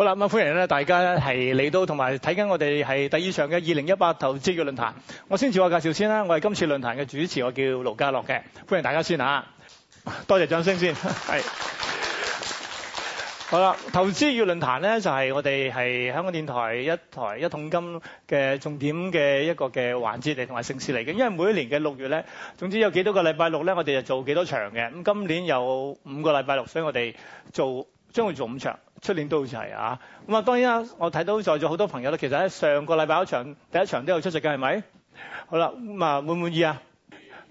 好啦，咁歡迎咧，大家咧係嚟到同埋睇緊我哋係第二場嘅二零一八投資月論壇。我先自我介紹先啦，我係今次論壇嘅主持，我叫盧家樂嘅。歡迎大家先嚇，多謝掌聲先。係。好啦，投資月論壇咧就係、是、我哋係香港電台一台一桶金嘅重點嘅一個嘅環節嚟，同埋盛事嚟嘅。因為每一年嘅六月咧，總之有幾多個禮拜六咧，我哋就做幾多場嘅。咁今年有五個禮拜六，所以我哋做將會做五場。出年都好齊啊！咁啊，當然啦、啊，我睇到在座好多朋友咧，其實喺上個禮拜一場第一場都有出席嘅，係咪？好啦，咁啊，滿唔滿意啊？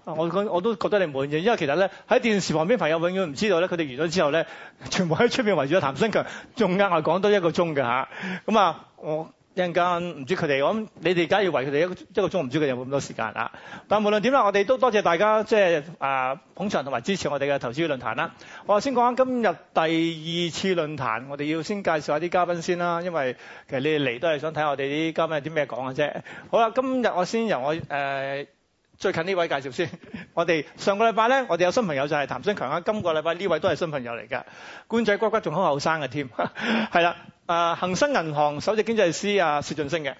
我講我都覺得你滿意，因為其實咧喺電視旁邊朋友永遠唔知道咧，佢哋完咗之後咧，全部喺出面圍住阿譚新強，仲硬係講多一個鐘㗎吓。咁啊，我。一陣間唔知佢哋我諗，你哋假要為佢哋一個一鐘，唔知佢哋有冇咁多時間啊？但無論點啦，我哋都多謝大家即係啊捧場同埋支持我哋嘅投資論壇啦。我先講今日第二次論壇，我哋要先介紹下啲嘉賓先啦，因為其實你哋嚟都係想睇下我哋啲嘉賓有啲咩講嘅啫。好啦，今日我先由我誒。呃最近呢位介紹先，我哋上個禮拜咧，我哋有新朋友就係譚新強啦。今個禮拜呢位都係新朋友嚟㗎，官仔骨骨仲好後生㗎添。係 啦，誒、呃，恒生銀行首席經濟師啊，薛俊昇嘅。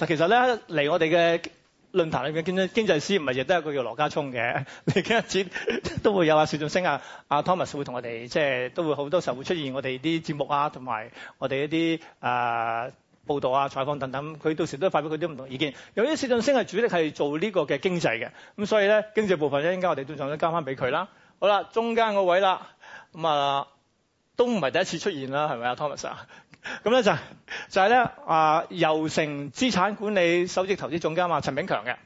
嗱， 其實咧嚟我哋嘅論壇裏面，經濟經濟師唔係亦都有一個叫羅家聰嘅，嚟幾日節都會有啊，薛俊昇啊，阿、啊、Thomas 會同我哋即係都會好多時候會出現我哋啲節目啊，同埋我哋一啲誒。啊報導啊、採訪等等，佢到時都發表佢啲唔同意見。由於薛俊昇係主力係做呢個嘅經濟嘅，咁所以咧經濟部分咧，應該我哋到時交翻俾佢啦。好啦，中間個位啦，咁、嗯、啊都唔係第一次出現啦，係咪啊，Thomas 啊？咁咧就就係、係、咧啊，悠誠資產管理首席投資總監啊，陳炳強嘅。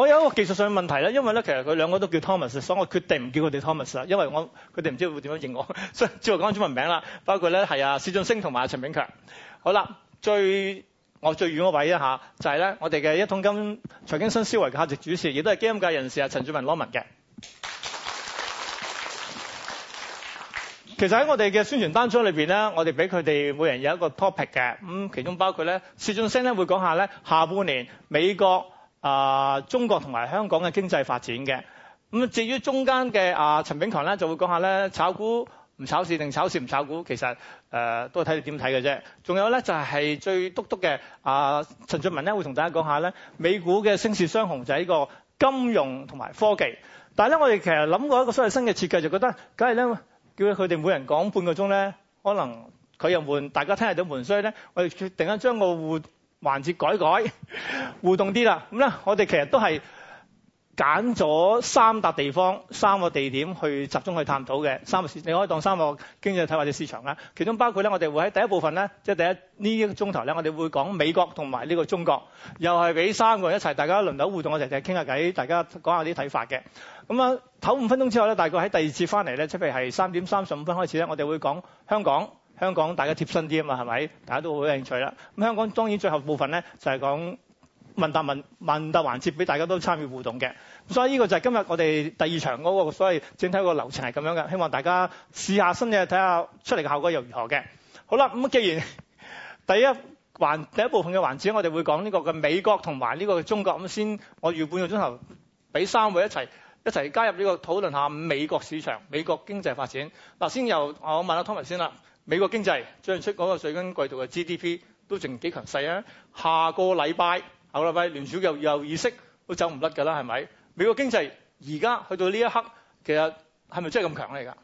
我有一個技術上嘅問題咧，因為咧其實佢兩個都叫 Thomas，所以我決定唔叫佢哋 Thomas 啦，因為我佢哋唔知道會點樣認我，所以只係講中文名啦。包括咧係啊，薛俊昇同埋啊陳炳強。好啦，最我最遠嗰位一下就係、是、咧，我哋嘅一桶金財經新思維客席主持，亦都係基金界人士啊，陳俊文羅文嘅。其實喺我哋嘅宣傳單張裏邊咧，我哋俾佢哋每人有一個 topic 嘅，咁其中包括咧，薛俊昇咧會講下咧下半年美國。啊、呃，中國同埋香港嘅經濟發展嘅。咁至於中間嘅啊陳炳強咧就會講下咧，炒股唔炒市定炒市唔炒股，其實誒、呃、都睇你點睇嘅啫。仲有咧就係、是、最督督嘅啊陳俊文咧會同大家講下咧，美股嘅升市雙雄就係一個金融同埋科技。但係咧我哋其實諗過一個所謂新嘅設計，就覺得梗係咧叫佢哋每人講半個鐘咧，可能佢又悶大家聽下都悶，所以咧。我哋決定緊將個戶環節改改，互動啲啦。咁咧，我哋其實都係揀咗三笪地方、三個地點去集中去探討嘅。三個市，你可以當三個經濟體或者市場啦。其中包括咧，我哋會喺第一部分咧，即係第一呢一個鐘頭咧，我哋會講美國同埋呢個中國。又係俾三個人一齊，大家輪流互動，我哋就傾下偈，大家講下啲睇法嘅。咁啊，唞五分鐘之後咧，大概喺第二次翻嚟咧，即譬如係三點三十五分開始咧，我哋會講香港。香港大家貼身啲啊嘛，係咪？大家都好有興趣啦。咁香港當然最後部分咧，就係、係、講問答問問答環節，俾大家都參與互動嘅。所以呢個就係今日我哋第二場嗰個所謂整體個流程係咁樣嘅。希望大家試下新嘅，睇下出嚟嘅效果又如何嘅。好啦，咁既然第一環第一部分嘅環節，我哋會講呢個嘅美國同埋呢個中國咁先。我預半個鐘頭俾三位一齊一齊加入呢、呢個討論下美國市場、美國經濟發展。嗱，先由我問下 Tommy 先啦。美國經濟最近出嗰個最新季度嘅 GDP 都剩幾強勢啊！下個禮拜、下個禮拜聯儲又又議息都走唔甩㗎啦，係咪？美國經濟而家去到呢一刻，其實係咪真係咁強咧？而家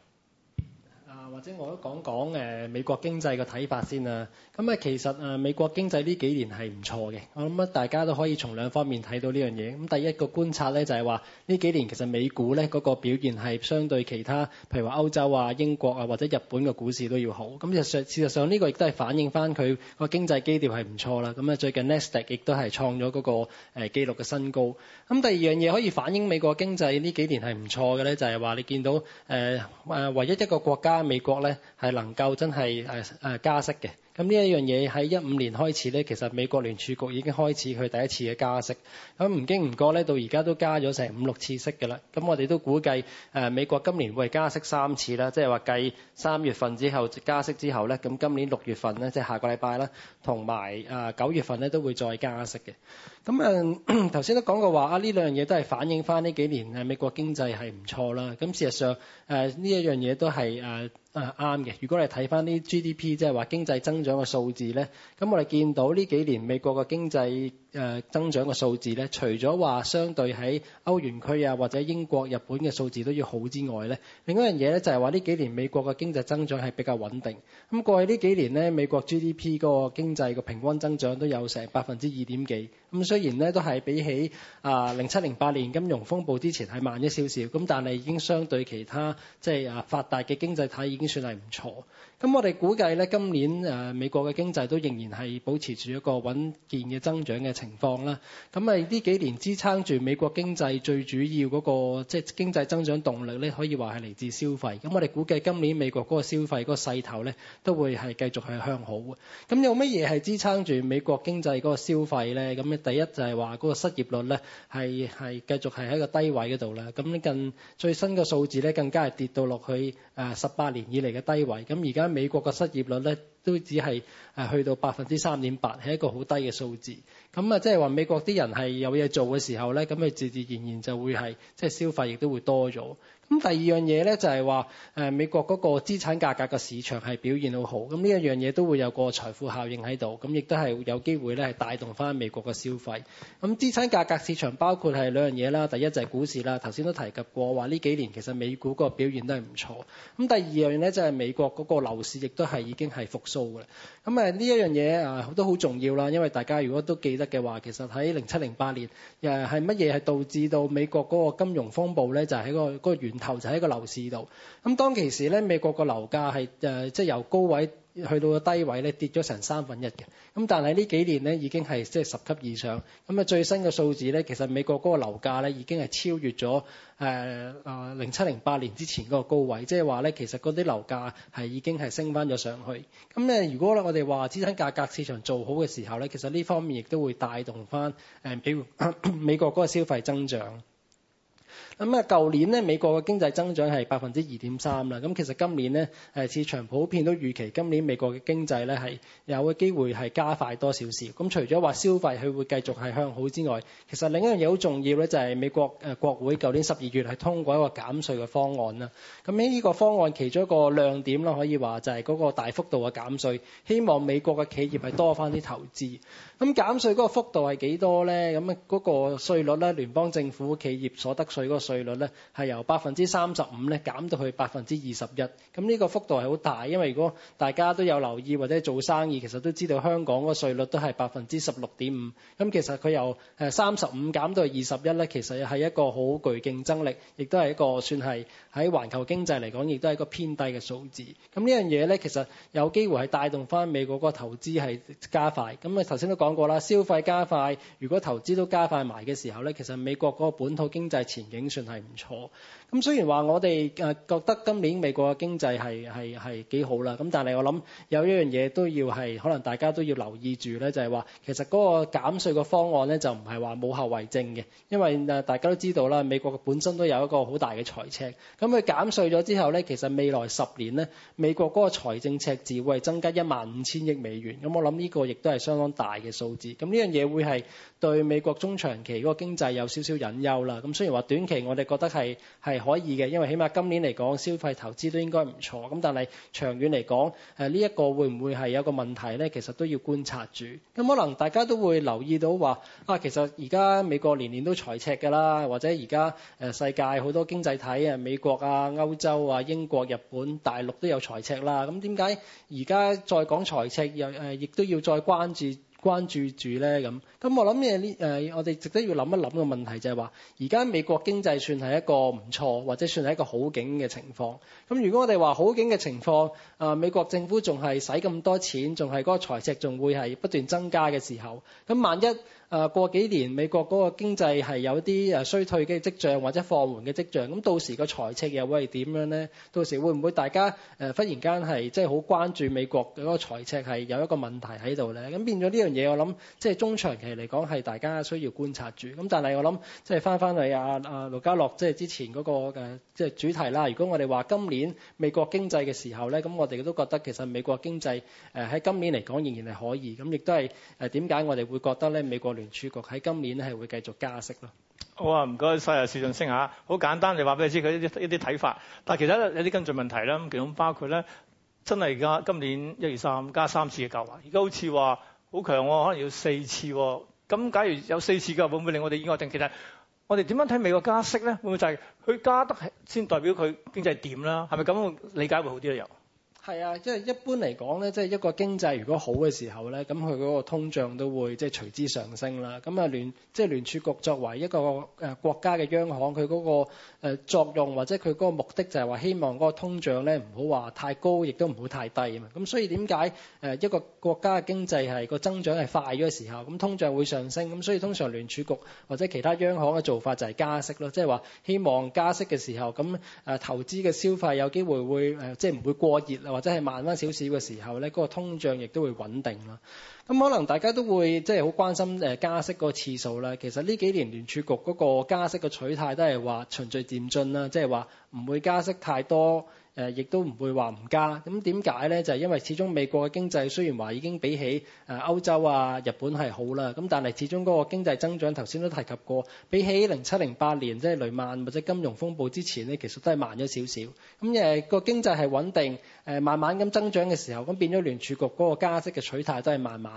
或者我都講講誒美國經濟嘅睇法先啦，啊。咁啊其實啊美國經濟呢幾年係唔錯嘅。我諗啊大家都可以從兩方面睇到呢樣嘢。咁第一個觀察咧就係話呢幾年其實美股咧嗰個表現係相對其他譬如話歐洲啊、英國啊或者日本嘅股市都要好。咁事實事實上呢個亦都係反映翻佢個經濟基調係唔錯啦。咁啊最近 Nasdaq 亦都係創咗嗰個誒紀錄嘅新高。咁第二樣嘢可以反映美國經濟呢幾年係唔錯嘅咧，就係、是、話你見到誒誒、呃、唯一一個國家美美國咧係能夠真係誒加息嘅，咁呢一樣嘢喺一五年開始咧，其實美國聯儲局已經開始佢第一次嘅加息，咁唔經唔覺咧，到而家都加咗成五六次息嘅啦。咁我哋都估計、啊、美國今年會加息三次啦，即係話計三月份之後加息之後咧，咁今年六月份咧，即係下個禮拜啦，同埋誒九月份咧都會再加息嘅。咁誒頭先都講過話啊，呢兩樣嘢都係反映翻呢幾年誒美國經濟係唔錯啦。咁事實上呢一樣嘢都係誒啱、啊、嘅，如果你睇翻啲 GDP，即係話經濟增長嘅數字呢。咁我哋見到呢幾年美國嘅經濟誒增長嘅數字呢，除咗話相對喺歐元區啊或者英國、日本嘅數字都要好之外呢，另一樣嘢呢就係話呢幾年美國嘅經濟增長係比較穩定。咁過去呢幾年呢，美國 GDP 嗰個經濟個平均增長都有成百分之二點幾。咁雖然呢都係比起啊零七零八年金融風暴之前係慢一少少，咁但係已經相對其他即係、就是、啊發達嘅經濟體已經，算係唔錯。咁我哋估計咧，今年、啊、美國嘅經濟都仍然係保持住一個穩健嘅增長嘅情況啦。咁啊呢幾年支撐住美國經濟最主要嗰個，即係經濟增長動力咧，可以話係嚟自消費。咁我哋估計今年美國嗰個消費嗰個勢頭咧，都會係繼續係向好嘅。咁有乜嘢係支撐住美國經濟嗰個消費咧？咁咧第一就係話嗰個失業率咧係係繼續係喺個低位嗰度啦。咁近最新嘅數字咧，更加係跌到落去誒十八年以嚟嘅低位。咁而家，美國嘅失業率咧都只係唉去到百分之三點八，係一個好低嘅數字。咁啊，即係話美國啲人係有嘢做嘅時候咧，咁啊，自自然然就會係即係消費亦都會多咗。咁第二樣嘢咧就係話，誒美國嗰個資產價格嘅市場係表現好好，咁呢一樣嘢都會有個財富效應喺度，咁亦都係有機會咧係帶動翻美國嘅消費。咁資產價格市場包括係兩樣嘢啦，第一就係股市啦，頭先都提及過話呢幾年其實美股個表現都係唔錯。咁第二樣咧就係美國嗰個樓市，亦都係已經係復甦嘅。咁誒呢一樣嘢誒都好重要啦，因為大家如果都記得嘅話，其實喺零七零八年誒係乜嘢係導致到美國嗰個金融風暴咧，就係喺個嗰個原頭就喺個樓市度，咁當其時咧，美國個樓價係即係由高位去到個低位咧，跌咗成三分一嘅。咁但係呢幾年咧已經係即係十級以上。咁啊最新嘅數字咧，其實美國嗰個樓價咧已經係超越咗啊零七零八年之前嗰個高位，即係話咧其實嗰啲樓價係已經係升翻咗上去。咁咧如果咧我哋話資產價格市場做好嘅時候咧，其實呢方面亦都會帶動翻美美國嗰個消費增長。咁啊，舊年咧美國嘅經濟增長係百分之二點三啦。咁其實今年呢誒市場普遍都預期今年美國嘅經濟咧係有嘅機會係加快多少少。咁除咗話消費佢會繼續係向好之外，其實另一樣嘢好重要咧就係美國誒國會舊年十二月係通過一個減稅嘅方案啦。咁喺呢個方案其中一個亮點啦，可以話就係嗰個大幅度嘅減稅，希望美國嘅企業係多翻啲投資。咁減稅嗰個幅度係幾多咧？咁啊嗰個稅率咧，聯邦政府企業所得稅嗰個。稅率咧係由百分之三十五咧減到去百分之二十一，咁呢個幅度係好大，因為如果大家都有留意或者做生意，其實都知道香港個稅率都係百分之十六點五，咁其實佢由誒三十五減到去二十一咧，其實係一個好具競爭力，亦都係一個算係喺環球經濟嚟講，亦都係一個偏低嘅數字。咁呢樣嘢咧，其實有機會係帶動翻美國個投資係加快。咁你頭先都講過啦，消費加快，如果投資都加快埋嘅時候咧，其實美國個本土經濟前景，算係唔錯。咁雖然話我哋誒覺得今年美國嘅經濟係係係幾好啦，咁但係我諗有一樣嘢都要係可能大家都要留意住咧，就係話其實嗰個減稅個方案咧就唔係話冇後遺症嘅，因為誒大家都知道啦，美國本身都有一個好大嘅財赤，咁佢減稅咗之後咧，其實未來十年咧美國嗰個財政赤字會係增加一萬五千億美元，咁我諗呢個亦都係相當大嘅數字，咁呢樣嘢會係對美國中長期嗰個經濟有少少隱憂啦。咁雖然話短期我哋覺得係係。可以嘅，因為起碼今年嚟講，消費投資都應該唔錯。咁但係長遠嚟講，誒呢一個會唔會係有個問題呢？其實都要觀察住。咁可能大家都會留意到話，啊其實而家美國年年都財赤㗎啦，或者而家誒世界好多經濟體啊，美國啊、歐洲啊、英國、日本、大陸都有財赤啦。咁點解而家再講財赤，又誒亦都要再關注？關注住咧，咁，咁我諗嘢呢，誒，我哋值得要諗一諗嘅問題就係話，而家美國經濟算係一個唔錯，或者算係一個好景嘅情況。咁如果我哋話好景嘅情況，啊美國政府仲係使咁多錢，仲係嗰個財赤仲會係不斷增加嘅時候，咁萬一？誒過幾年美國嗰個經濟係有啲誒衰退嘅跡象或者放緩嘅跡象，咁到時個財赤又會係點樣呢？到時會唔會大家誒忽然間係即係好關注美國嘅嗰個財赤係有一個問題喺度呢？咁變咗呢樣嘢，我諗即係中長期嚟講係大家需要觀察住。咁但係我諗即係返返去阿阿盧嘉樂即係之前嗰個誒即係主題啦。如果我哋話今年美國經濟嘅時候呢，咁我哋都覺得其實美國經濟誒喺今年嚟講仍然係可以。咁亦都係點解我哋會覺得咧美國？聯儲局喺今年咧係會繼續加息咯。好啊，唔該晒啊，薛俊昇嚇好簡單，就話俾你知佢一啲一啲睇法。但係其實有啲跟進問題啦，咁其中包括咧真係而家今年一月三加三次嘅較話，而家好似話好強喎，可能要四次咁。假如有四次嘅，會唔會令我哋意外？定其實我哋點樣睇美國加息咧？會唔會就係佢加得係先代表佢經濟點啦？係咪咁理解會好啲咧？又？係啊，即係一般嚟講咧，即係一個經濟如果好嘅時候咧，咁佢嗰個通脹都會即係隨之上升啦。咁啊聯，即係聯儲局作為一個誒國家嘅央行，佢嗰個誒作用或者佢嗰個目的就係話希望嗰個通脹咧唔好話太高，亦都唔好太低啊嘛。咁所以點解誒一個國家嘅經濟係個增長係快嘅時候，咁通脹會上升，咁所以通常聯儲局或者其他央行嘅做法就係加息咯，即係話希望加息嘅時候，咁誒投資嘅消費有機會會誒即係唔會過熱啊。或者係慢翻少少嘅時候咧，嗰個通脹亦都會穩定啦。咁可能大家都會即係好關心加息個次數啦。其實呢幾年聯儲局嗰個加息嘅取態都係話循序漸進啦，即係話唔會加息太多，亦都唔會話唔加。咁點解呢？就係因為始終美國嘅經濟雖然話已經比起歐洲啊、日本係好啦，咁但係始終嗰個經濟增長頭先都提及過，比起零七零八年即係雷曼或者金融風暴之前呢，其實都係慢咗少少。咁誒個經濟係穩定，誒慢慢咁增長嘅時候，咁變咗聯儲局嗰個加息嘅取態都係慢慢。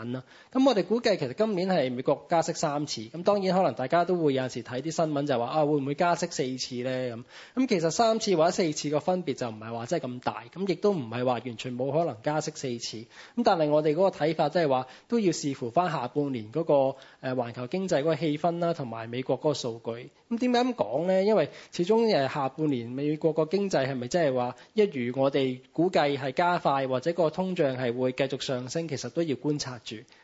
咁我哋估計其實今年係美國加息三次，咁當然可能大家都會有陣時睇啲新聞就話啊，會唔會加息四次呢？咁咁其實三次或者四次個分別就唔係話真係咁大，咁亦都唔係話完全冇可能加息四次，咁但係我哋嗰個睇法即係話都要視乎翻下半年嗰個環球經濟嗰個氣氛啦，同埋美國嗰個數據。咁點解咁講呢？因為始終誒下半年美國個經濟係咪真係話一如我哋估計係加快，或者個通脹係會繼續上升，其實都要觀察。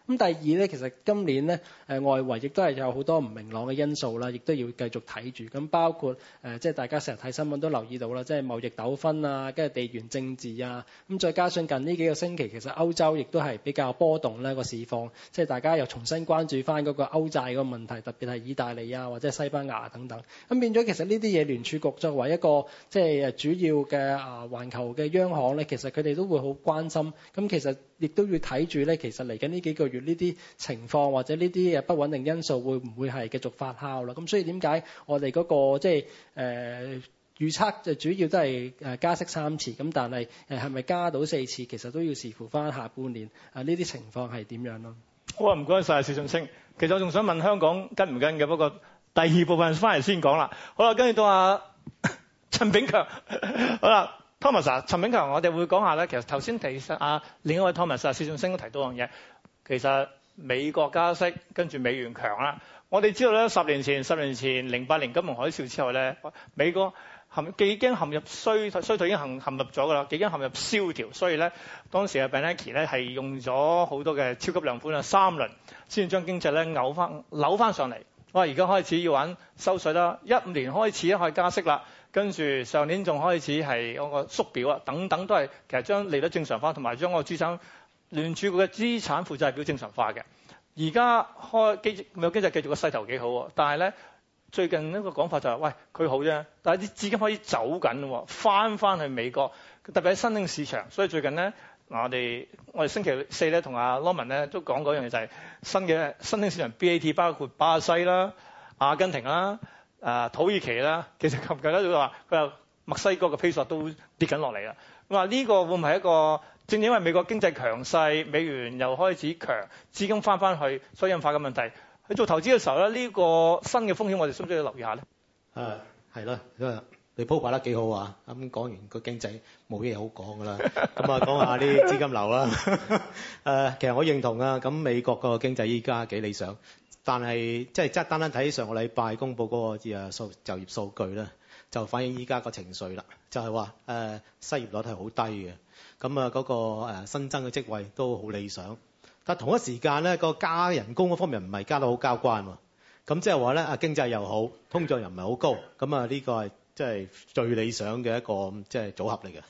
咁第二咧，其實今年咧，誒外圍亦都係有好多唔明朗嘅因素啦，亦都要繼續睇住。咁包括誒，即係大家成日睇新聞都留意到啦，即係貿易糾紛啊，跟住地緣政治啊。咁再加上近呢幾個星期，其實歐洲亦都係比較波動咧個市況，即係大家又重新關注翻嗰個歐債個問題，特別係意大利啊或者西班牙等等。咁變咗，其實呢啲嘢聯儲局作為一個即係主要嘅啊，環球嘅央行咧，其實佢哋都會好關心。咁其實亦都要睇住咧，其實嚟緊呢幾個月呢啲情況或者呢啲不穩定因素會唔會係繼續發酵啦？咁所以點解我哋嗰、那個即係誒預測就主要都係加息三次咁，但係係咪加到四次，其實都要視乎翻下半年啊呢啲情況係點樣咯？好啊，唔該曬，薛俊昇。其實我仲想問香港跟唔跟嘅，不過第二部分翻嚟先講啦。好啦，跟住到阿、啊、陳炳強。好啦。Thomas 啊，陳炳強，我哋會講下咧。其實頭先提上啊，另外一位 Thomas 啊，薛俊昇都提到樣嘢，其實美國加息跟住美元強啦。我哋知道咧，十年前、十年前零八年金融海嘯之後咧，美國陷已經陷入衰衰退已經陷陷入咗噶啦，已經陷入蕭條。所以咧，當時阿 Bernanke 咧係用咗好多嘅超級量寬啊，三輪先將經濟咧扭翻扭翻上嚟。我而家開始要玩收稅啦，一五年開始一開加息啦。跟住上年仲開始係我個縮表啊，等等都係其實將利率正常化，同埋將個資產聯儲局嘅資產負債表正常化嘅。而家開基有經濟繼續個勢頭幾好喎，但係咧最近呢個講法就係、是：喂，佢好啫，但係啲資金可以走緊喎，翻翻去美國，特別喺新興市場。所以最近咧，我哋我哋星期四咧同阿羅文咧都講嗰樣嘢就係、是、新嘅新興市場 B A T，包括巴西啦、阿根廷啦。誒土耳其啦，其實近期咧佢話，佢話墨西哥嘅 peso 都跌緊落嚟啦。咁啊，呢個會唔係一個，正因為美國經濟強勢，美元又開始強，資金翻翻去，所以引發嘅問題。喺做投資嘅時候咧，呢個新嘅風險，我哋需唔需要留意下咧？誒，係咯，你鋪排得幾好啊？咁講完個經濟冇嘢好講噶啦，咁啊講下啲資金流啦。誒， 其實我認同啊，咁美國個經濟依家幾理想。但係即係即係單單睇上個禮拜公佈嗰個就業數據咧，就反映依家個情緒啦。就係話誒失業率係好低嘅，咁啊嗰個新增嘅職位都好理想。但同一時間咧，個加人工嗰方面唔係加得好交關喎。咁即係話咧啊經濟又好，通脹又唔係好高，咁啊呢個係即係最理想嘅一個即係組合嚟嘅。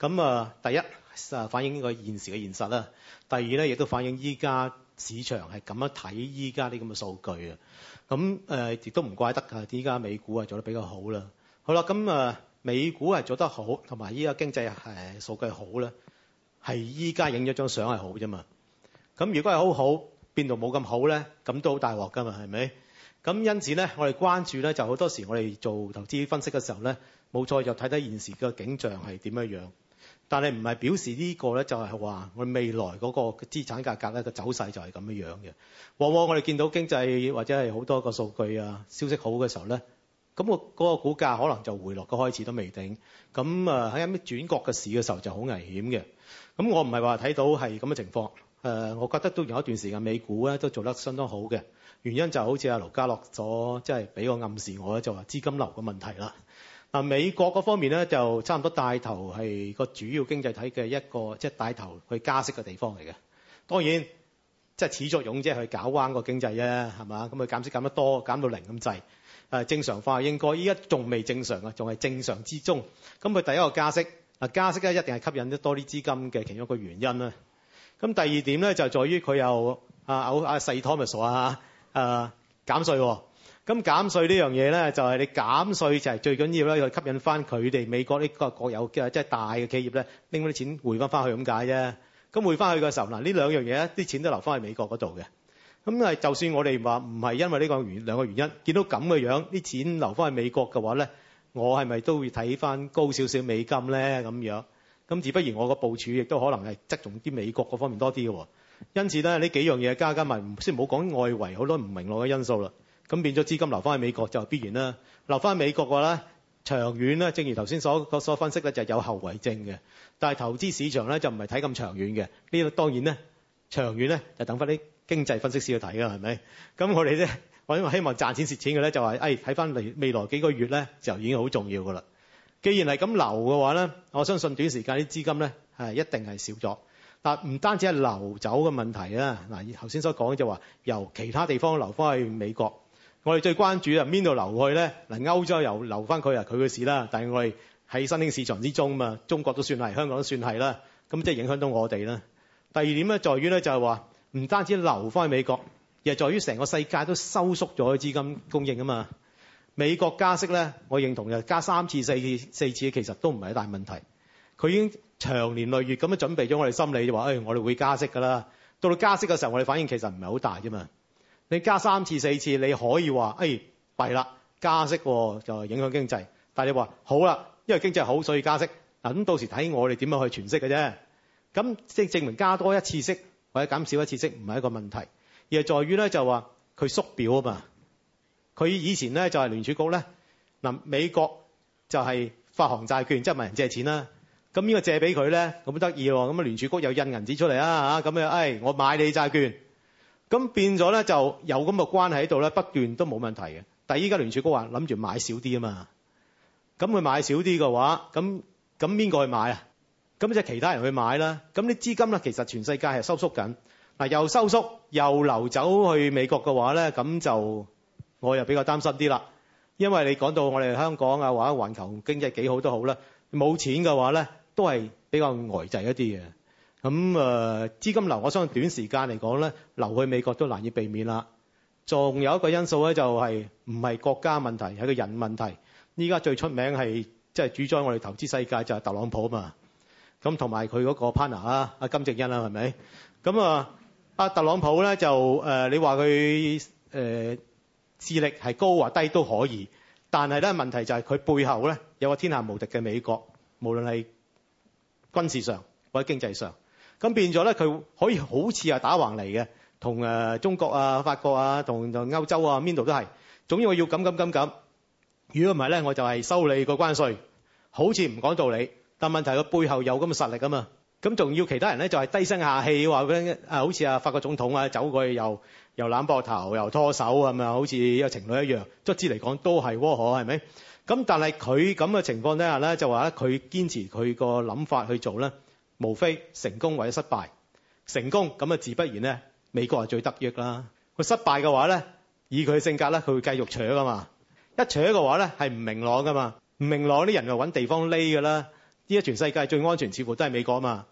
咁啊第一啊反映呢個現時嘅現實啦。第二咧亦都反映依家，市場係咁樣睇依家啲咁嘅數據啊，咁誒亦都唔怪得㗎，依家美股係做得比較好啦。好啦，咁啊、呃，美股係做得好，同埋依家經濟誒數據好咧，係依家影咗張相係好啫嘛。咁如果係好好，變到冇咁好咧？咁都好大鑊㗎嘛，係咪？咁因此咧，我哋關注咧，就好多時我哋做投資分析嘅時候咧，冇錯就睇睇現時嘅景象係點樣樣，但係唔係表示呢個咧，就係話我哋未來嗰個資產價格咧嘅走勢就係咁樣嘅。往往我哋見到經濟或者係好多個數據啊、消息好嘅時候咧，咁我嗰個股價可能就回落嘅開始都未定。咁啊喺咩轉角嘅市嘅時候就好危險嘅。咁我唔係話睇到係咁嘅情況。誒，我覺得都有一段時間美股咧都做得相當好嘅，原因就好似阿盧家樂咗，即係俾個暗示我咧，就話資金流嘅問題啦。啊，美國嗰方面咧就差唔多帶頭係個主要經濟體嘅一個，即係帶頭去加息嘅地方嚟嘅。當然，即係始作俑者去搞彎個經濟啫，係嘛？咁佢減息減得多，減到零咁滯。誒、啊，正常化應該依家仲未正常啊，仲係正常之中。咁佢第一個加息，嗱、啊、加息咧一定係吸引得多啲資金嘅其中一個原因啦。咁第二點咧就係在於佢又啊，偶啊，細托馬斯啊，誒、啊、減稅。咁減稅呢樣嘢咧，就係你減稅就係最緊要咧，去吸引翻佢哋美國呢個國有嘅即係大嘅企業咧，拎嗰啲錢回翻翻去咁解啫。咁回翻去嘅時候嗱，呢兩樣嘢啲錢都留翻喺美國嗰度嘅。咁啊，就算我哋話唔係因為呢個原兩個原因，見到咁嘅樣，啲錢留翻喺美國嘅話咧，我係咪都會睇翻高少少美金咧？咁樣咁，自不然我個部署亦都可能係側重啲美國嗰方面多啲嘅。因此咧，呢幾樣嘢加加埋，先唔好講外圍好多唔明朗嘅因素啦。咁變咗資金流返喺美國就係必然啦。流返喺美國嘅話，長遠咧，正如頭先所所分析咧，就係有後遺症嘅。但係投資市場呢，就唔係睇咁長遠嘅。呢個當然呢，長遠呢，就等返啲經濟分析師去睇㗎，係咪？咁我哋呢，為咗希望賺錢蝕錢嘅呢，就話：哎，誒睇返未來幾個月呢，就已經好重要㗎啦。既然係咁流嘅話呢，我相信短時間啲資金呢，係一定係少咗。但唔單止係流走嘅問題啊，頭先所講就話由其他地方流返去美國。我哋最關注啊，邊度流去咧？嗱，歐洲又流翻佢啊，佢嘅事啦。但係我哋喺新興市場之中嘛，中國都算係，香港都算係啦。咁即係影響到我哋啦。第二點咧，在於咧就係話，唔單止流翻去美國，而係在於成個世界都收縮咗資金供應啊嘛。美國加息咧，我認同嘅，加三次、四次、四次，其實都唔係一大問題。佢已經長年累月咁樣準備咗我哋心理，就話，哎，我哋會加息㗎啦。到到加息嘅時候，我哋反應其實唔係好大啫嘛。你加三次、四次，你可以話，哎，弊啦，加息、哦、就影響經濟。但你話好啦，因為經濟好所以加息。嗱，咁到時睇我哋點樣去詮釋嘅啫。咁即係證明加多一次息或者減少一次息唔係一個問題，而係在於咧就話佢縮表啊嘛。佢以前咧就係、是、聯儲局咧，嗱，美國就係發行債券，即係問人借錢啦。咁呢個借俾佢咧，咁得意喎。咁啊聯儲局又印銀紙出嚟啦嚇，咁啊誒我買你債券。咁變咗咧，就有咁個關係喺度咧，不斷都冇問題嘅。但係依家聯儲局話諗住買少啲啊嘛，咁佢買少啲嘅話，咁咁邊個去買啊？咁即係其他人去買啦。咁啲資金咧，其實全世界係收縮緊。嗱，又收縮又流走去美國嘅話咧，咁就我又比較擔心啲啦。因為你講到我哋香港啊，或者環球經濟幾好都好啦，冇錢嘅話咧，都係比較呆滯一啲嘅。咁誒、呃、資金流，我相信短時間嚟講咧，流去美國都難以避免啦。仲有一個因素咧、就係，就係唔係國家問題，係個人問題。依家最出名係即係主宰我哋投資世界就係、係、特朗普嘛。咁同埋佢嗰個 partner 啊，阿金正恩啦，係咪？咁啊，特朗普咧就誒、呃，你話佢誒智力係高或低都可以，但係咧問題就係佢背後咧有個天下無敵嘅美國，無論係軍事上或者經濟上。咁變咗咧，佢可以好似係打橫嚟嘅，同誒中國啊、法國啊、同同歐洲啊，邊度都係。總之我要咁咁咁咁。如果唔係咧，我就係收你個關稅，好似唔講道理。但問題佢背後有咁嘅實力啊嘛。咁仲要其他人咧就係低聲下氣話嗰啲誒，好似啊法國總統啊走過去又又攬膊頭又拖手係咪啊？好似個情侶一樣。卒之嚟講都係窩火係咪？咁但係佢咁嘅情況底下咧，就話咧佢堅持佢個諗法去做咧。無非成功或者失敗。成功咁啊，自不然咧，美國係最得益啦。佢失敗嘅話咧，以佢性格咧，佢會繼續搶㗎嘛。一搶嘅話咧，係唔明朗噶嘛。唔明朗啲人就揾地方匿噶啦。依家全世界最安全似乎都係美國嘛。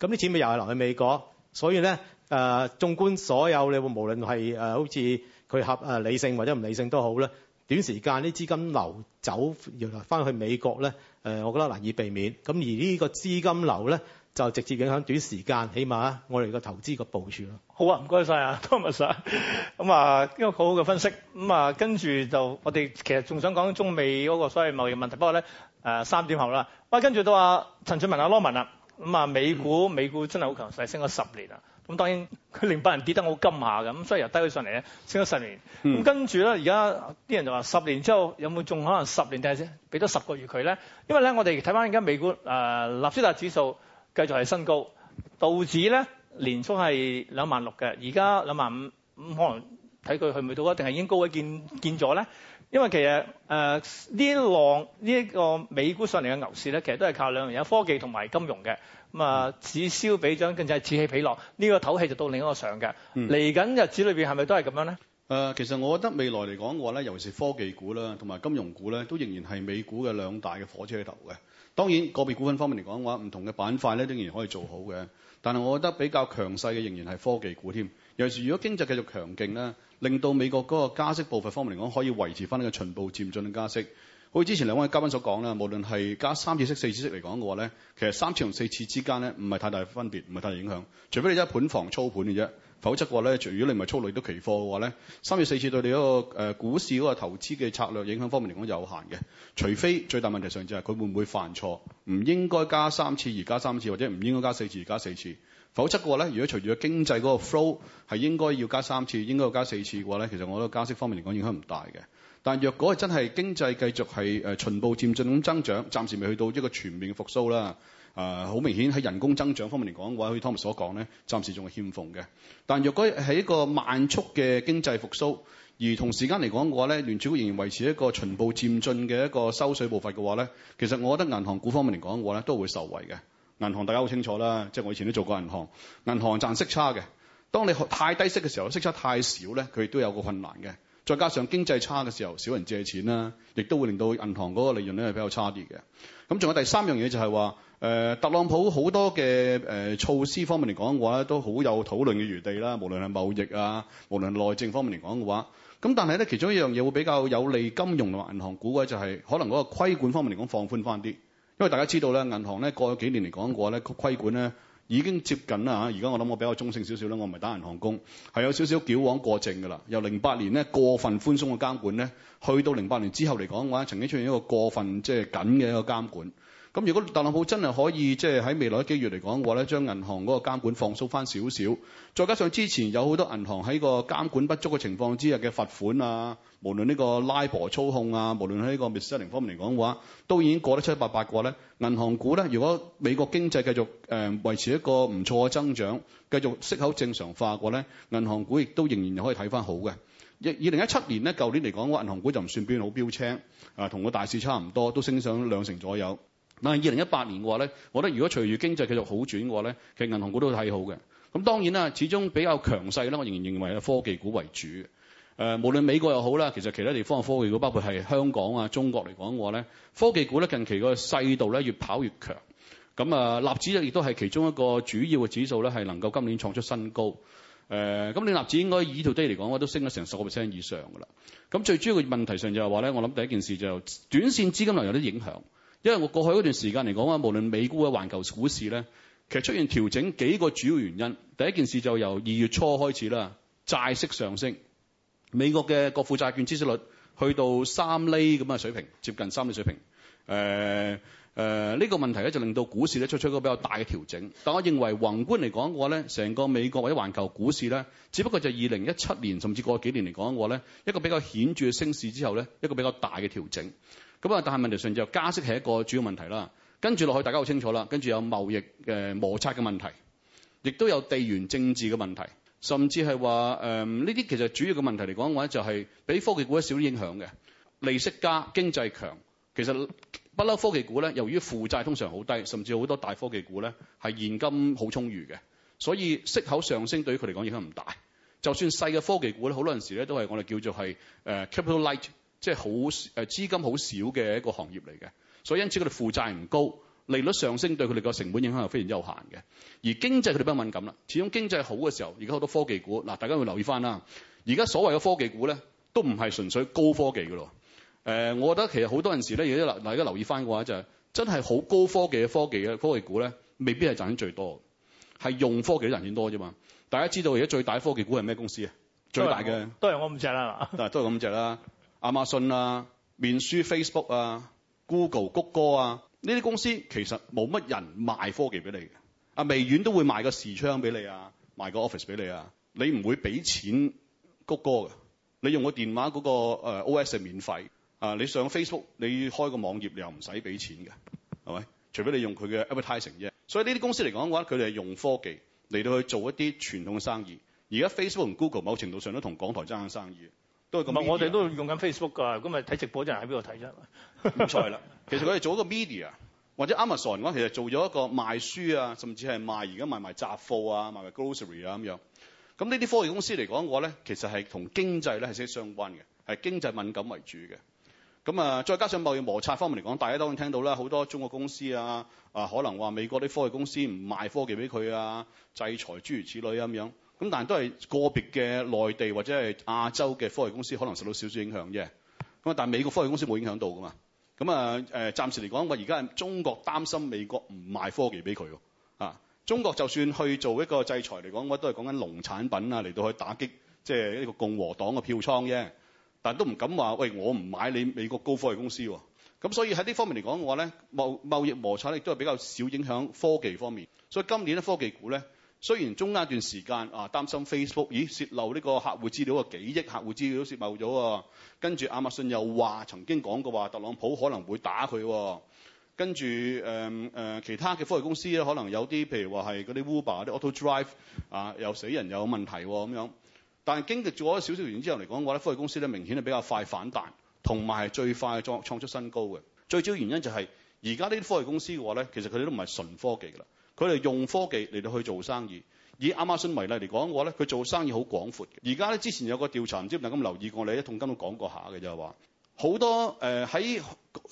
咁啲錢咪又係流去美國，所以咧誒，縱、呃、觀所有，你會無論係誒好似佢合、呃、理性或者唔理性都好啦。短時間啲資金流走，原來翻去美國咧，誒、呃，我覺得難以避免。咁、呃、而呢個資金流咧。就直接影響短時間，起碼我哋個投資個部署咯。好啊，唔該晒啊，Thomas。咁 啊、嗯，因為好好嘅分析。咁、嗯、啊，跟住就我哋其實仲想講中美嗰個所謂貿易問題，不過咧、呃、三點後啦。啊，跟住都話陳俊文、啊、阿羅文啦、啊。咁、嗯、啊，美股、嗯、美股真係好強勢，升咗十年啊。咁、嗯、當然佢零八年跌得好金下㗎，咁所以由低佢上嚟咧，升咗十年。咁、嗯嗯、跟住咧，而家啲人就話十年之後有冇仲可能十年睇係先俾多十個月佢咧？因為咧，我哋睇翻而家美股誒納、呃、斯達指數。繼續係新高，道指咧年初係兩萬六嘅，而家兩萬五，咁可能睇佢去唔去到啊？定係已經高位見見咗咧？因為其實誒呢、呃、浪呢一、這個美股上嚟嘅牛市咧，其實都係靠兩樣嘢，科技同埋金融嘅。咁、嗯、啊，此、嗯、消彼長，跟住係此起彼落，呢、這個唞氣就到另一個上嘅。嚟、嗯、緊日子裏邊係咪都係咁樣咧？誒、呃，其實我覺得未來嚟講嘅話咧，尤其是科技股啦，同埋金融股咧，都仍然係美股嘅兩大嘅火車頭嘅。當然個別股份方面嚟講嘅話，唔同嘅板塊咧仍然可以做好嘅。但係我覺得比較強勢嘅仍然係科技股添。尤其是如果經濟繼續強勁咧，令到美國嗰個加息步伐方面嚟講可以維持翻呢個循步漸進嘅加息。好似之前兩位嘉賓所講啦，無論係加三次息四次息嚟講嘅話咧，其實三次同四次之間咧唔係太大分別，唔係太大影響，除非你一盤房操盤嘅啫。否則嘅話咧，如果你唔係操弄多期貨嘅話咧，三月四次對你一個誒股市嗰個投資嘅策略影響方面嚟講有限嘅。除非最大問題上就係佢會唔會犯錯，唔應該加三次而加三次，或者唔應該加四次而加四次。否則嘅話咧，如果隨住個經濟嗰個 flow 係應該要加三次，應該要加四次嘅話咧，其實我覺得加息方面嚟講影響唔大嘅。但若果係真係經濟繼續係誒循步漸進咁增長，暫時未去到一個全面嘅復甦啦。誒、呃、好明顯喺人工增長方面嚟講，話佢 Thomas 所講咧，暫時仲係欠奉嘅。但若果喺一個慢速嘅經濟復甦，而同時間嚟講嘅話咧，聯儲局仍然維持一個循步漸進嘅一個收水步伐嘅話咧，其實我覺得銀行股方面嚟講嘅話咧，都會受惠嘅。銀行大家好清楚啦，即、就、係、是、我以前都做過銀行，銀行賺息差嘅。當你太低息嘅時候，息差太少咧，佢亦都有個困難嘅。再加上經濟差嘅時候，少人借錢啦、啊，亦都會令到銀行嗰個利潤咧係比較差啲嘅。咁仲有第三樣嘢就係話。誒、呃、特朗普好多嘅誒、呃、措施方面嚟講嘅話咧，都好有討論嘅餘地啦。無論係貿易啊，無論內政方面嚟講嘅話，咁但係咧，其中一樣嘢會比較有利金融同埋銀行股嘅就係、是，可能嗰個規管方面嚟講放寬翻啲。因為大家知道咧，銀行咧過咗幾年嚟講嘅話，咧，個規管咧已經接近啦吓。而家我諗我比較中性少少啦，我唔係打銀行工，係有少少矯枉過正㗎啦。由零八年咧過份寬鬆嘅監管咧，去到零八年之後嚟講嘅話，曾經出現一個過份即係緊嘅一個監管。咁如果特朗普真係可以即係喺未來幾月嚟講嘅話咧，將銀行嗰個監管放鬆翻少少，再加上之前有好多銀行喺個監管不足嘅情況之下嘅罰款啊，無論呢個 Libor 操控啊，無論喺呢個 mis-selling 方面嚟講嘅話，都已經過得七七八八嘅話咧，銀行股咧，如果美國經濟繼續誒維持一個唔錯嘅增長，繼續息口正常化嘅話咧，銀行股亦都仍然可以睇翻好嘅。二零一七年咧，舊年嚟講，銀行股就唔算變好標青啊，同個大市差唔多，都升上兩成左右。嗱，二零一八年嘅話咧，我覺得如果隨住經濟繼續好轉嘅話咧，其實銀行股都會睇好嘅。咁當然啦，始終比較強勢咧，我仍然認為係科技股為主。呃、無論美國又好啦，其實其他地方嘅科技股，包括係香港啊、中國嚟講嘅話咧，科技股咧，近期個勢度咧越跑越強。咁啊，納指亦都係其中一個主要嘅指數咧，係能夠今年創出新高。誒、呃，咁你納指應該以 today 嚟講都升咗成十個 percent 以上㗎啦。咁最主要嘅問題上就係話咧，我諗第一件事就係短線資金量有啲影響。因為我過去嗰段時間嚟講啊，無論美股嘅環球股市咧，其實出現調整幾個主要原因。第一件事就由二月初開始啦，債息上升，美國嘅國庫債券孳息率去到三厘咁嘅水平，接近三厘水平。誒、呃、誒，呢、呃這個問題咧就令到股市咧出出一個比較大嘅調整。但我認為宏觀嚟講嘅話咧，成個美國或者環球股市咧，只不過就係二零一七年甚至過去幾年嚟講嘅話咧，一個比較顯著嘅升市之後咧，一個比較大嘅調整。咁啊！但係問題上就加息係一個主要問題啦。跟住落去，大家好清楚啦。跟住有貿易嘅摩擦嘅問題，亦都有地緣政治嘅問題，甚至係話誒呢啲其實主要嘅問題嚟講嘅話，就係俾科技股少一少影響嘅。利息加，經濟強，其實不嬲科技股咧，由於負債通常好低，甚至好多大科技股咧係現金好充裕嘅，所以息口上升對於佢嚟講影響唔大。就算細嘅科技股咧，好多陣時咧都係我哋叫做係誒 capital light。即係好誒資金好少嘅一個行業嚟嘅，所以因此佢哋負債唔高，利率上升對佢哋個成本影響係非常有限嘅。而經濟佢哋比較敏感啦，始終經濟好嘅時候，而家好多科技股嗱，大家會留意翻啦。而家所謂嘅科技股咧，都唔係純粹高科技嘅咯。誒，我覺得其實好多陣時咧，而大家留意翻嘅話就係、是、真係好高科技嘅科技嘅科技股咧，未必係賺錢最多，係用科技賺錢多啫嘛。大家知道而家最大科技股係咩公司啊？最大嘅都係我五隻啦，都係咁五隻啦。 亞馬遜啊、面書、Facebook 啊、Google 谷歌啊，呢啲公司其實冇乜人賣科技俾你嘅。阿微軟都會賣個視窗俾你啊，賣個 Office 俾你啊。你唔會俾錢谷歌嘅。你用個電話嗰個 OS 係免費啊。你上 Facebook，你開個網頁你又唔使俾錢嘅，係咪？除非你用佢嘅 Advertising 啫。所以呢啲公司嚟講嘅話，佢哋係用科技嚟到去做一啲傳統嘅生意。而家 Facebook 同 Google 某程度上都同港台爭緊生意。都係咁。我哋都用緊 Facebook 㗎，咁咪睇直播就係喺邊度睇啫？唔錯啦。其實佢哋做一個 media 或者 Amazon 講，其實做咗一個賣書啊，甚至係賣而家賣賣雜貨啊，賣賣 grocery 啊咁樣。咁呢啲科技公司嚟講嘅話咧，其實係同經濟咧係息息相關嘅，係經濟敏感為主嘅。咁啊，再加上貿易摩擦方面嚟講，大家都會聽到啦，好多中國公司啊啊，可能話美國啲科技公司唔賣科技俾佢啊，制裁諸如此類咁樣。咁但係都係個別嘅內地或者係亞洲嘅科技公司可能受到少少影響啫。咁啊，但係美國科技公司冇影響到噶嘛。咁啊，誒暫時嚟講，我而家中國擔心美國唔賣科技俾佢喎。啊，中國就算去做一個制裁嚟講，我都係講緊農產品啊，嚟到去打擊即係呢個共和黨嘅票倉啫。但係都唔敢話喂，我唔買你美國高科技公司喎。咁所以喺呢方面嚟講嘅話咧，貿易摩擦力都係比較少影響科技方面。所以今年咧科技股咧。雖然中間一段時間啊，擔心 Facebook 咦洩漏呢個客戶資料啊，幾億客戶資料都洩漏咗，跟住亞馬遜又話曾經講過話特朗普可能會打佢、啊，跟住誒、嗯呃、其他嘅科技公司咧可能有啲譬如話係嗰啲 Uber、啲 AutoDrive 啊又死人又有問題咁、啊、樣，但係經歷咗少少調整之後嚟講嘅話咧，科技公司咧明顯係比較快反彈，同埋係最快創，創出新高嘅。最主要原因就係而家呢啲科技公司嘅話咧，其實佢哋都唔係純科技㗎啦。佢哋用科技嚟到去做生意，以亞馬遜為例嚟講嘅話咧，佢做生意好廣闊嘅。而家咧之前有個調查，唔知大家有冇留意過咧？我一同金都講過下嘅就係話，好多誒喺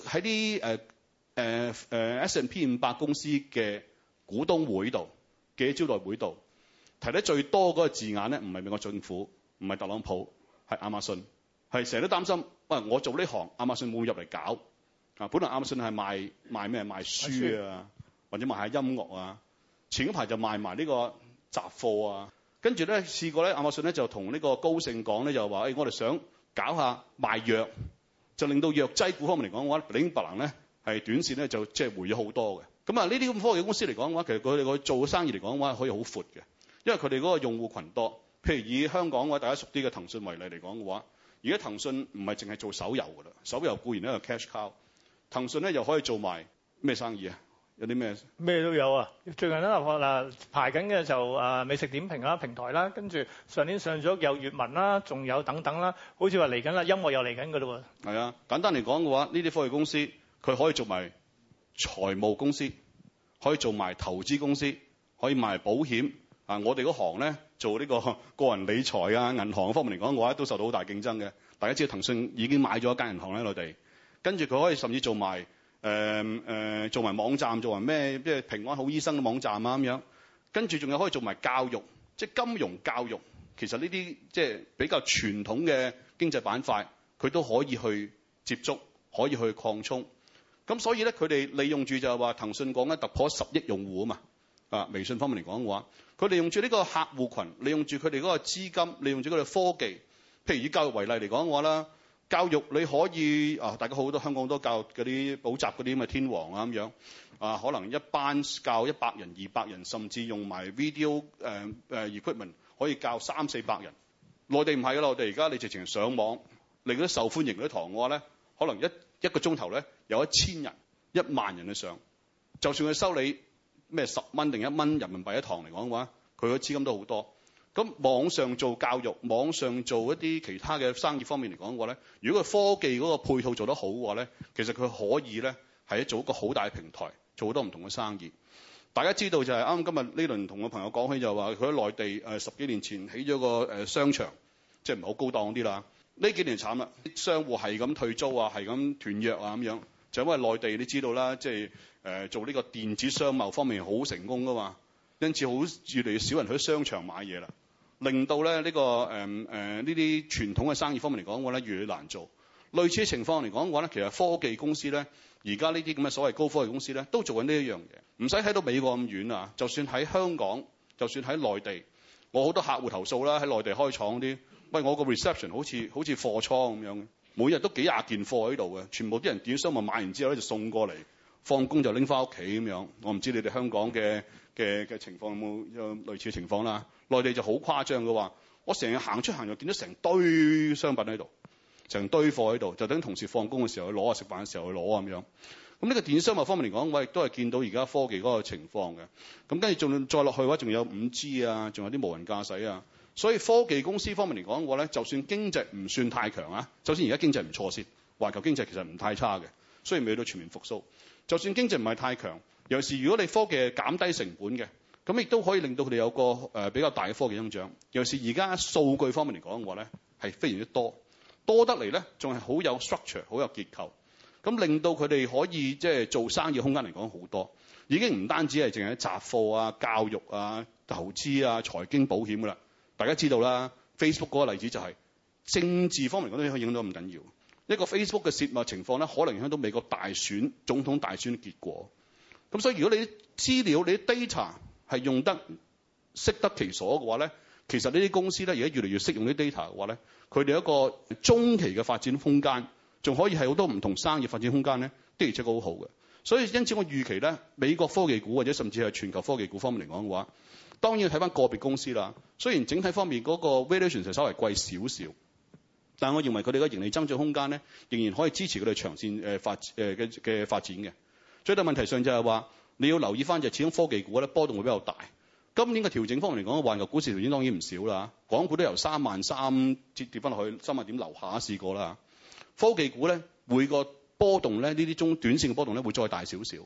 喺啲誒誒誒 S&P 五百公司嘅股東會度嘅招待會度，提得最多嗰個字眼咧，唔係美國政府，唔係特朗普，係亞馬遜，係成日都擔心，喂，我做呢行亞馬遜會入嚟搞啊。本來亞馬遜係賣賣咩賣書啊？或者賣下音樂啊，前排就賣埋呢個雜貨啊呢，跟住咧試過咧，亞馬遜咧就同呢個高盛講咧，就話，誒、哎，我哋想搞下賣藥，就令到藥劑股方面嚟講嘅話，李英能咧係短線咧就即係回咗好多嘅。咁啊，呢啲咁科技公司嚟講嘅話，其實佢哋佢做生意嚟講嘅話可以好闊嘅，因為佢哋嗰個用戶群多。譬如以香港嘅大家熟啲嘅騰訊為例嚟講嘅話，而家騰訊唔係淨係做手遊㗎啦，手遊固然一個 cash cow，騰訊咧又可以做埋咩生意啊？有啲咩？咩都有啊！最近咧，嗱排緊嘅就誒美食點評啦、平台啦，跟住上年上咗有粵文啦，仲有等等啦，好似話嚟緊啦，音樂又嚟緊㗎喇喎。係啊，簡單嚟講嘅話，呢啲科技公司佢可以做埋財務公司，可以做埋投資公司，可以賣保險啊。我哋嗰行咧做呢個個人理財啊、銀行嗰方面嚟講嘅話，都受到好大競爭嘅。大家知騰訊已經買咗一間銀行喺內地，跟住佢可以甚至做埋。誒、呃、誒、呃，做埋網站，做埋咩？即係平安好醫生嘅網站啊，咁樣跟住仲有可以做埋教育，即係金融教育。其實呢啲即係比較傳統嘅經濟板塊，佢都可以去接觸，可以去擴充。咁所以咧，佢哋利用住就係話騰訊講咧突破十億用戶啊嘛。啊，微信方面嚟講嘅話，佢利用住呢個客戶群，利用住佢哋嗰個資金，利用住佢哋科技。譬如以教育為例嚟講嘅話啦。教育你可以啊，大家好多香港都教啲補習啲咁嘅天王啊咁樣啊，可能一班教一百人、二百人，甚至用埋 video 誒、呃、誒、呃、equipment 可以教三四百人。內地唔係噶啦，我哋而家你直情上網，你嗰啲受歡迎嗰啲堂嘅話咧，可能一一個鐘頭咧有一千人、一萬人去上，就算佢收你咩十蚊定一蚊人民幣一堂嚟講嘅話，佢嘅資金都好多。咁網上做教育，網上做一啲其他嘅生意方面嚟講嘅話咧，如果佢科技嗰個配套做得好嘅話咧，其實佢可以咧係做一個好大嘅平台，做好多唔同嘅生意。大家知道就係啱今日呢輪同個朋友講起就話、係，佢喺內地、呃、十幾年前起咗個、呃、商場，即係唔係好高檔啲啦？呢幾年慘啦，商戶係咁退租啊，係咁斷，斷約啊咁樣，就因為內地你知道啦，即、就、係、係呃、做呢個電子商貿方面好成功噶嘛，因此好越嚟越少人去商場買嘢啦。令到咧呢個誒誒呢啲傳統嘅生意方面嚟講嘅話咧越嚟越難做。類似嘅情況嚟講嘅話咧，其實科技公司咧而家呢啲咁嘅所謂高科技公司咧都做緊呢一樣嘢，唔使睇到美國咁遠啊。就算喺香港，就算喺內地，我好多客戶投訴啦，喺內地開廠嗰啲，喂，我個 reception 好似好似貨倉咁樣，每日都幾廿件貨喺度嘅，全部啲人點收物買完之後咧就送過嚟。放工就拎翻屋企咁樣。我唔知你哋香港嘅嘅嘅情況有冇有類似嘅情況啦。內地就好誇張嘅話，我成日行出行入見到成堆商品喺度，成堆貨喺度，就等同事放工嘅時候去攞啊，食飯嘅時候去攞啊咁樣。咁、嗯、呢、呢個電子商貿方面嚟講，我亦都係見到而家科技嗰個情況嘅。咁跟住仲再落去嘅話，仲有五 G 啊，仲有啲無人駕駛啊。所以科技公司方面嚟講嘅話咧，就算經濟唔算太強啊，首先而家經濟唔錯先，環球經濟其實唔太差嘅，雖然未到全面復甦。就算經濟唔係太強，尤其是如果你科技係減低成本嘅，咁亦都可以令到佢哋有個誒比較大嘅科技增長。尤其是而家數據方面嚟講嘅話咧，係非常之多，多得嚟咧，仲係好有 structure 好有結構，咁令到佢哋可以即係做生意空間嚟講好多，已經唔單止係淨係雜貨啊、教育啊、投資啊、財經保險噶啦，大家知道啦，Facebook 嗰個例子就係政治方面講都影響到咁緊要。一個 Facebook 嘅泄密情況咧，可能影響到美國大選總統大選嘅結果。咁所以如果你啲資料、你啲 data 係用得適得其所嘅話咧，其實呢啲公司咧而家越嚟越適用啲 data 嘅話咧，佢哋一個中期嘅發展空間，仲可以係好多唔同商業發展空間咧，都是的而且好好嘅。所以因此我預期咧，美國科技股或者甚至係全球科技股方面嚟講嘅話，當然要睇翻個別公司啦。雖然整體方面嗰個 valuation 就稍為貴少少。但我認為佢哋嘅盈利增長空間咧，仍然可以支持佢哋長線誒發誒嘅嘅發展嘅。最大問題上就係話，你要留意翻就始終科技股咧波動會比較大。今年嘅調整方面嚟講，環球股市調整當然唔少啦。港股都由三萬三跌跌翻落去三萬點樓下試過啦。科技股咧每個波動咧呢啲中短線嘅波動咧會再大少少。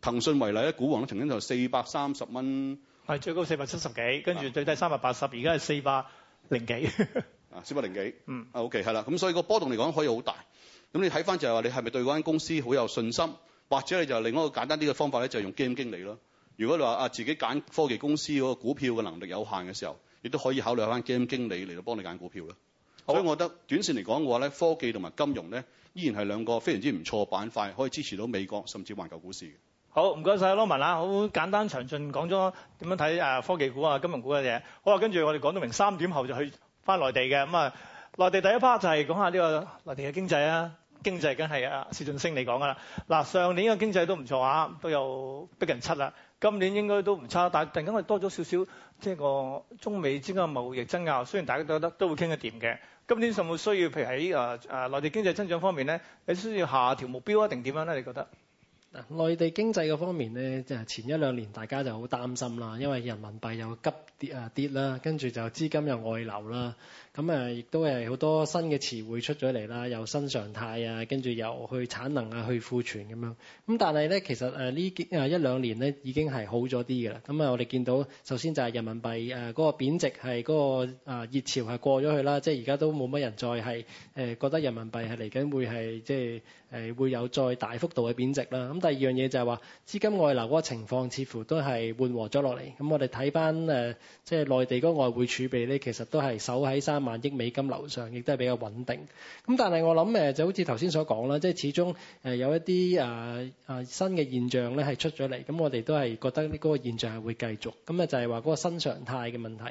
騰訊為例咧，股王呢曾經就四百三十蚊，係最高四百七十幾，跟住最低三百八十，而家係四百零幾。啊，四百零幾，嗯，OK，係啦。咁、okay，所以個波動嚟講可以好大。咁你睇翻就係話你係咪對嗰間公司好有信心，或者你就另一個簡單啲嘅方法咧，就係用 Game 經理咯。如果你話啊自己揀科技公司嗰個股票嘅能力有限嘅時候，亦都可以考慮翻 Game 經理嚟到幫你揀股票啦，啊。所以我覺得短線嚟講嘅話咧，科技同埋金融咧，依然係兩個非常之唔錯嘅板塊，可以支持到美國甚至環球股市嘅。好，唔該曬，羅文啦，好簡單詳盡講咗點樣睇科技股啊、金融股嘅嘢。好啦，跟住我哋講到明三點後就去翻內地嘅咁啊，內地第一 part 就係講下呢個內地嘅經濟啊，經濟梗係啊薛俊昇嚟講噶啦。嗱，上年嘅經濟都唔錯啊，都有逼近七啦。今年應該都唔差，但係突然間我哋多咗少少即係個中美之間嘅貿易爭拗，雖然大家都覺得都會傾得掂嘅。今年有冇需要譬如喺啊啊內地經濟增長方面咧，你需要下調目標啊，定點樣咧？你覺得？嗱，內地經濟嘅方面咧，就係前一兩年大家就好擔心啦，因為人民幣又急跌啊跌啦，跟住就資金又外流啦。咁誒，亦都係好多新嘅詞彙出咗嚟啦，又新常態啊，跟住又去產能啊，去庫存咁樣。咁但係咧，其實呢幾誒一兩年咧，已經係好咗啲嘅啦。咁啊，我哋見到首先就係人民幣誒嗰個貶值係嗰個啊熱潮係過咗去啦，即係而家都冇乜人再係誒覺得人民幣係嚟緊會係即係誒會有再大幅度嘅貶值啦。咁第二樣嘢就係話資金外流嗰個情況似乎都係緩和咗落嚟。咁我哋睇翻誒即係內地嗰個外匯儲備咧，其實都係守喺三萬億美金樓上，亦都係比較穩定。咁但係我諗誒，就好似頭先所講啦，即係始終誒有一啲誒誒新嘅現象咧係出咗嚟。咁我哋都係覺得呢個現象係會繼續。咁啊就係話嗰個新常態嘅問題。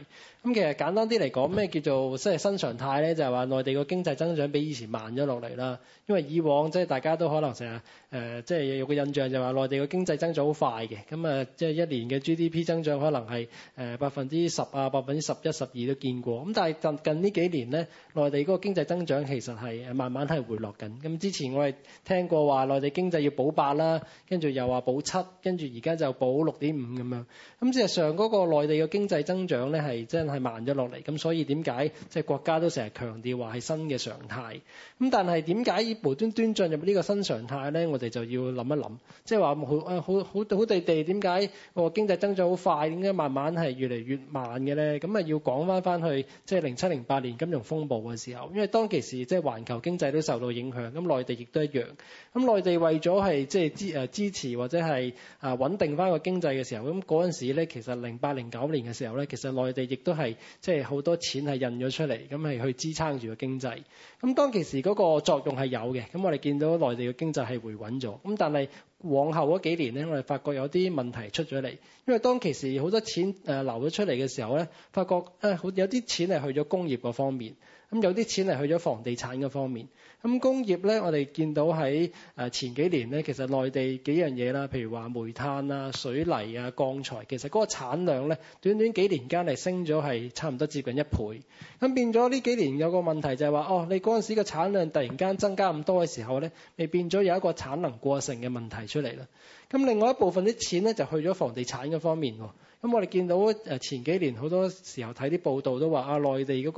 咁其實簡單啲嚟講，咩叫做即係新常態咧？就係話內地個經濟增長比以前慢咗落嚟啦。因為以往即係大家都可能成日誒，即係有個印象就話內地個經濟增長好快嘅。咁啊，即係一年嘅 GDP 增長可能係誒百分之十啊，百分之十一、十二都見過。咁但係近近呢幾年咧，內地嗰個經濟增長其實係誒慢慢係回落緊。咁之前我哋聽過話內地經濟要保八啦，跟住又話保七，跟住而家就保六點五咁樣。咁事實上嗰個內地嘅經濟增長咧係真係慢咗落嚟。咁所以點解即係國家都成日強調話係新嘅常態？咁但係點解無端端進入呢個新常態咧？我哋就要諗一諗，即係話好誒好好好地地點解個經濟增長好快，點解慢慢係越嚟越慢嘅咧？咁啊要講翻翻去即係零七零。就是 07, 八年金融風暴嘅時候，因為當其時即係環球經濟都受到影響，咁內地亦都一樣。咁內地為咗係即係支誒支持或者係啊穩定翻個經濟嘅時候，咁嗰陣時咧其實零八零九年嘅時候咧，其實內地亦都係即係好多錢係印咗出嚟，咁係去支撐住個經濟。咁當其時嗰個作用係有嘅，咁我哋見到內地嘅經濟係回穩咗。咁但係，往後嗰幾年咧，我哋發覺有啲問題出咗嚟，因為當其時好多錢誒流咗出嚟嘅時候咧，發覺誒好有啲錢係去咗工業嗰方面，咁有啲錢係去咗房地產嘅方面。咁工業咧，我哋見到喺誒前幾年咧，其實內地幾樣嘢啦，譬如話煤炭啊、水泥啊、鋼材，其實嗰個產量咧，短短幾年間係升咗係差唔多接近一倍。咁變咗呢幾年有個問題就係話，哦，你嗰陣時嘅產量突然間增加咁多嘅時候咧，你變咗有一個產能過剩嘅問題出嚟啦。咁另外一部分啲錢咧就去咗房地產嗰方面喎。咁我哋見到誒前幾年好多時候睇啲報道都話啊，內地嗰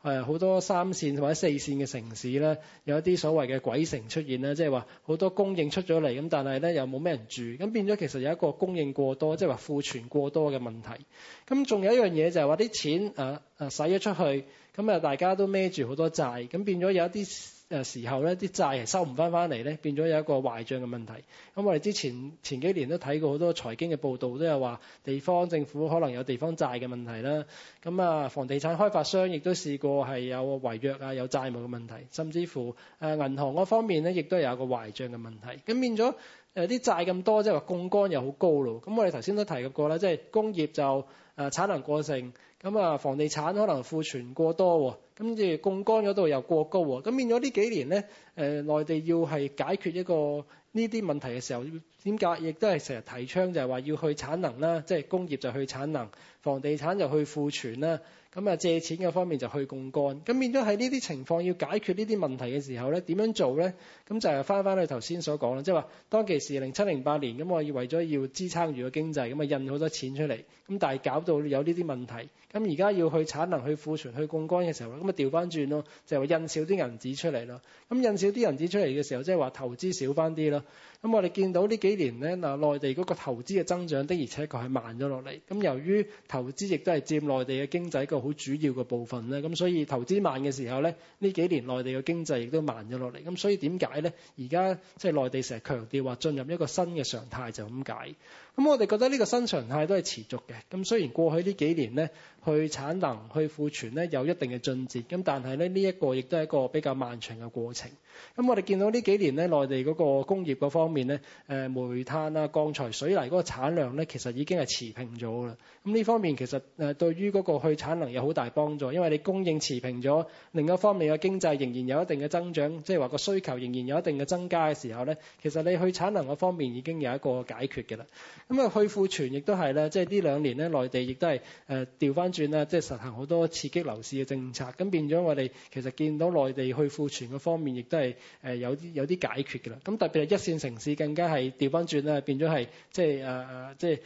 個誒好多三線或者四線嘅城市咧，有一啲所謂嘅鬼城出現啦，即係話好多供應出咗嚟，咁但係咧又冇咩人住，咁變咗其實有一個供應過多，即係話庫存過多嘅問題。咁仲有一樣嘢就係話啲錢啊誒使咗出去，咁啊大家都孭住好多債，咁變咗有一啲，誒時候咧，啲債係收唔翻翻嚟咧，變咗有一個壞帳嘅問題。咁我哋之前前幾年都睇過好多財經嘅報道，都有話地方政府可能有地方債嘅問題啦。咁啊，房地產開發商亦都試過係有違約啊，有債務嘅問題，甚至乎誒銀行嗰方面咧，亦都有一個壞帳嘅問題。咁變咗誒啲債咁多，即係話槓桿又好高咯。咁我哋頭先都提及過啦，即係工業就誒產能過剩。咁啊，房地產可能庫存過多，跟住槓桿嗰度又過高，咁變咗呢幾年咧，誒，內地要係解決一個呢啲問題嘅時候，點解亦都係成日提倡就係話要去產能啦，即係工業就去產能，房地產就去庫存啦。咁啊，借錢嘅方面就去槓桿咁，變咗喺呢啲情況要解決呢啲問題嘅時候咧，點樣做咧？咁就係翻翻去頭先所講啦，即係話當其時零七零八年咁，我要為咗要支撐住個經濟，咁啊印好多錢出嚟咁，但係搞到有呢啲問題。咁而家要去產能去庫存去槓桿嘅時候，咁啊調翻轉咯，就係話印少啲銀紙出嚟咯。咁印少啲銀紙出嚟嘅時候，即係話投資少翻啲咯。咁我哋見到呢幾年咧，嗱內地嗰個投資嘅增長的而且確係慢咗落嚟。咁由於投資亦都係佔內地嘅經濟一個好主要嘅部分咧，咁所以投資慢嘅時候咧，呢幾年內地嘅經濟亦都慢咗落嚟。咁所以點解咧？而家即係內地成日強調話進入一個新嘅常態就咁解。咁我哋覺得呢個新常態都係持續嘅。咁雖然過去呢幾年咧，去產能、去庫存咧有一定嘅進展，咁但係咧呢一個亦都係一個比較漫長嘅過程。咁我哋見到呢幾年咧，內地嗰個工業嘅方方面咧，誒煤炭啊、鋼材、水泥嗰個產量咧，其實已經係持平咗啦。咁呢方面其實誒對於嗰個去產能有好大幫助，因為你供應持平咗，另一方面嘅經濟仍然有一定嘅增長，即係話個需求仍然有一定嘅增加嘅時候咧，其實你去產能嗰方面已經有一個解決嘅啦。咁啊去庫存亦都係咧，即係呢兩年咧，內地亦都係誒調翻轉啦，即係實行好多刺激樓市嘅政策，咁變咗我哋其實見到內地去庫存嗰方面亦都係誒有啲有啲解決嘅啦。咁特別係一線城市更加係掉翻轉啦，變咗係即係誒即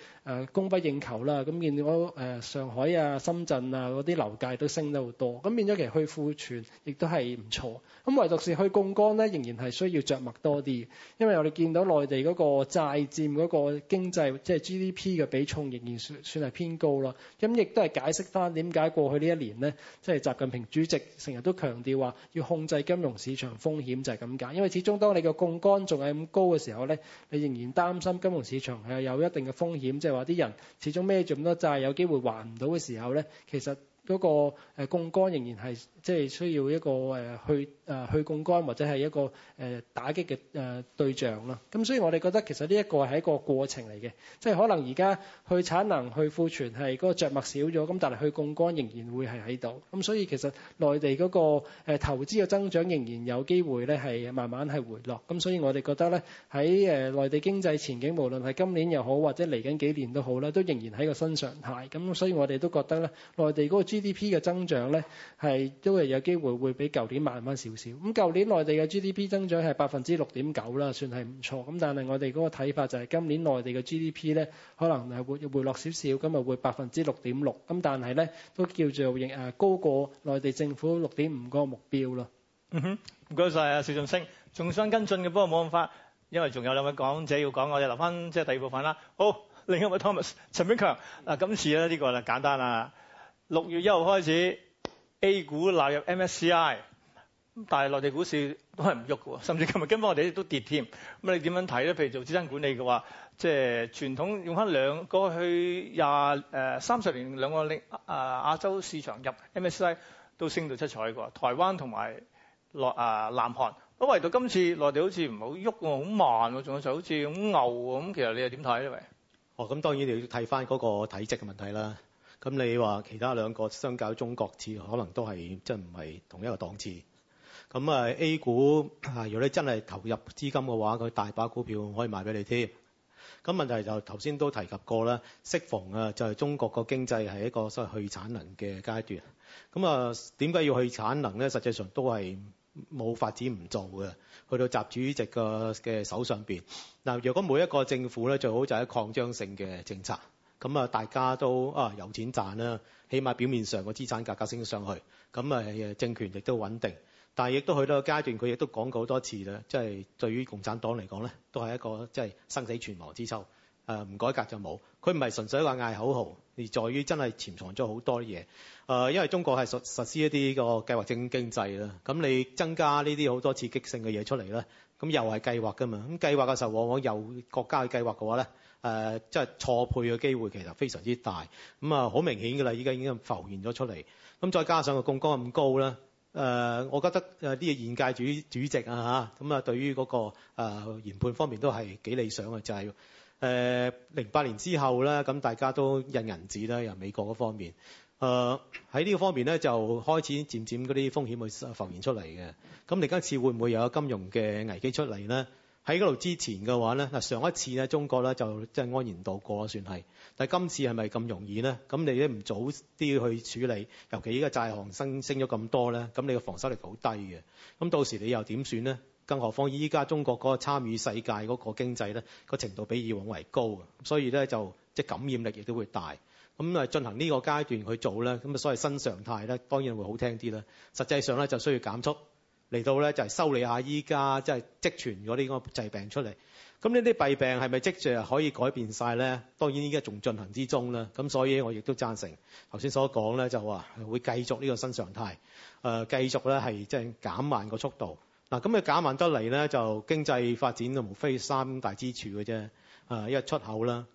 供不應求啦。咁見到、呃、上海啊、深圳啊嗰啲樓價都升得好多，咁變咗其實去庫存亦都係唔錯。咁唯獨是去槓桿咧，仍然係需要着墨多啲，因為我哋見到內地嗰個債佔嗰個經濟即係、就是、GDP 嘅比重仍然算算係偏高啦。咁亦都係解釋翻點解過去呢一年咧，即、就、係、是、習近平主席成日都強調話要控制金融市場風險就係咁解，因為始終當你個槓桿仲係咁高嘅時候咧，你仍然擔心金融市場係有一定嘅風險，即係話啲人始終孭住咁多債，有機會還唔到嘅時候咧，其實嗰個誒槓桿仍然係即係需要一個誒去。誒去槓桿或者係一個誒打擊嘅誒對象咯。咁所以我哋覺得其實呢一個係一個過程嚟嘅，即係可能而家去產能去庫存係嗰個着墨少咗，咁但係去槓桿仍然會係喺度。咁所以其實內地嗰個投資嘅增長仍然有機會咧係慢慢係回落。咁所以我哋覺得咧喺誒內地經濟前景無論係今年又好或者嚟緊幾年都好啦，都仍然喺個新常態。咁所以我哋都覺得咧內地嗰個 GDP 嘅增長咧係都係有機會會比舊年慢慢少。咁舊年內地嘅 GDP 增長係百分之六點九啦，算係唔錯。咁但係我哋嗰個睇法就係今年內地嘅 GDP 咧，可能係回回落少少，咁啊會百分之六點六。咁但係咧都叫做應高過內地政府六點五嗰個目標咯。嗯、哼，唔該晒啊，薛俊昇，仲想跟進嘅，不過冇辦法，因為仲有兩位講者要講，我哋留翻即係第二部分啦。好，另一位 Thomas 陳炳強嗱，今次咧呢、呢個就簡單啦。六月一號開始 A 股納入 MSCI。但係內地股市都係唔喐嘅喎，甚至今日根本我哋都跌添。咁你點樣睇咧？譬如做資產管理嘅話，即係傳統用翻兩個去廿誒三十年兩個令啊亞洲市場入 MSCI 都升到七彩嘅喎，台灣同埋內啊南韓，都嚟到今次內地好似唔係好喐喎，好慢喎，仲有就好似咁牛喎。咁其實你又點睇呢？喂、哦，哦咁當然你要睇翻嗰個體積嘅問題啦。咁你話其他兩個相較中國市，可能都係真係唔係同一個檔次。咁啊，A 股啊，如果你真係投入資金嘅話，佢大把股票可以賣俾你添。咁問題就頭先都提及過啦，適逢啊，就係中國個經濟係一個所謂去產能嘅階段。咁啊，點解要去產能咧？實際上都係冇發展唔做嘅，去到習主席個嘅手上邊。嗱。如果每一個政府咧，最好就係擴張性嘅政策，咁啊，大家都啊有錢賺啦，起碼表面上個資產價格升咗上去，咁啊政權亦都穩定。但係亦都去到個階段，佢亦都講過好多次啦。即係對於共產黨嚟講咧，都係一個即係生死存亡之秋。誒，唔改革就冇。佢唔係純粹話嗌口號，而在於真係潛藏咗好多嘢。誒，因為中國係實實施一啲個計劃性經濟啦。咁你增加呢啲好多刺激性嘅嘢出嚟呢，咁又係計劃㗎嘛。咁計劃嘅時候往往又國家嘅計劃嘅話咧，誒，即係錯配嘅機會其實非常之大。咁啊，好明顯㗎啦，依家已經浮現咗出嚟。咁再加上個槓桿咁高啦。誒、呃，我覺得呢個現屆主主席啊嚇，咁啊，對於嗰、嗰個研、啊、判方面都係幾理想嘅，就係誒零八年之後咧，咁大家都印銀紙啦，由美國嗰方面，誒喺呢個方面咧就開始漸漸嗰啲風險會浮現出嚟嘅。咁你今次會唔會有金融嘅危機出嚟咧？喺嗰度之前嘅話咧，嗱，上一次咧中國咧就真係安然度過啦，算係。但係今次係咪咁容易咧？咁你都唔早啲去處理，尤其依家債項升升咗咁多咧，咁你個防守力好低嘅。咁到時你又點算咧？更何況依家中國嗰個參與世界嗰個經濟咧，個程度比以往為高，所以咧就即係感染力亦都會大。咁啊進行呢個階段去做咧，咁啊所謂新常態咧，當然會好聽啲啦。實際上咧就需要減速。嚟到咧就係、是、修理下依家、就是、即係積存嗰啲個疾病出嚟。咁呢啲弊病係咪積住可以改變晒咧？當然依家仲進行之中啦。咁所以我亦都贊成頭先所講咧，就話會繼續呢個新常態。誒、呃，繼續咧係即係減慢個速度。嗱，咁佢減慢得嚟咧，就經濟發展就無非三大支柱嘅啫。啊、呃，一係出口啦，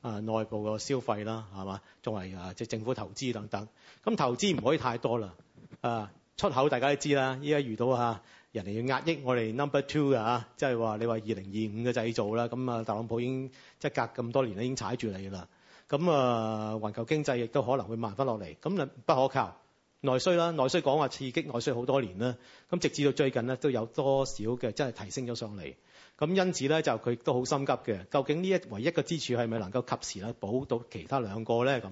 啊、呃、內部個消費啦，係嘛，仲係啊即係政府投資等等。咁投資唔可以太多啦。啊、呃！出口大家都知啦，依家遇到嚇人哋要壓抑我哋 number two 嘅嚇，即係話你話二零二五嘅製造啦，咁啊特朗普已經即係隔咁多年咧，已經踩住你啦。咁、嗯、啊，環球經濟亦都可能會慢翻落嚟，咁不可靠。內需啦，內需講話刺激內需好多年啦，咁直至到最近呢，都有多少嘅真係提升咗上嚟。咁因此咧就佢都好心急嘅，究竟呢一唯一嘅支柱係咪能夠及時咧補到其他兩個咧咁？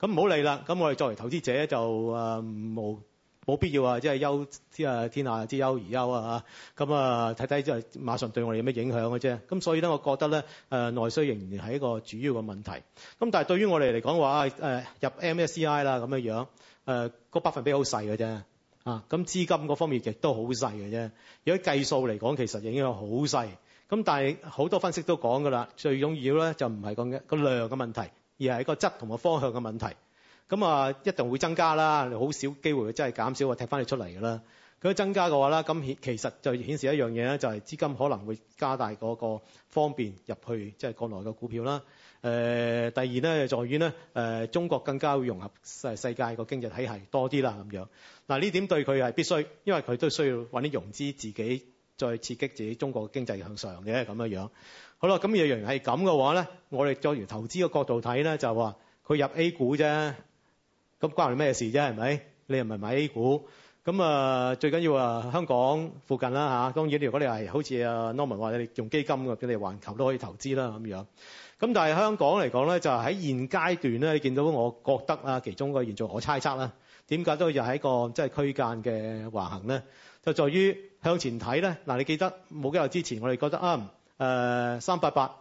咁唔好理啦，咁我哋作為投資者就、嗯冇必要啊！即係憂即係天下之憂而憂啊！咁啊，睇睇即係馬上對我哋有咩影響嘅啫。咁所以咧，我覺得咧，誒內需仍然係一個主要嘅問題。咁但係對於我哋嚟講話誒入 MSCI 啦咁嘅樣，誒嗰百分比好細嘅啫啊！咁資金嗰方面亦都好細嘅啫。如果計數嚟講，其實影響好細。咁但係好多分析都講嘅啦，最重要咧就唔係講個量嘅問題，而係一個質同個方向嘅問題。咁啊，一定會增加啦。你好少機會真係減少或踢翻你出嚟㗎啦。佢增加嘅話咧，咁其實就顯示一樣嘢咧，就係、是、資金可能會加大嗰個方便入去即係、就是、國內嘅股票啦。誒、呃，第二咧在於咧，誒、呃、中國更加會融合世世界個經濟體系多啲啦咁樣。嗱呢點對佢係必須，因為佢都需要搵啲融資自己再刺激自己中國經濟向上嘅咁樣樣。好啦，咁若然係咁嘅話咧，我哋作為投資嘅角度睇咧，就話佢入 A 股啫。咁關你咩事啫？係咪？你又唔係買 A 股？咁啊，最緊要啊，香港附近啦嚇。當然，如果你係好似啊 Norman 話，你用基金嘅，佢哋環球都可以投資啦咁樣。咁但係香港嚟講咧，就喺現階段咧，你見到我覺得啊，其中一個現狀，我猜測啦，點解都又喺一個即係區間嘅橫行咧？就在於向前睇咧。嗱，你記得冇幾日之前，我哋覺得啊，誒三八八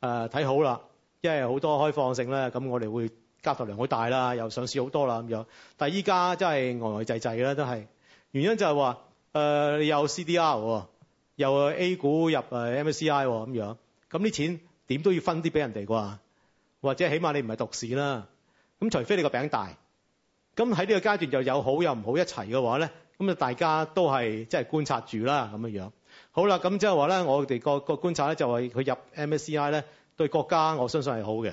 誒睇好啦，因為好多開放性咧，咁我哋會。交投量好大啦，又上市好多啦咁樣，但係依家真係呆呆滯滯啦，都係原因就係話，呃，你有 CDR 又有 A 股入 MSCI 咁樣，咁啲錢點都要分啲俾人哋啩，或者起碼你唔係獨市啦，咁除非你個餅大，咁喺呢個階段又有好又唔好一齊嘅話咧，咁就大家都係即係觀察住啦咁樣。好啦，咁即係話咧，我哋個個觀察咧就係佢入 MSCI 咧對國家我相信係好嘅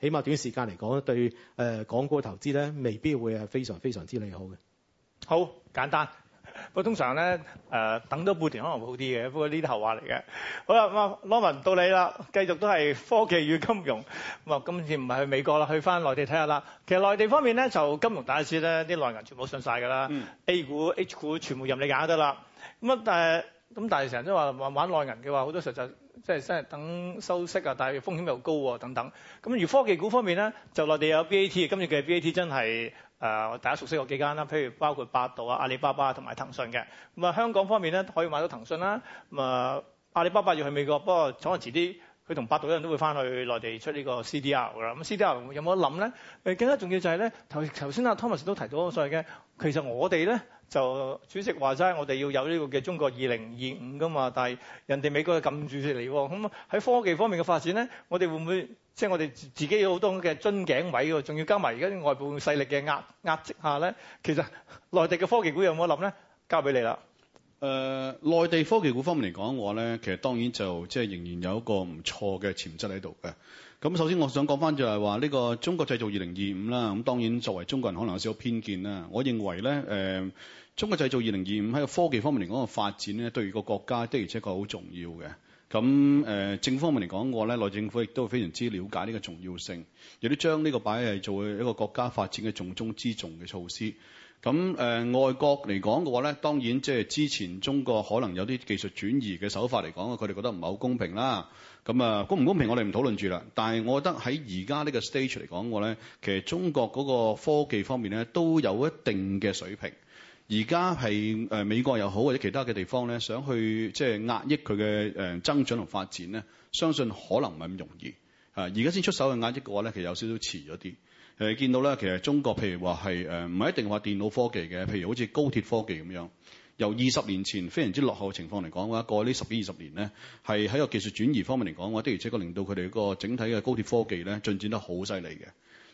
起碼短時間嚟講對港股、呃、投資咧，未必會係非常非常之利好嘅。好簡單，不過通常咧、呃、等多半年可能會好啲嘅，不過呢啲後話嚟嘅。好啦，咁啊攞文到你啦，繼續都係科技與金融。咁啊今次唔係去美國啦，去翻內地睇下啦。其實內地方面咧，就金融大市咧，啲內銀全部信曬㗎啦。A 股、H 股全部任你揀得啦。咁、嗯、啊咁但係成日都話玩內銀嘅話，好多時候就即係真係等收息啊，但係風險又高喎等等。咁而科技股方面咧，就內地有 B A T，今次嘅 B A T 真係、呃、大家熟悉嗰幾間啦，譬如包括百度啊、阿里巴巴同埋騰訊嘅。咁啊，香港方面咧可以買到騰訊啦。咁啊，阿里巴巴要去美國，不過可能遲啲。佢同百度一樣，都會翻去內地出呢個 CDR 噶啦。咁 CDR 有冇得諗咧？誒，更加重要就係咧，頭頭先阿 Thomas 都提到所謂嘅，其實我哋咧就主席話齋，我哋要有呢個嘅中國二零二五噶嘛。但係人哋美國又撳住嚟喎。咁喺科技方面嘅發展咧，我哋會唔會即係、就是、我哋自己有好多嘅樽頸位喎？仲要加埋而家啲外部勢力嘅壓壓迫下咧，其實內地嘅科技股有冇得諗咧？交俾你啦。誒、呃，內地科技股方面嚟講，我咧其實當然就即係仍然有一個唔錯嘅潛質喺度嘅。咁首先我想講翻就係話呢個中國製造2025啦。咁當然作為中國人，可能有少少偏見啦。我認為咧、呃，中國製造2025喺個科技方面嚟講嘅發展咧，對於個國家的而且確好重要嘅。咁、呃、政府方面嚟講，我咧內政府亦都非常之了解呢個重要性，亦都將呢個擺係做一個國家發展嘅重中之重嘅措施。咁誒、呃，外國嚟講嘅話咧，當然即係之前中國可能有啲技術轉移嘅手法嚟講，佢哋覺得唔係好公平啦。咁啊，公唔公平我哋唔討論住啦。但係我覺得喺而家呢個 stage 嚟講嘅話咧，其實中國嗰個科技方面咧都有一定嘅水平。而家係誒美國又好或者其他嘅地方咧，想去即係、就是、壓抑佢嘅、呃、增長同發展咧，相信可能唔係咁容易啊。而家先出手去壓抑嘅話咧，其實有少少遲咗啲。誒見到咧，其實中國譬如話係誒唔係一定話電腦科技嘅，譬如好似高鐵科技咁樣，由二十年前非常之落後嘅情況嚟講嘅話，過呢十幾二十年咧，係喺個技術轉移方面嚟講嘅話，的而且確令到佢哋個整體嘅高鐵科技咧進展得好犀利嘅，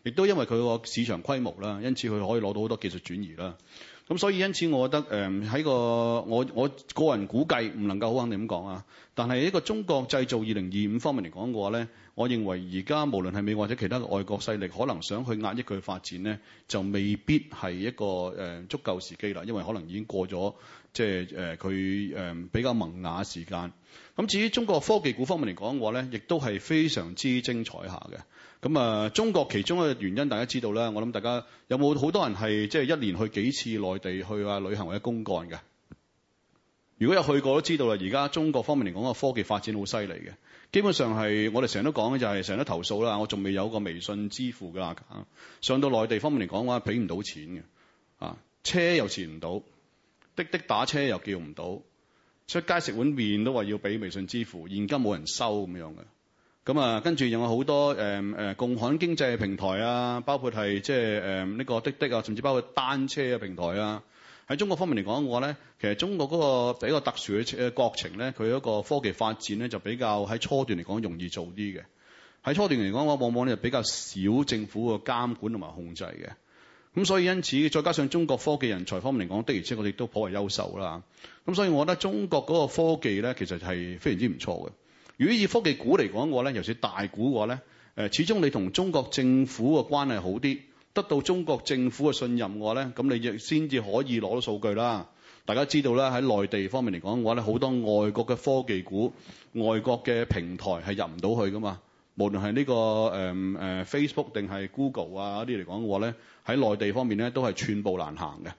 亦都因為佢個市場規模啦，因此佢可以攞到好多技術轉移啦。咁所以因此，我覺得誒喺、呃、個我我個人估計，唔能夠好肯定咁講啊。但係一個中國製造二零二五方面嚟講嘅話咧，我認為而家無論係美或者其他嘅外國勢力，可能想去壓抑佢發展咧，就未必係一個誒足夠時機啦。因為可能已經過咗即係誒佢誒比較萌芽時間。咁至於中國科技股方面嚟講嘅話咧，亦都係非常之精彩下嘅。咁啊，中國其中一個原因大家知道啦。我諗大家有冇好多人係即係一年去幾次內地去啊旅行或者公幹嘅？如果有去過都知道啦。而家中國方面嚟講個科技發展好犀利嘅，基本上係我哋成日都講嘅就係成日都投訴啦。我仲未有個微信支付㗎，上到內地方面嚟講嘅話俾唔到錢嘅，啊車又遲唔到，滴滴打車又叫唔到，出街食碗麵都話要俾微信支付現金冇人收咁樣嘅。咁啊，跟住又有好多共享經濟嘅平台啊，包括係即係呢個滴滴啊，甚至包括單車嘅平台啊。喺中國方面嚟講嘅話咧，其實中國嗰個比較特殊嘅情嘅國情咧，佢嗰個科技發展咧就比較喺初段嚟講容易做啲嘅。喺初段嚟講嘅話，往往咧就比較少政府嘅監管同埋控制嘅。咁所以因此，再加上中國科技人才方面嚟講，的而且確亦都頗為優秀啦。咁所以我覺得中國嗰個科技咧，其實係非常之唔錯嘅。如果以科技股嚟講嘅話咧，尤其大股嘅話咧，始終你同中國政府嘅關係好啲，得到中國政府嘅信任嘅話咧，咁你亦先至可以攞到數據啦。大家知道咧，喺內地方面嚟講嘅話咧，好多外國嘅科技股、外國嘅平台係入唔到去噶嘛。無論係呢個、嗯嗯、Facebook 定係 Google 啊嗰啲嚟講嘅話咧，喺內地方面咧都係寸步難行嘅。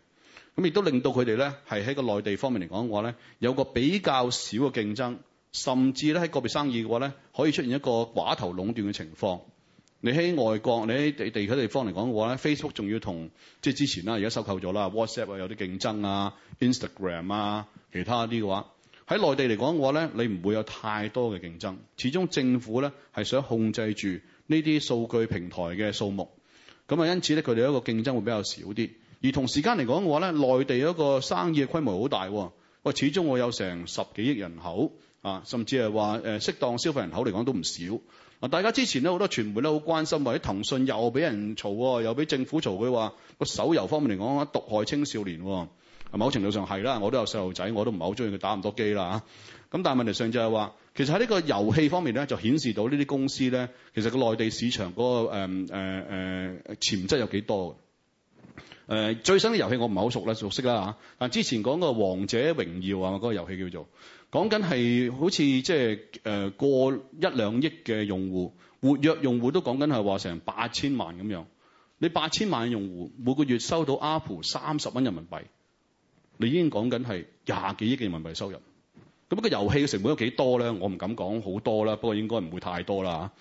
咁亦都令到佢哋咧係喺個內地方面嚟講嘅話咧，有個比較少嘅競爭。甚至咧喺個別生意嘅話咧，可以出現一個寡頭壟斷嘅情況。你喺外國，你喺地地區嘅地方嚟講嘅話咧，Facebook 仲要同即係之前啦，而家收購咗啦 WhatsApp 啊，有啲競爭啊，Instagram 啊，其他啲嘅話喺內地嚟講嘅話咧，你唔會有太多嘅競爭。始終政府咧係想控制住呢啲數據平台嘅數目，咁啊，因此咧佢哋一個競爭會比較少啲。而同時間嚟講嘅話咧，內地一個生意嘅規模好大，喂，始終我有成十幾億人口。啊，甚至係話誒適當消費人口嚟講都唔少。大家之前咧，好多傳媒咧，好關心或者騰訊又俾人嘈，又俾政府嘈，佢話個手遊方面嚟講毒害青少年，喎，某程度上係啦。我都有細路仔，我都唔係好中意佢打咁多機啦嚇。咁但係問題上就係話，其實喺呢個遊戲方面咧，就顯示到呢啲公司咧，其實內地市場嗰個誒誒潛質有幾多嘅。最新嘅遊戲我唔係好熟啦，熟悉啦嚇。但之前講個《王者榮耀》啊，嗰個遊戲叫做。講緊係好似即係誒過一兩億嘅用戶，活躍用戶都講緊係話成八千萬咁樣。你八千萬用戶每個月收到 Apple 三十蚊人民幣，你已經講緊係廿幾億嘅人民幣收入。咁個遊戲嘅成本有幾多咧？我唔敢講好多啦，不過應該唔會太多啦。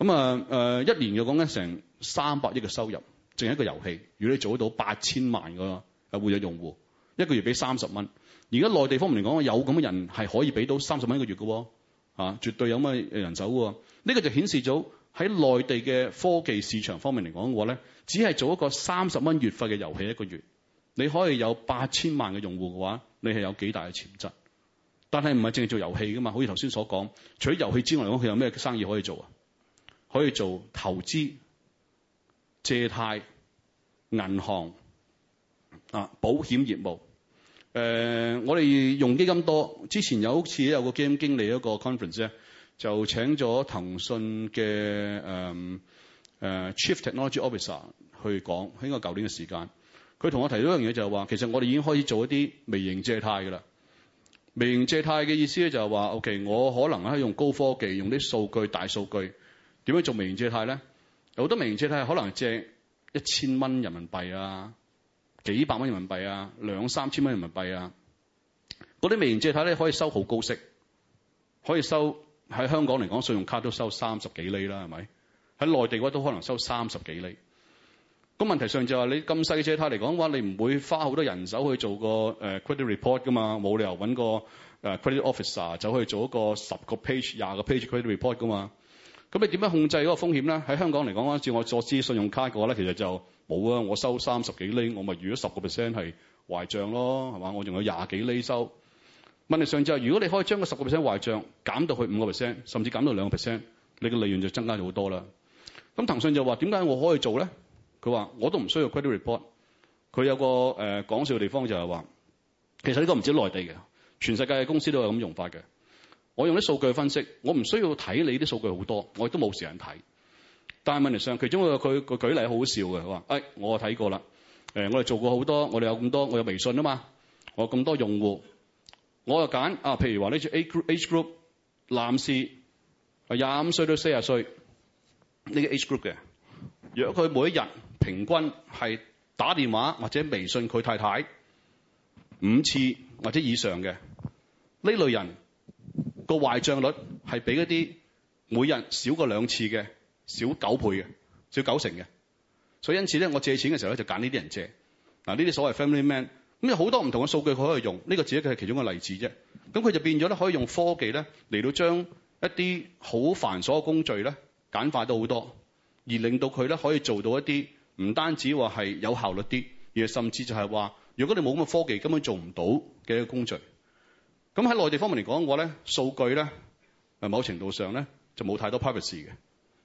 咁啊誒一年又講緊成三百億嘅收入，淨係一個遊戲，如果你做得到八千萬個活躍用戶，一個月俾三十蚊。而家內地方面嚟講，有咁嘅人係可以俾到三十蚊一個月嘅喎，啊，絕對有咁人走喎。呢個就顯示咗喺內地嘅科技市場方面嚟講嘅話咧，只係做一個三十蚊月費嘅遊戲一個月，你可以有八千萬嘅用戶嘅話，你係有幾大嘅潛質。但係唔係淨係做遊戲噶嘛？好似頭先所講，除咗遊戲之外嚟講，佢有咩生意可以做啊？可以做投資、借貸、銀行啊、保險業務。誒、呃，我哋用基金多。之前有一次有個基金經理一個 conference 咧，就請咗騰訊嘅 chief technology officer 去講，應該係舊年嘅時間。佢同我提到一樣嘢就係話，其實我哋已經可以做一啲微型借貸㗎啦。微型借貸嘅意思咧就係話，OK，我可能喺用高科技、用啲數據、大數據點樣做微型借貸咧？有好多微型借貸可能借一千蚊人民幣啊。幾百蚊人民幣啊，兩三千蚊人民幣啊，嗰啲微型借貸咧可以收好高息，可以收，喺香港嚟講信用卡都收三十幾厘啦，係咪？喺內地嘅話都可能收三十幾厘。咁問題上就話、是，你咁細嘅借貸嚟講嘅話，你唔會花好多人手去做個 credit report 㗎嘛，冇理由搵個 credit officer 走去做一個十個 page、廿個 page credit report 㗎嘛。咁你點樣控制嗰個風險咧？喺香港嚟講，按照我所知信用卡嘅話咧，其實就冇啊！我收三十幾厘，我咪預咗十個 percent 係壞賬咯，係嘛？我仲有廿幾厘收。問題上就係，如果你可以將個十個 percent 壞賬減到去五個 percent，甚至減到兩個 percent，你嘅利潤就增加咗好多啦。咁騰訊就話點解我可以做咧？佢話我都唔需要 credit report。佢有個誒講笑嘅地方就係話，其實呢個唔止內地嘅，全世界嘅公司都係咁用法嘅。我用啲數據去分析，我唔需要睇你啲數據好多，我亦都冇時間睇。但係問題上，其中佢佢佢舉例好好笑嘅，話：，誒，我睇過啦，誒，我哋做過好多，我哋有咁多，我有微信啊嘛，我咁多用戶，我就揀啊，譬如話呢隻 A group、H group，男士廿五歲到四十歲呢個 H group 嘅，若佢每一日平均係打電話或者微信佢太太五次或者以上嘅，呢類人個壞賬率係比一啲每日少過兩次嘅。少九倍嘅，少九成嘅，所以因此咧，我借錢嘅時候咧就揀呢啲人借嗱。呢啲所謂 family man，咁有好多唔同嘅數據佢可以用，呢個只係佢係其中一個例子啫。咁佢就變咗咧，可以用科技咧嚟到將一啲好繁瑣嘅工序咧簡化到好多，而令到佢咧可以做到一啲唔單止話係有效率啲，而甚至就係話如果你冇咁嘅科技根本做唔到嘅一個工序。咁喺內地方面嚟講嘅話咧，數據咧，誒，某程度上咧就冇太多 privacy 嘅。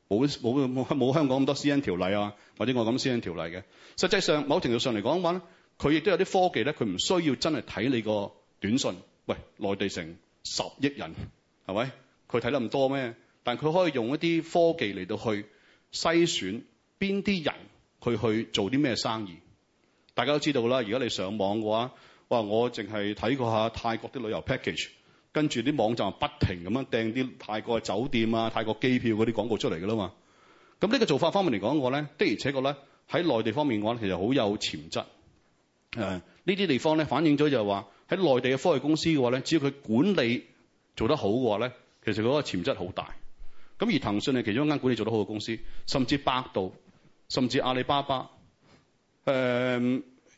冇，冇冇香港咁多私隱條例啊，或者我咁私隱條例嘅。實際上，某程度上嚟講嘅話咧，佢亦都有啲科技咧，佢唔需要真係睇你個短信。喂，內地成十億人，係咪？佢睇得咁多咩？但佢可以用一啲科技嚟到去篩選邊啲人，佢去做啲咩生意。大家都知道啦，如果你上網嘅話，哇！我淨係睇過下泰國啲旅遊 package。跟住啲網站不停咁樣掟啲泰國酒店啊、泰國機票嗰啲廣告出嚟㗎啦嘛。咁呢個做法方面嚟講，嘅話咧的而且確咧喺內地方面嘅話，其實好有潛質。誒、呃，呢啲地方咧反映咗就係話喺內地嘅科技公司嘅話咧，只要佢管理做得好嘅話咧，其實嗰個潛質好大。咁而騰訊係其中一間管理做得好嘅公司，甚至百度、甚至阿里巴巴。誒、呃，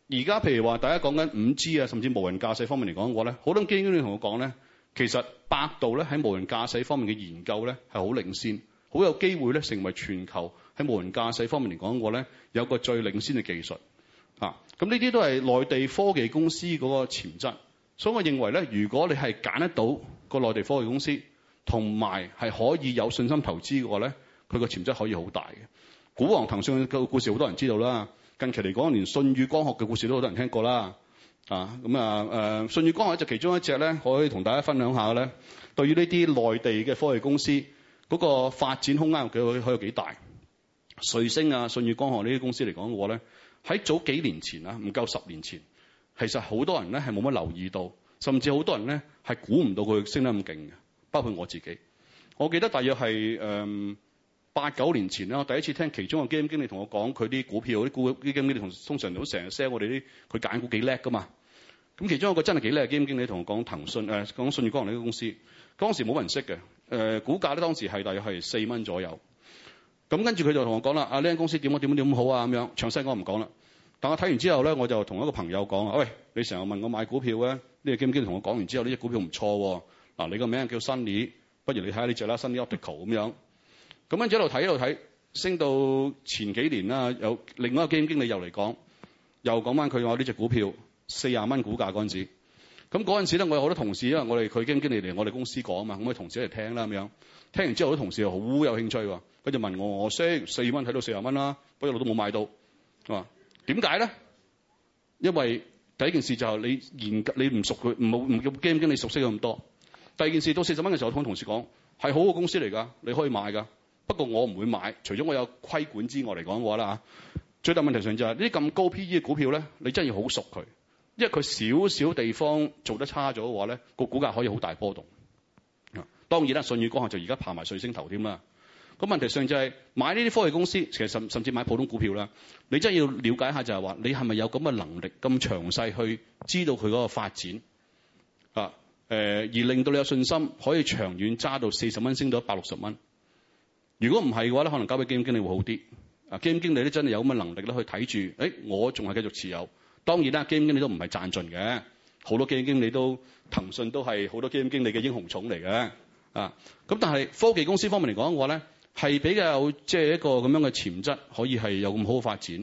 而家譬如話大家講緊五 G 啊，甚至無人駕駛方面嚟講嘅話咧，好多經理同我講咧。其實百度咧喺無人駕駛方面嘅研究咧係好領先，好有機會咧成為全球喺無人駕駛方面嚟講過咧有個最領先嘅技術。啊，咁呢啲都係內地科技公司嗰個潛質，所以我認為咧，如果你係揀得到個內地科技公司，同埋係可以有信心投資嘅話咧，佢個潛質可以好大嘅。股王騰訊嘅故事好多人知道啦，近期嚟講連信譽光學嘅故事都好多人聽過啦。啊，咁啊，啊，啊，信譽光學就其中一隻咧，我可以同大家分享下咧，對於呢啲內地嘅科技公司嗰個發展空間有幾有幾大？瑞星啊，信譽光學呢啲公司嚟講嘅話咧，喺早幾年前啊，唔夠十年前，其實好多人咧係冇乜留意到，甚至好多人咧係估唔到佢升得咁勁嘅，包括我自己。我記得大約係誒八九年前啦，我第一次聽其中嘅基金經理同我講佢啲股票，啲股基金經理同通常都成日 sell 我哋啲佢揀股幾叻噶嘛。咁其中一個真係幾叻嘅基金經理同我講騰訊，誒、欸、講舜宇光學呢間公司，當時冇人識嘅，誒、呃、股價咧當時係大約係四蚊左右。咁跟住佢就同我講啦，啊呢間、這個、公司點樣點樣點樣好啊咁樣，詳細我唔講啦。但我睇完之後咧，我就同一個朋友講啊，喂、欸，你成日問我買股票咧，呢個基金經理同我講完之後，呢、這、隻、個、股票唔錯喎、啊，嗱、啊、你個名叫 Sunny，不如你睇下呢隻啦，Sunny Optical 咁樣。咁跟住一路睇一路睇，升到前幾年啦，有另外一個基金經理又嚟講，又講翻佢話呢隻股票。四廿蚊股價嗰陣時，咁嗰陣時咧，我有好多同事，因為我哋佢經經理嚟我哋公司講嘛，咁我哋同事嚟聽啦咁樣。聽完之後，好多同事又好有興趣㗎，佢就問我：我識四蚊睇到四廿蚊啦，不過我都冇買到，話點解咧？因為第一件事就係你你唔熟佢，唔叫經經理熟悉咁多。第二件事，到四十蚊嘅時候，我同同事講係好嘅公司嚟㗎，你可以買㗎。不過我唔會買，除咗我有規管之外嚟講嘅話啦吓。最大問題上就係呢啲咁高 P/E 嘅股票咧，你真係要好熟佢。因為佢少少地方做得差咗嘅話咧，個股價可以好大波動。當然啦，信譽光學就而家爬埋稅星頭添啦。咁問題上就係買呢啲科技公司，其實甚甚至買普通股票啦，你真係要了解下就係話，你係咪有咁嘅能力咁詳細去知道佢嗰個發展啊？而令到你有信心可以長遠揸到四十蚊升到一百六十蚊。如果唔係嘅話咧，可能交俾基金經理會好啲。啊，基金經理咧真係有咁嘅能力咧，去睇住，誒，我仲係繼續持有。當然啦，基金經理都唔係賺盡嘅，好多基金經理都騰訊都係好多基金經理嘅英雄塚嚟嘅啊。咁但係科技公司方面嚟講嘅話咧，係比較有即係、就是、一個咁樣嘅潛質，可以係有咁好嘅發展。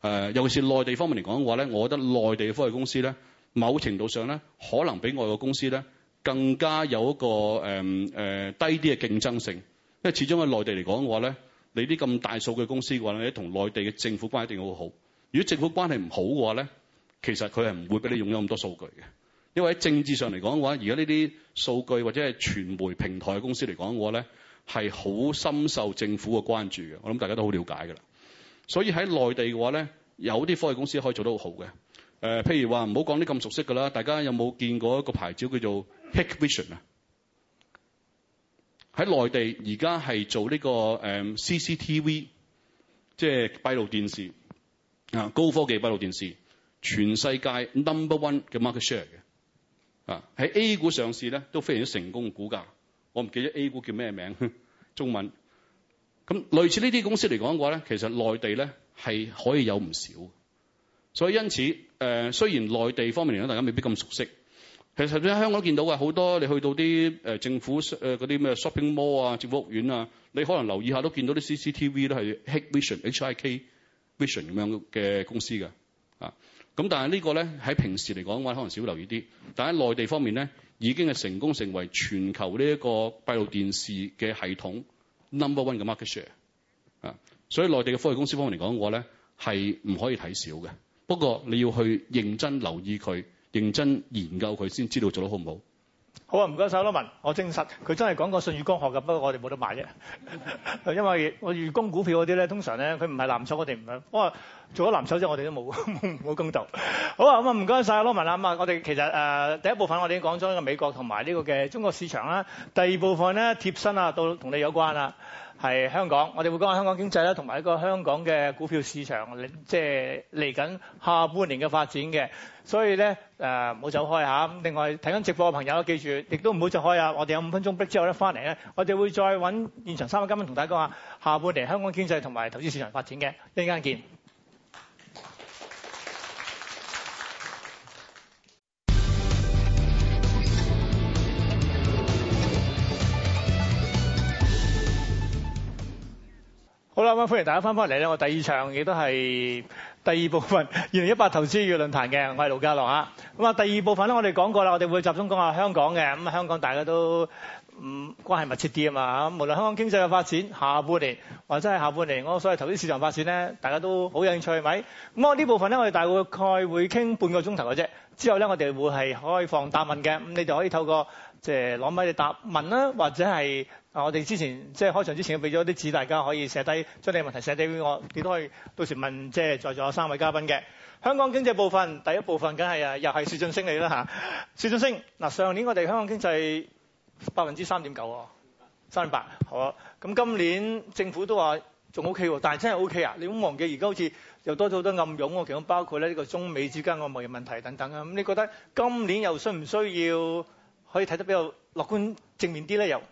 誒、啊，尤其是內地方面嚟講嘅話咧，我覺得內地嘅科技公司咧，某程度上咧，可能比外國公司咧更加有一個誒誒、呃呃、低啲嘅競爭性，因為始終喺內地嚟講嘅話咧，你啲咁大數據公司嘅話咧，同內地嘅政府關係一定好好。如果政府關係唔好嘅話咧，其實佢係唔會俾你用咗咁多數據嘅，因為喺政治上嚟講嘅話，而家呢啲數據或者係傳媒平台嘅公司嚟講嘅話咧，係好深受政府嘅關注嘅。我諗大家都好了解㗎啦。所以喺內地嘅話咧，有啲科技公司可以做得好好嘅。誒、呃，譬如話唔好講啲咁熟悉㗎啦，大家有冇見過一個牌照叫做 Hikvision 啊、這個？喺、呃、內地而家係做呢個 C C T V，即係閉路電視。啊，高科技閉路電視，全世界 number one 嘅 market share 嘅，啊喺 A 股上市咧都非常之成功，股價我唔記得 A 股叫咩名中文，咁類似呢啲公司嚟講嘅話咧，其實內地咧係可以有唔少，所以因此誒，雖然內地方面嚟講，大家未必咁熟悉，其實喺香港見到嘅好多，你去到啲政府誒嗰啲咩 shopping mall 啊、政府屋苑啊，你可能留意下都見到啲 CCTV 都係 Hikvision HIK Vision 咁樣嘅公司嘅啊，咁但係呢個咧喺平時嚟講嘅話，我可能少留意啲，但喺內地方面咧，已經係成功成為全球呢一個閉路電視嘅系統 Number One 嘅 market share 啊，所以內地嘅科技公司方面嚟講嘅話咧，係唔可以睇少嘅，不過你要去認真留意佢，認真研究佢先知道做得好唔好。好啊，唔該曬，羅文，我證實佢真係講過信譽工學嘅，不過我哋冇得買啫，因為我預供股票嗰啲咧，通常咧佢唔係藍籌，我哋唔係，我做咗藍籌啫，我哋都冇冇跟投。好啊，咁啊唔該曬，羅文啊。咁啊我哋其實、呃、第一部分我哋已經講咗呢個美國同埋呢個嘅中國市場啦，第二部分咧貼身啊到同你有關啦。係香港，我哋會講下香港經濟啦，同埋一個香港嘅股票市場，即係嚟緊下半年嘅發展嘅。所以呢，誒唔好走開吓。咁另外睇緊直播嘅朋友記住，亦都唔好走開啊！我哋有五分鐘 break 之後咧，返嚟咧，我哋會再搵現場三位嘉賓同大家講下下半年香港經濟同埋投資市場嘅發展嘅。一陣間見。好啦，咁歡迎大家翻返嚟咧。我第二場亦都係第二部分二零一八投資月論壇嘅，我係盧家樂嚇。咁啊，第二部分咧，我哋講過啦，我哋會集中講下香港嘅。咁啊，香港大家都唔、嗯、關係密切啲啊嘛。咁無論香港經濟嘅發展下半年，或者係下半年我所謂投資市場發展咧，大家都好有興趣係咪？咁啊，呢部分咧，我哋大會概會傾半個鐘頭嘅啫。之後咧，我哋會係開放答問嘅。咁你就可以透過即係攞咪嚟答問啦，或者係。啊！我哋之前即係開場之前俾咗啲紙，大家可以寫低，將你嘅問題寫低俾我。亦都可以到時問，即係在座三位嘉賓嘅香港經濟部分第一部分，梗係啊，又係薛俊昇你啦吓，薛俊昇嗱。上年我哋香港經濟百分之三點九，三點八好啊。咁今年政府都話仲 O K 喎，但係真係 O K 啊？你唔好忘記而家好似又多咗好多暗湧喎。其中包括咧呢個中美之間嘅貿易問題等等啊。咁你覺得今年又需唔需要可以睇得比較樂觀正面啲咧？又？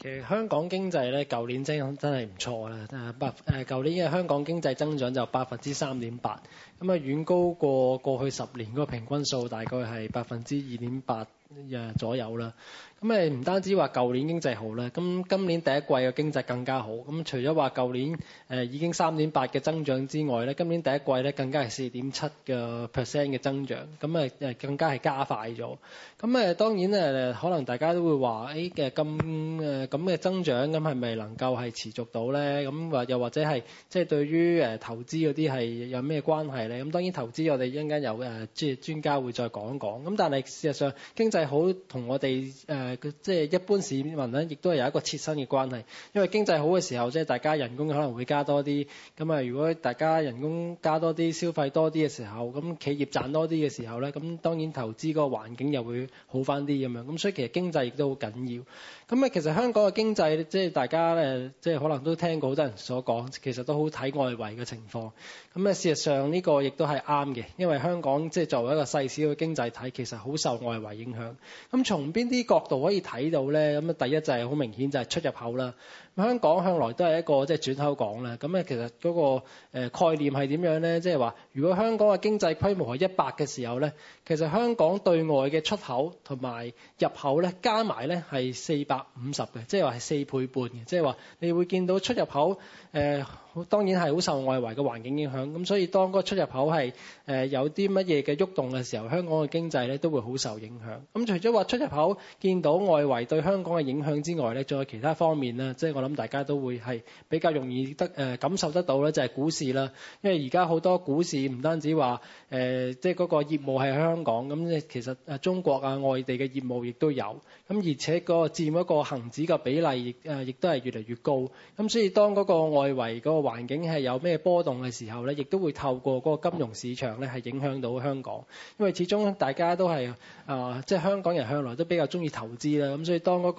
其實香港經濟咧，舊年增長真係唔錯啦。誒，舊年嘅香港經濟增長就百分之三點八，咁啊遠高過過去十年嗰個平均數，大概係百分之二點八。誒左右啦，咁誒唔單止話舊年經濟好啦，咁今年第一季嘅經濟更加好。咁除咗話舊年誒已經三點八嘅增長之外咧，今年第一季咧更加係四點七嘅 percent 嘅增長，咁誒誒更加係加快咗。咁誒當然誒可能大家都會話誒嘅咁誒咁嘅增長，咁係咪能夠係持續到咧？咁或又或者係即係對於誒投資嗰啲係有咩關係咧？咁當然投資我哋一陣間有誒專專家會再講一講。咁但係事實上經濟。好同我哋誒、呃，即係一般市民咧，亦都係有一個切身嘅關係。因為經濟好嘅時候，即係大家人工可能會加多啲。咁啊，如果大家人工加多啲，消費多啲嘅時候，咁企業賺多啲嘅時候咧，咁當然投資個環境又會好翻啲咁樣。咁所以其實經濟亦都好緊要。咁啊，其實香港嘅經濟，即係大家誒，即係可能都聽過好多人所講，其實都好睇外圍嘅情況。咁啊，事實上呢個亦都係啱嘅，因為香港即係作為一個細小嘅經濟體，其實好受外圍影響。咁從邊啲角度可以睇到咧？咁啊，第一很就係好明顯就係出入口啦。香港向來都係一個即係、就是、轉口港啦，咁啊，其實嗰個概念係點樣咧？即係話如果香港嘅經濟規模係一百嘅時候咧，其實香港對外嘅出口同埋入口咧加埋咧係四百五十嘅，即係話係四倍半嘅，即係話你會見到出入口誒。呃當然係好受外圍嘅環境影響，咁所以當嗰個出入口係誒、呃、有啲乜嘢嘅喐動嘅時候，香港嘅經濟咧都會好受影響。咁除咗話出入口見到外圍對香港嘅影響之外咧，仲有其他方面啦，即、就、係、是、我諗大家都會係比較容易得誒、呃、感受得到咧，就係股市啦。因為而家好多股市唔單止話誒，即係嗰個業務係香港咁，其實誒中國啊外地嘅業務亦都有。咁而且嗰個佔一個恒指嘅比例誒，亦都係越嚟越高。咁所以當嗰個外圍嗰、嗰個環境係有咩波動嘅時候咧，亦都會透過嗰個金融市場咧，係影響到香港。因為始終大家都係啊，即係香港人向來都比較中意投資啦。咁所以當嗰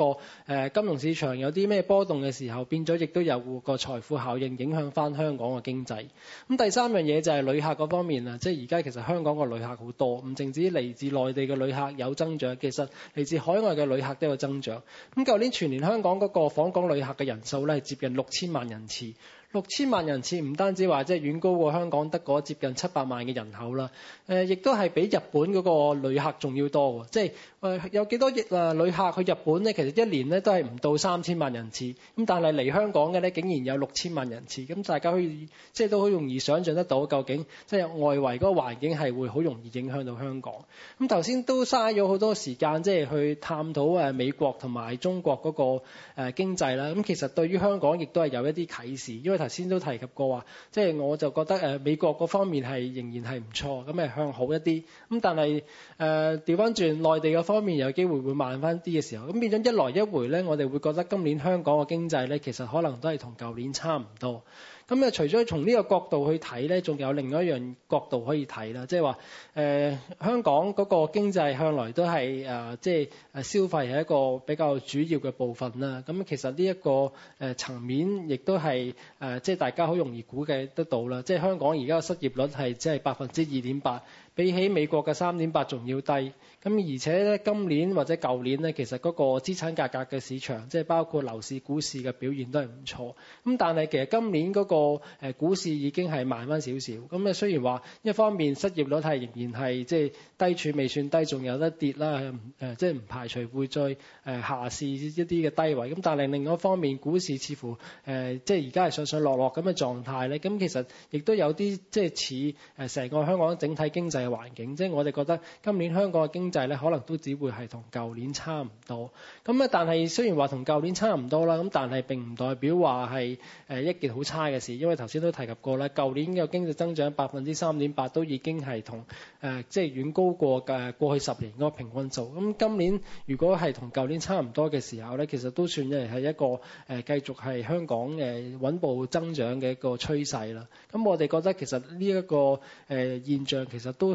個誒金融市場有啲咩波動嘅時候，變咗亦都有個財富效應影響翻香港嘅經濟。咁第三樣嘢就係旅客嗰方面啦，即係而家其實香港個旅客好多，唔淨止嚟自內地嘅旅客有增長，其實嚟自海外嘅旅客都有增長。咁舊年全年香港嗰個訪港旅客嘅人數咧係接近六千萬人次。六千萬人次唔單止話即係遠高過香港得接近七百萬嘅人口啦，誒亦都係比日本嗰個旅客仲要多喎，即係誒有幾多億啊旅客去日本呢？其實一年呢都係唔到三千萬人次，咁但係嚟香港嘅呢，竟然有六千萬人次，咁大家可以即係都好容易想像得到究竟即係外圍嗰個環境係會好容易影響到香港。咁頭先都嘥咗好多時間，即係去探討誒美國同埋中國嗰個誒經濟啦，咁其實對於香港亦都係有一啲啟示，因為。頭先都提及過話，即係我就覺得誒，美國嗰方面係仍然係唔錯咁，誒向好一啲咁。但係誒調翻轉內地嘅方面，有機會會慢翻啲嘅時候咁，變咗一來一回咧，我哋會覺得今年香港嘅經濟咧，其實可能都係同舊年差唔多。咁誒，除咗從呢個角度去睇咧，仲有另外一樣角度可以睇啦，即係話誒香港嗰個經濟向來都係誒，即係誒消費係一個比較主要嘅部分啦。咁其實呢一個誒層面，亦都係誒，即係大家好容易估計得到啦。即係香港而家嘅失業率係即係百分之二點八。比起美國嘅三點八仲要低，咁而且咧今年或者舊年咧，其實嗰個資產價格嘅市場，即係包括樓市、股市嘅表現都係唔錯。咁但係其實今年嗰個誒股市已經係慢翻少少。咁咧雖然話一方面失業率係仍然係即係低處，未算低，仲有得跌啦，誒即係唔排除會再誒下市一啲嘅低位。咁但係另外一方面，股市似乎誒即係而家係上上落落咁嘅狀態咧。咁其實亦都有啲即係似誒成個香港整體經濟嘅環境，即係我哋覺得今年香港嘅經濟咧，可能都只會係同舊年差唔多。咁啊，但係雖然話同舊年差唔多啦，咁但係並唔代表話係誒一件好差嘅事，因為頭先都提及過啦，舊年嘅經濟增長百分之三點八，都已經係同誒即係遠高過誒過去十年嗰個平均數。咁今年如果係同舊年差唔多嘅時候咧，其實都算係係一個誒繼續係香港誒穩步增長嘅一個趨勢啦。咁我哋覺得其實呢、這、一個誒、呃、現象其實都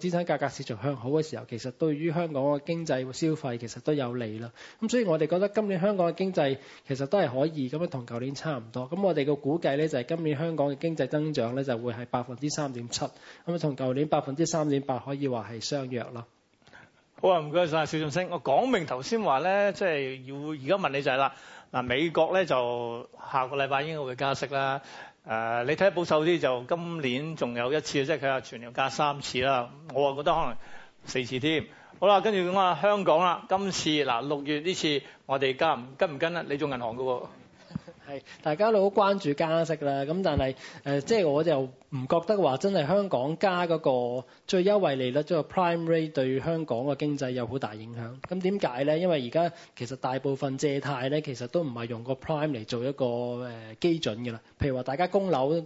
資產價格市場向好嘅時候，其實對於香港嘅經濟消費其實都有利啦。咁所以我哋覺得今年香港嘅經濟其實都係可以咁樣同舊年差唔多。咁我哋嘅估計咧就係今年香港嘅經濟增長咧就會係百分之三點七，咁啊同舊年百分之三點八可以話係相約咯。好啊，唔該晒。薛俊昇。我講明頭先話咧，即係、就是、要而家問你就係啦。嗱，美國咧就下個禮拜應該會加息啦。誒、呃，你睇保守啲就今年仲有一次，即係佢話全年加三次啦。我啊覺得可能四次添。好啦，跟住咁啊，香港啦，今次嗱六、呃、月呢次，我哋跟跟唔跟啊？你做銀行嘅喎、哦。係， 大家都好關注加息啦。咁但係、呃、即係我就。唔覺得話真係香港加嗰個最優惠利率即係 prime rate 對香港個經濟有好大影響。咁點解呢？因為而家其實大部分借貸呢，其實都唔係用個 prime 嚟做一個、呃、基準㗎啦。譬如話大家供樓誒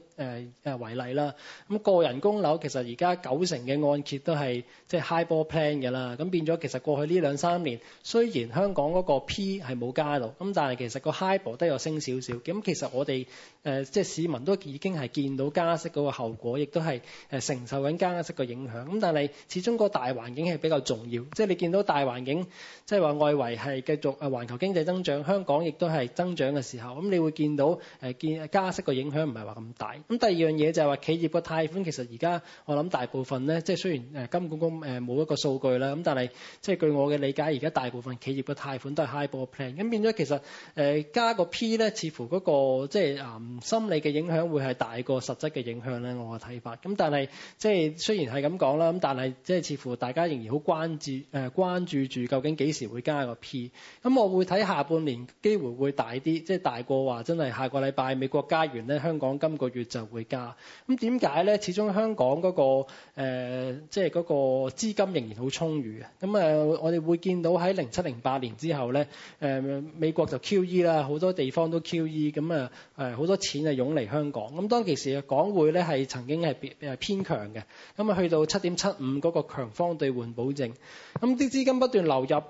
誒為例啦，咁、那個人供樓其實而家九成嘅按揭都係即係 HIBOR plan 㗎啦。咁變咗其實過去呢兩三年，雖然香港嗰個 P 係冇加到，咁但係其實個 HIBOR 都有升少少。咁其實我哋、呃、即係市民都已經係見到加息嘅喎。後果亦都係誒承受緊加息嘅影響，咁但係始終個大環境係比較重要，即係你見到大環境即係話外圍係繼續啊，環球經濟增長，香港亦都係增長嘅時候，咁你會見到誒見加息嘅影響唔係話咁大。咁第二樣嘢就係話企業個貸款其實而家我諗大部分咧，即係雖然誒金管局誒冇一個數據啦，咁但係即係據我嘅理解，而家大部分企業嘅貸款都係 HIBOR plan，咁變咗其實誒加個 P 咧，似乎嗰個即係啊心理嘅影響會係大過實質嘅影響。我嘅睇法，咁但係即係雖然係咁講啦，咁但係即係似乎大家仍然好關注誒關注住究竟幾時會加個 P。咁我會睇下半年機會會大啲，即係大過話真係下個禮拜美國加完咧，香港今個月就會加。咁點解咧？始終香港嗰個誒即係嗰個資金仍然好充裕嘅。咁啊，我哋會見到喺零七零八年之後咧，誒美國就 QE 啦，好多地方都 QE，咁啊誒好多錢啊湧嚟香港。咁當其時港匯咧係曾經係誒偏強嘅，咁啊去到七點七五嗰個強方兌換保證，咁啲資金不斷流入，咁啊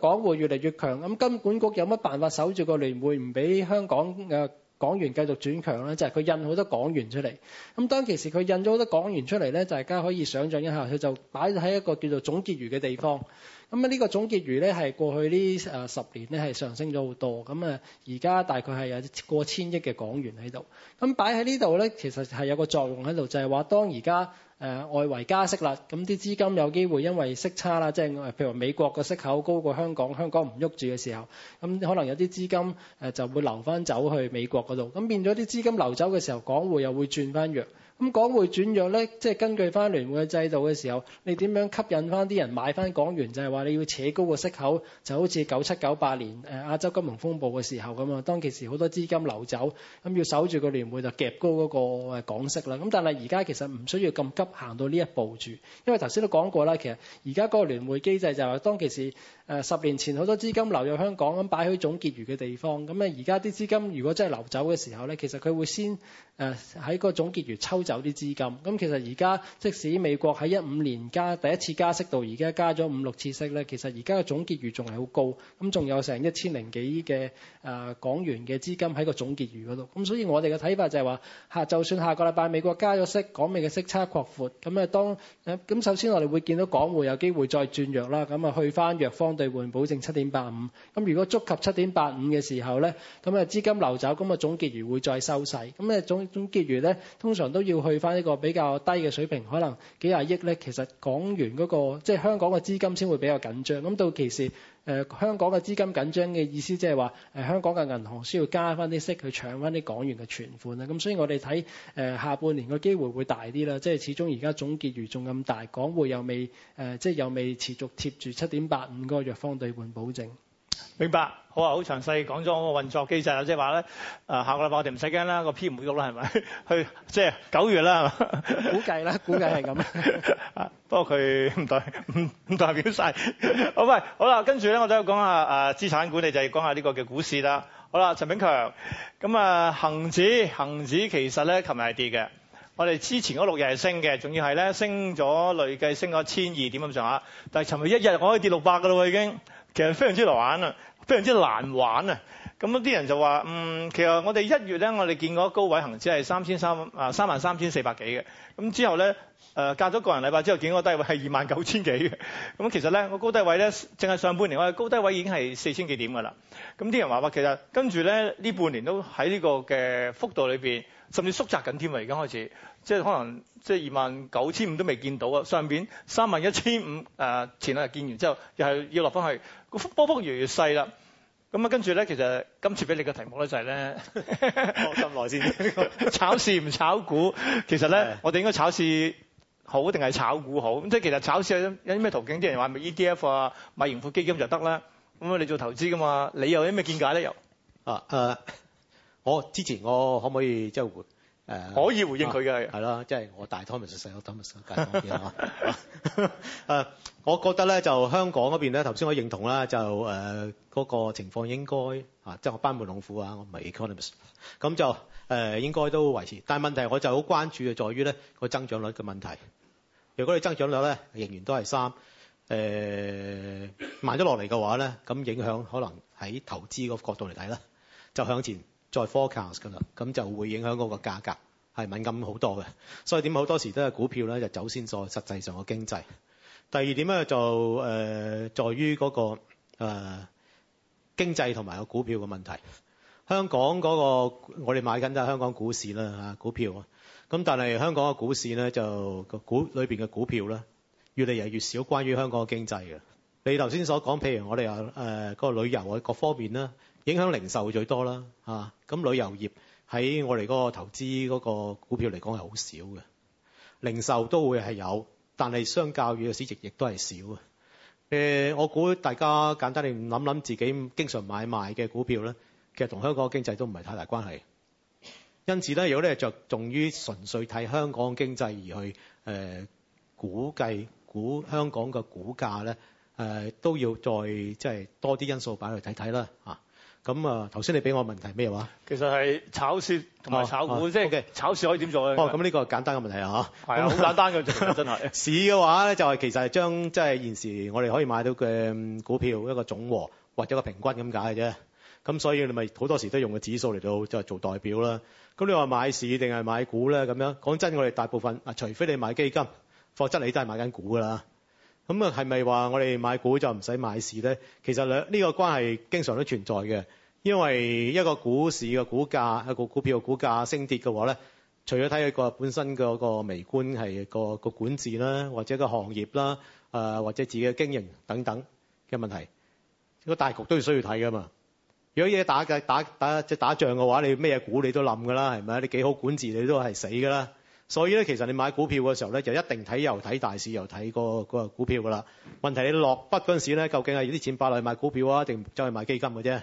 港匯越嚟越強。咁金管局有乜辦法守住個聯匯，唔俾香港誒港元繼續轉強呢就係佢印好多港元出嚟。咁當其時佢印咗好多港元出嚟咧，就大家可以想像一下，佢就擺喺一個叫做總結餘嘅地方。咁啊，呢個總結餘咧係過去呢十年咧係上升咗好多。咁啊，而家大概係有過千億嘅港元喺度。咁擺喺呢度咧，其實係有個作用喺度，就係話當而家。誒外圍加息啦，咁啲資金有機會因為息差啦，即係譬如美國個息口高過香港，香港唔喐住嘅時候，咁可能有啲資金誒就會流翻走去美國嗰度，咁變咗啲資金流走嘅時候，港匯又會轉翻弱。咁港匯轉弱咧，即係根據翻聯匯嘅制度嘅時候，你點樣吸引翻啲人買翻港元？就係話你要扯高個息口，就好似九七九八年亞洲金融風暴嘅時候咁啊。當其時好多資金流走，咁要守住個聯匯就夾高嗰個港息啦。咁但係而家其實唔需要咁急行到呢一步住，因為頭先都講過啦，其實而家嗰個聯匯機制就係當其時。誒十年前好多資金流入香港，咁擺喺總結餘嘅地方。咁咧而家啲資金如果真係流走嘅時候呢，其實佢會先誒喺個總結餘抽走啲資金。咁其實而家即使美國喺一五年加第一次加息到而家加咗五六次息呢，其實而家嘅總結餘仲係好高。咁仲有成一千零幾億嘅誒港元嘅資金喺個總結餘嗰度。咁所以我哋嘅睇法就係話，下就算下個禮拜美國加咗息，港美嘅息差擴闊，咁啊當咁首先我哋會見到港匯有機會再轉弱啦，咁啊去翻弱方。兌換保證七點八五，咁如果觸及七點八五嘅時候咧，咁啊資金流走，咁啊總結餘會再收細，咁咧總總結餘咧通常都要去翻一個比較低嘅水平，可能幾廿億咧，其實港元嗰個即係香港嘅資金先會比較緊張，咁到其時。誒、呃、香港嘅資金緊張嘅意思就是說，即係話誒香港嘅銀行需要加翻啲息去搶翻啲港元嘅存款啊！咁所以我哋睇誒下半年嘅機會會大啲啦。即係始終而家總結餘仲咁大，港匯又未誒、呃，即係又未持續貼住七點八五個弱方兌換保證。明白，好啊，好詳細講咗我個運作機制啊，即係話咧，誒下個禮拜我哋唔使驚啦，個 P 唔會喐啦，係咪？去即係九月啦，係嘛？估計啦， 估計係咁 不過佢唔代唔唔代表曬。好喂，好啦，跟住咧，我哋要講下誒資產管理，就要講下呢個嘅股市啦。好啦，陳炳強，咁啊，恒指恒指其實咧，琴日係跌嘅。我哋之前嗰六日係升嘅，仲要係咧升咗累計升咗千二點咁上下。但係尋日一日我可以跌六百噶啦喎，已經。其實非常之難玩啊，非常之難玩啊！咁啲人就話：嗯，其實我哋一月咧，我哋見過高位恒指係三千三啊三萬三千四百幾嘅。咁之後咧，誒、呃、隔咗個人禮拜之後見嗰個低位係二萬九千幾嘅。咁其實咧，個高低位咧淨係上半年我哋高低位已經係四千幾點㗎啦。咁啲人話話其實跟住咧呢這半年都喺呢個嘅幅度裏面，甚至縮窄緊添啊！而家開始即係可能即係二萬九千五都未見到啊！上面三萬一千五誒前兩日見完之後又係要落翻去。波幅越嚟越細啦，咁啊跟住咧，其實今次俾你嘅題目咧就係、是、咧，講咁耐先，炒市唔炒股， 其實咧我哋應該炒市好定係炒股好？咁即係其實炒市有啲咩途徑？啲人話咪 ETF 啊，買盈富基金就得啦。咁你做投資噶嘛？你又有啲咩見解咧？又啊啊，我、呃哦、之前我可唔可以即係換？誒可以回應佢嘅係啦，即、啊、係、即係、我大 Thomas 細 Thomas 介意 啊嘛？誒，我覺得咧就香港嗰邊咧，頭先我認同啦，就誒嗰、呃那個情況應該即係我班門弄斧啊，我唔係 economist，咁就誒、呃、應該都維持。但係問題我就好關注嘅，在於咧個增長率嘅問題。如果你增長率咧仍然都係三誒、呃、慢咗落嚟嘅話咧，咁影響可能喺投資個角度嚟睇啦，就向前。再 forecast 噶啦，咁就會影響嗰個價格係敏感好多嘅。所以點好多時都係股票咧就走先，再實際上個經濟。第二點咧就誒、是呃，在於嗰、那個誒、呃、經濟同埋個股票嘅問題。香港嗰、那個我哋買緊都係香港股市啦嚇股票。啊。咁但係香港嘅股市咧就股裏邊嘅股票咧，越嚟越，越少關於香港的經濟嘅。你頭先所講，譬如我哋有誒個旅遊啊各方面啦。影響零售最多啦嚇，咁、啊、旅遊業喺我哋嗰個投資嗰個股票嚟講係好少嘅。零售都會係有，但係相較於嘅市值亦都係少嘅。誒、啊，我估大家簡單你諗諗自己經常買賣嘅股票咧，其實同香港嘅經濟都唔係太大關係。因此咧，如果你咧着重於純粹睇香港經濟而去誒、啊、估計估香港嘅股價咧，誒、啊、都要再即係、就是、多啲因素擺去睇睇啦嚇。啊。咁啊，頭先你俾我問題咩話？其實係炒市同埋炒股，哦哦、即係炒市可以點做咧？哦，咁呢個簡單嘅問題啊嚇係啊，好、啊、簡單嘅，真、啊、係、啊。市嘅話咧，就係、是、其實係將即係現時我哋可以買到嘅股票一個總和或者個平均咁解嘅啫。咁所以你咪好多時都用個指數嚟到即係做代表啦。咁你話買市定係買股咧？咁樣講真，我哋大部分啊，除非你買基金，否則你都係買緊股㗎啦。咁啊，係咪話我哋買股就唔使買市咧？其實兩呢個關係經常都存在嘅，因為一個股市嘅股價、一個股票嘅股價升跌嘅話咧，除咗睇佢個本身嗰個微觀係個個管治啦，或者個行業啦，誒或者自己嘅經營等等嘅問題，個大局都要需要睇㗎嘛。如果嘢打嘅打打即係打仗嘅話，你咩嘢股你都冧㗎啦，係咪啊？你幾好管治你都係死㗎啦。所以咧，其實你買股票嘅時候咧，就一定睇又睇大市，又睇個個股票噶啦。問題你落筆嗰陣時咧，究竟係有啲錢擺落去買股票啊，定再去買基金嘅啫？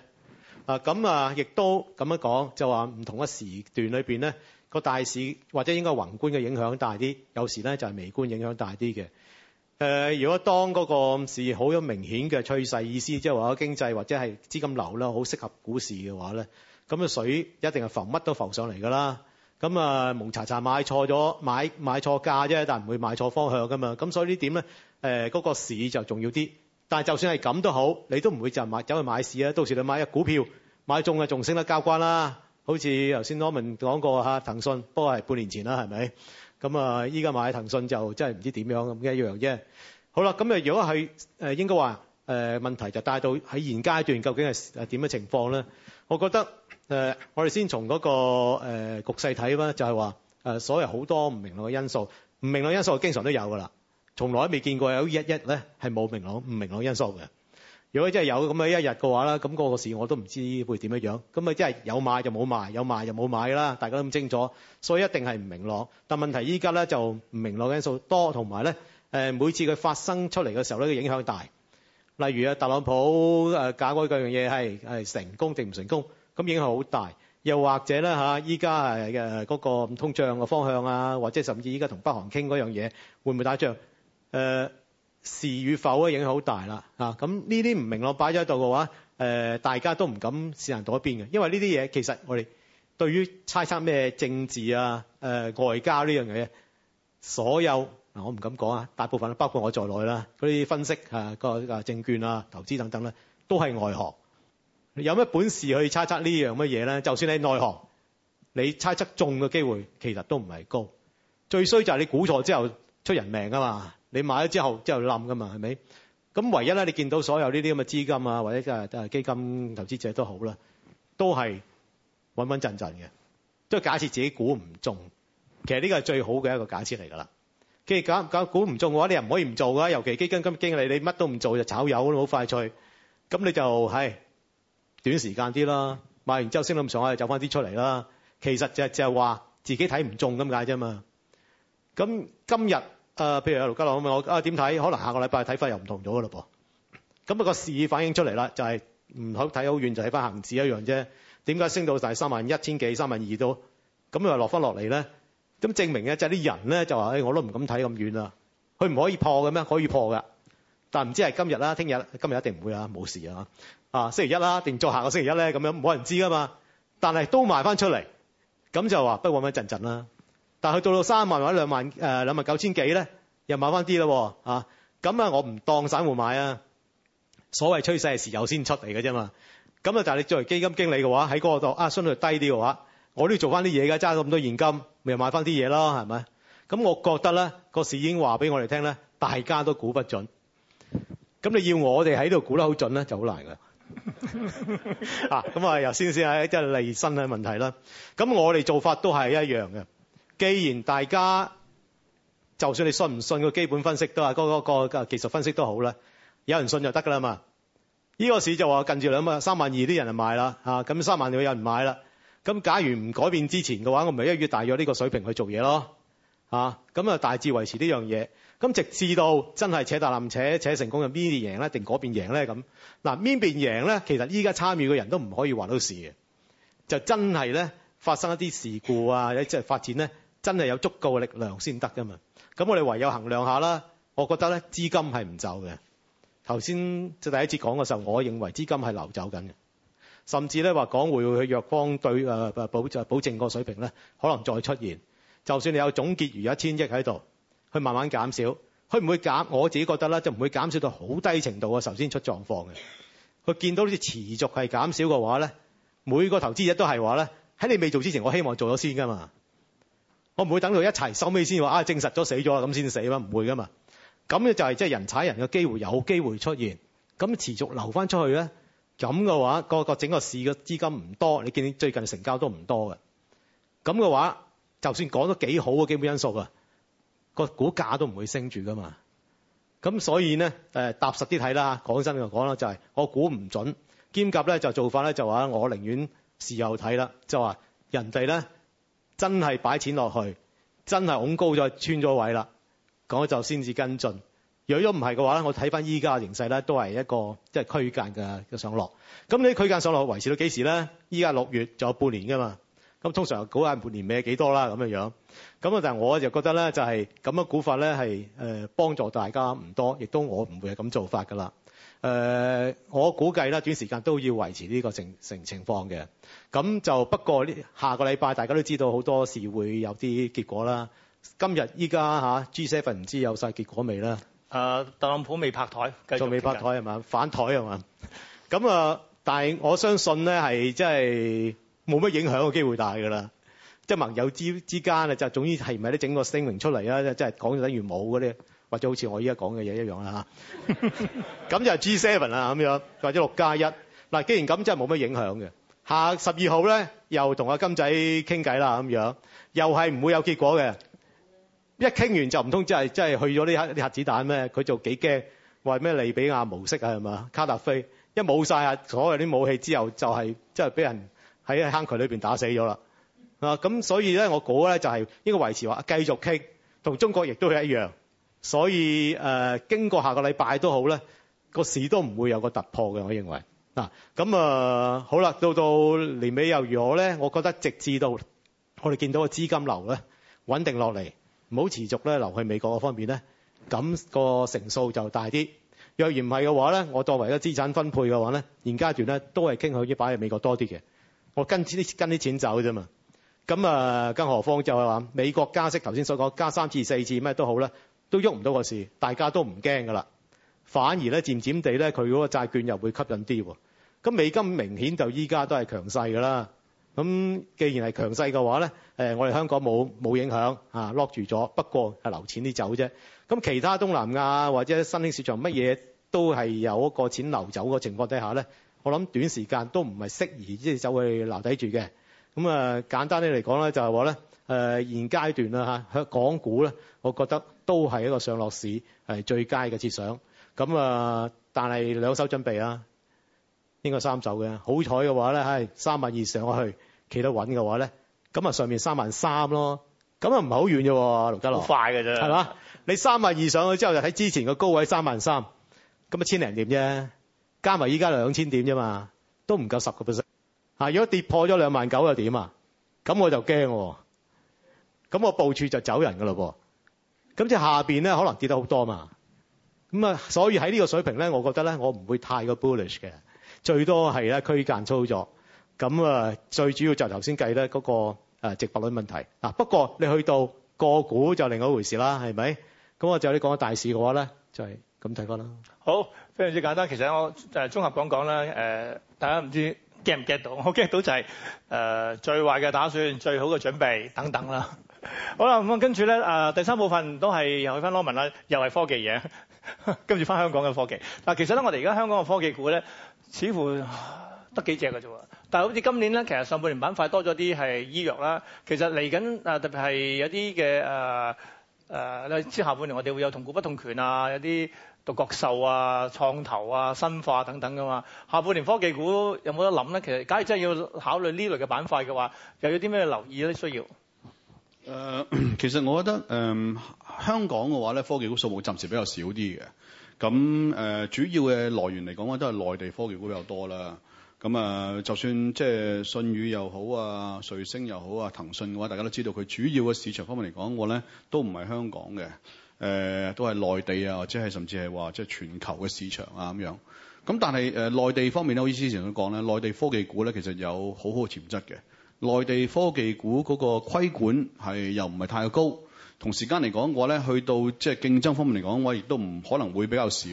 啊，咁啊，亦都咁樣講，就話唔同嘅時段裏邊咧，個大市或者應該宏觀嘅影響大啲，有時咧就係微觀影響大啲嘅。呃，如果當嗰個市好有明顯嘅趨勢，意思即係話經濟或者係資金流啦，好適合股市嘅話咧，咁嘅水一定係浮乜都浮上嚟噶啦。咁啊，蒙查查買錯咗，買買錯價啫，但唔會買錯方向噶嘛。咁所以呢點咧？誒，嗰個市就重要啲。但係就算係咁都好，你都唔會就買走去買市啊。到時你買一股票買中啊，仲升得交關啦。好似頭先 Norman 講過吓，騰訊不過係半年前啦，係咪？咁啊，依家買騰訊就真係唔知點樣咁一樣啫。好啦，咁啊，如果係誒應該話誒問題就帶到喺現階段究竟係係點嘅情況咧？我覺得。誒，我哋先從嗰個誒局勢睇啦，就係話誒，所謂好多唔明朗嘅因素，唔明朗因素我經常都有噶啦，從來都未見過有一日咧係冇明朗唔明朗因素嘅。如果真係有咁嘅一日嘅話咧，咁嗰個事我都唔知會點樣樣。咁啊，即係有買就冇賣，有賣就冇買啦，大家都咁清楚，所以一定係唔明朗。但問題依家咧就唔明朗嘅因素多，同埋咧誒每次佢發生出嚟嘅時候咧個影響大。例如啊，特朗普誒搞嗰幾樣嘢係係成功定唔成功？咁影響好大，又或者咧嚇，依家嗰個通脹嘅方向啊，或者甚至依家同北韓傾嗰樣嘢，會唔會打仗？誒，是與否咧，影響好大啦嚇。咁呢啲唔明朗擺咗喺度嘅話，誒大家都唔敢試行多一邊嘅，因為呢啲嘢其實我哋對於猜測咩政治啊、外交呢樣嘢，所有嗱我唔敢講啊，大部分包括我在內啦，嗰啲分析嚇、個啊證券啊、投資等等咧，都係外行。有乜本事去猜測呢樣乜嘢咧？就算你內行，你猜測中嘅機會其實都唔係高。最衰就係你估錯之後出人命啊嘛！你買咗之後之後冧噶嘛，係咪？咁唯一咧，你見到所有呢啲咁嘅資金啊，或者即係基金投資者都好啦，都係穩穩陣陣嘅。都係假設自己估唔中，其實呢個係最好嘅一個假設嚟噶啦。既係假假估唔中嘅話，你又唔可以唔做噶。尤其基金基金經理，你乜都唔做就炒魷都好快脆。咁你就係。短時間啲啦，買完之後升到咁上下，就走翻啲出嚟啦。其實就係話自己睇唔中咁解啫嘛。咁今日誒、呃，譬如阿盧嘉樂咁我啊點睇？可能下個禮拜睇法又唔同咗噶嘞噃。咁、那個市反映出嚟啦，就係唔好睇好遠，就睇、是、翻恆指一樣啫。點解升到第三萬一千幾、三萬二都咁又落翻落嚟咧？咁證明、就是、呢，就係啲人咧就話，誒我都唔敢睇咁遠啦。佢唔可以破嘅咩？可以破噶，但唔知係今日啦，聽日今日一定唔會啊，冇事啊。啊，星期一啦，定做下個星期一咧？咁樣冇人知噶嘛。但係都賣翻出嚟，咁就話不穩翻陣陣啦。但係去到到三萬或者兩萬誒，兩、呃、萬九千幾咧，又買翻啲啦。吓咁啊，啊我唔當散戶買啊。所謂趨勢係時有先出嚟嘅啫嘛。咁啊，但係你作為基金經理嘅話，喺嗰度啊，相對低啲嘅話，我都要做翻啲嘢噶，揸咗咁多現金，咪又買翻啲嘢咯，係咪？咁我覺得咧，個市已經話俾我哋聽咧，大家都估不準。咁你要我哋喺度估得好準咧，就好難噶。 啊，咁、嗯、啊，又先先啊，即係利身嘅問題啦。咁我哋做法都係一樣嘅。既然大家就算你信唔信個基本分析都係嗰、那個、那個技術分析都好啦，有人信就得㗎啦嘛。呢、這個市就話近住兩萬三萬二啲人就買啦，咁、啊、三萬二有人買啦。咁假如唔改變之前嘅話，我咪一於大約呢個水平去做嘢咯，咁啊，嗯、就大致維持呢樣嘢。咁直至到真係扯大纜扯，扯成功又邊啲贏咧？定嗰邊贏咧？咁嗱，邊邊贏咧？其實依家參與嘅人都唔可以話到事嘅，就真係咧發生一啲事故啊，或者即係發展咧，真係有足夠嘅力量先得噶嘛。咁我哋唯有衡量下啦。我覺得咧，資金係唔走嘅。頭先即第一次講嘅時候，我認為資金係流走緊嘅，甚至咧，話港匯去弱方對保保證個水平咧，可能再出現。就算你有總結餘一千億喺度。去慢慢減少，佢唔會減。我自己覺得啦，就唔會減少到好低程度啊。首先出狀況嘅，佢見到呢啲持續係減少嘅話咧，每個投資者都係話咧，喺你未做之前，我希望做咗先噶嘛。我唔會等到一齊收尾先話啊，證實咗死咗咁先死啊，唔會噶嘛。咁嘅就係即係人踩人嘅機會，有機會出現。咁持續流翻出去咧，咁嘅話，個個整個市嘅資金唔多，你見你最近成交都唔多嘅。咁嘅話，就算講得幾好嘅基本因素啊，個股價都唔會升住噶嘛，咁所以咧誒踏實啲睇啦講講真就講啦，就係、是、我估唔準，兼夾咧就做法咧就話我寧願事後睇啦，就話人哋咧真係擺錢落去，真係㧬高咗穿咗位啦，咁就先至跟進。如果唔係嘅話咧，我睇翻依家嘅形勢咧都係一個即係、就是、區間嘅嘅上落。咁你啲區間上落維持到幾時咧？依家六月仲有半年噶嘛。咁通常估下半年尾幾多啦咁樣樣，咁啊但係我就覺得咧就係咁嘅估法咧係幫助大家唔多，亦都我唔會係咁做法㗎啦。誒我估計啦，短時間都要維持呢個成成情況嘅。咁就不過呢，下個禮拜大家都知道好多事會有啲結果啦。今日依家吓 G seven 唔知有曬結果未啦？誒特朗普未拍台，繼續未拍台係嘛反台係嘛？咁啊，但係我相信咧係真係。冇乜影響嘅機會大㗎啦，即係盟友之之間啊，就總之係唔係都整個聲明出嚟啊？即係講就等於冇嗰啲，或者好似我依家講嘅嘢一樣啦嚇。咁就係 G Seven 啦咁樣，或者六加一嗱。既然咁，真係冇乜影響嘅。下十二號咧又同阿金仔傾偈啦咁樣，又係唔會有結果嘅。一傾完就唔通即係即係去咗呢核呢核子彈咩？佢就幾驚，話咩利比亞模式啊係嘛？卡達菲一冇曬所有啲武器之後，就係即係俾人喺坑渠裏面打死咗啦啊！咁所以咧，我估咧就係應該維持話繼續傾同中國，亦都係一樣。所以誒、呃，經過下個禮拜都好咧，個市都唔會有個突破嘅。我認為嗱咁啊，啊，好啦，到到年尾又如何咧？我覺得直至到我哋見到個資金流咧穩定落嚟，唔好持續咧流去美國嗰方面咧，咁、那個成數就大啲。若然唔係嘅話咧，我作為一個資產分配嘅話咧，現階段咧都係傾向於擺喺美國多啲嘅。我跟啲跟啲錢走啫嘛，咁啊，更何況就係話美國加息，頭先所講加三次四次咩都好啦，都喐唔到個事，大家都唔驚噶啦，反而咧漸漸地咧，佢嗰個債券又會吸引啲喎，咁美金明顯就依家都係強勢噶啦，咁既然係強勢嘅話咧，誒我哋香港冇冇影響啊 lock 住咗，不過係流錢啲走啫，咁其他東南亞或者新興市場乜嘢都係有一個錢流走嘅情況底下咧。我諗短時間都唔係適宜即係走去留底住嘅。咁啊簡單啲嚟講咧，就係話咧，誒現階段啦嚇，喺港股咧，我覺得都係一個上落市係最佳嘅設想。咁啊，但係兩手準備啊，應該三手嘅。好彩嘅話咧，係三萬二上去企得穩嘅話咧，咁啊上面三萬三咯，咁啊唔係好遠嘅喎，龍嘉樂。好快嘅啫。係嘛？你三萬二上去之後，就喺之前嘅高位三萬三，咁啊千零點啫。加埋依家兩千點啫嘛，都唔夠十個 percent 嚇。如果跌破咗兩萬九又點啊？咁我就驚喎，咁我部署就走人噶嘞噃。咁即係下邊咧可能跌得好多嘛。咁啊，所以喺呢個水平咧，我覺得咧，我唔會太過 bullish 嘅，最多係咧區間操作。咁啊，最主要就頭先計咧嗰個啊值博率問題啊。不過你去到個股就另外一回事啦，係咪？咁我就你講大市嘅話咧，就係。咁睇翻啦。好，非常之簡單。其實我誒綜合講講啦，誒、呃、大家唔知 get 唔 get 到？我 get 到就係、是、誒、呃、最壞嘅打算，最好嘅準備等等啦。 好啦，咁啊跟住咧誒第三部分都係又去翻 Norman 啦，又係科技嘢。跟住翻香港嘅科技。嗱，其實咧我哋而家香港嘅科技股咧，似乎得幾隻㗎啫喎。但係好似今年咧，其實上半年板塊多咗啲係醫藥啦。其實嚟緊誒特別係有啲嘅誒誒，之、呃、後、呃、下半年我哋會有同股不同權啊，有啲。獨角獸啊、創投啊、新化、啊、等等㗎、啊、嘛，下半年科技股有冇得諗咧？其實，假如真係要考慮呢類嘅板塊嘅話，又有啲咩留意咧？需、呃、要？其實我覺得誒、呃，香港嘅話咧，科技股數目暫時比較少啲嘅。咁、呃、主要嘅來源嚟講，我都係內地科技股比較多啦。咁啊、呃，就算即係信宇又好啊、瑞星又好啊、騰訊嘅話，大家都知道佢主要嘅市場方面嚟講，我咧都唔係香港嘅。誒、呃、都係內地啊，或者係甚至係話即係全球嘅市場啊咁樣。咁但係誒內地方面咧，我之前都講咧，內地科技股咧其實有好好潛質嘅。內地科技股嗰個規管係又唔係太高，同時間嚟講嘅話咧，去到即係競爭方面嚟講嘅話，我亦都唔可能會比較少。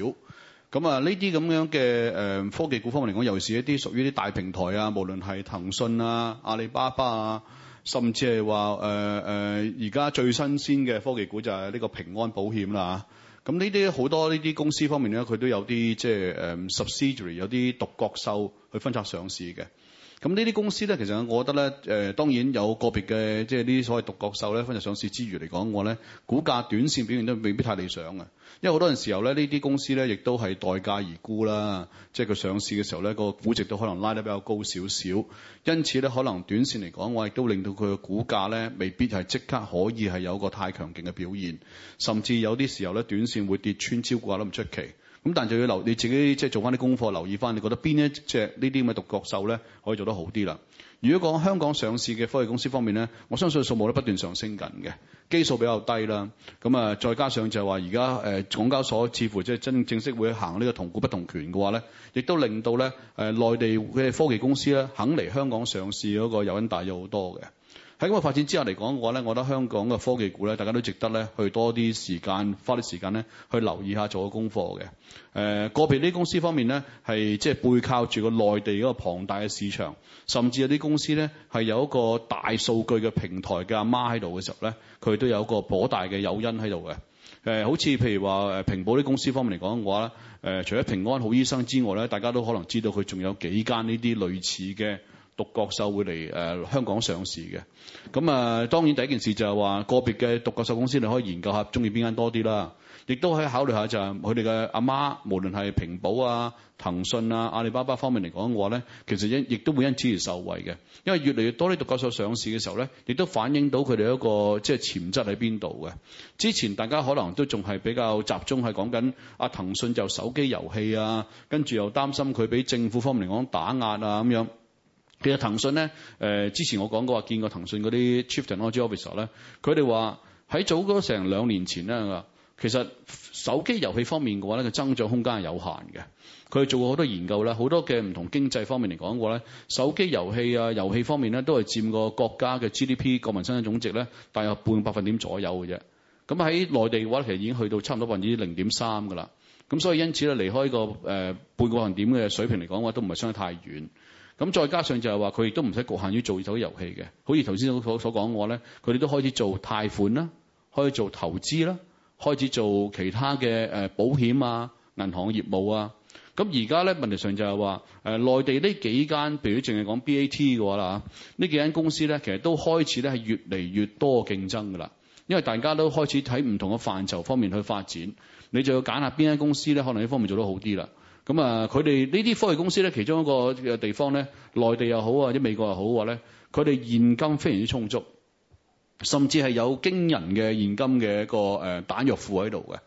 咁啊，呢啲咁樣嘅誒、呃、科技股方面嚟講，尤其係一啲屬於啲大平台啊，無論係騰訊啊、阿里巴巴啊。甚至係話，誒、呃、誒，而、呃、家最新鮮嘅科技股就係呢個平安保險啦嚇。咁呢啲好多呢啲公司方面咧，佢都有啲即係誒 subsidiary 有啲獨角獸去分拆上市嘅。咁呢啲公司咧，其實我覺得咧、呃，當然有個別嘅，即係呢啲所謂獨角獸咧，分別上市之餘嚟講，我咧股價短線表現都未必太理想嘅，因為好多陣時候咧，呢啲公司咧亦都係待價而沽啦，即係佢上市嘅時候咧，個估值都可能拉得比較高少少，因此咧，可能短線嚟講，我亦都令到佢嘅股價咧，未必係即刻可以係有個太強勁嘅表現，甚至有啲時候咧，短線會跌穿招股都唔出奇。咁但係就要留你自己即係做翻啲功課，留意翻，你覺得邊一隻呢啲咁嘅獨角獸咧可以做得好啲啦？如果講香港上市嘅科技公司方面咧，我相信數目咧不斷上升緊嘅，基數比較低啦。咁啊，再加上就係話而家誒港交所似乎即係真正式會行呢個同股不同權嘅話咧，亦都令到咧誒內地嘅科技公司咧肯嚟香港上市嗰個誘因大咗好多嘅。喺咁嘅發展之下嚟講嘅話咧，我覺得香港嘅科技股咧，大家都值得咧去多啲時間花啲時間咧去留意一下，做個功課嘅。誒、呃、個別啲公司方面咧，係即係背靠住個內地一個龐大嘅市場，甚至有啲公司咧係有一個大數據嘅平台嘅媽喺度嘅時候咧，佢都有一個頗大嘅誘因喺度嘅。誒、呃、好似譬如話誒平保啲公司方面嚟講嘅話咧，誒、呃、除咗平安好醫生之外咧，大家都可能知道佢仲有幾間呢啲類似嘅。獨角獸會嚟誒、呃、香港上市嘅，咁啊、呃、當然第一件事就係話個別嘅獨角獸公司你可以研究下中意邊間多啲啦，亦都可以考慮一下就係佢哋嘅阿媽，無論係平保啊、騰訊啊、阿里巴巴方面嚟講嘅話咧，其實因亦都會因此而受惠嘅，因為越嚟越多啲獨角獸上市嘅時候咧，亦都反映到佢哋一個即係潛質喺邊度嘅。之前大家可能都仲係比較集中係講緊啊，騰訊就手機遊戲啊，跟住又擔心佢俾政府方面嚟講打壓啊咁樣。其實騰訊呢，誒，之前我講過話見過騰訊嗰啲 Chief Technology Officer 呢，佢哋話喺早嗰成兩年前呢，其實手機遊戲方面嘅話咧，個增長空間係有限嘅。佢做過好多研究啦，好多嘅唔同的經濟方面嚟講過咧，手機遊戲啊遊戲方面呢，都係佔個國家嘅 GDP 國民生產總值咧大約半百分點左右嘅啫。咁喺內地嘅話其實已經去到差唔多百分之零點三嘅啦。咁所以因此呢，離開個誒半個百分點嘅水平嚟講嘅話，都唔係相差太遠。咁再加上就係話佢亦都唔使局限於做手機遊戲嘅，好似頭先所所講嘅話，咧，佢哋都開始做貸款啦，開始做投資啦，開始做其他嘅保險啊、銀行業務啊。咁而家咧問題上就係話內地呢幾間，譬如淨係講 B A T 嘅話啦，呢幾間公司咧其實都開始咧係越嚟越多競爭噶啦，因為大家都開始喺唔同嘅範疇方面去發展，你就要揀下邊間公司咧可能呢方面做得好啲啦。咁啊，佢哋呢啲科技公司咧，其中一個嘅地方咧，內地又好啊，或者美國又好話咧，佢哋現金非常之充足，甚至係有驚人嘅現金嘅一個誒彈藥庫喺度嘅。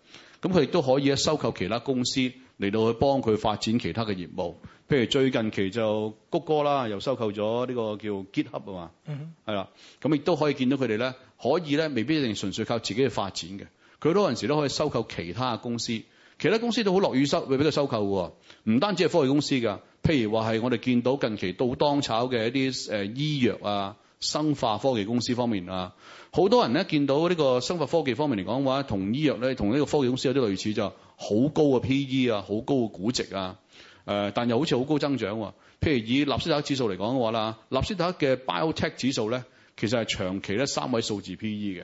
咁佢亦都可以咧收購其他公司嚟到去幫佢發展其他嘅業務。譬如最近期就谷歌啦，又收購咗呢個叫 GitHub 啊嘛，嗯哼，係啦。咁亦都可以見到佢哋咧，可以咧未必一定純粹靠自己去發展嘅，佢多陣時都可以收購其他嘅公司。其他公司都好樂意收，會俾佢收購喎。唔單止係科技公司㗎，譬如話係我哋見到近期到當炒嘅一啲誒醫藥啊、生化科技公司方面啊，好多人咧見到呢個生化科技方面嚟講嘅話，同醫藥咧，同呢個科技公司有啲類似就，好高嘅 P E 啊，好高嘅估值啊。誒，但又好似好高增長喎。譬如以納斯達克指數嚟講嘅話啦，納斯達克嘅 Bio Tech 指數咧，其實係長期咧三位數字 P E 嘅。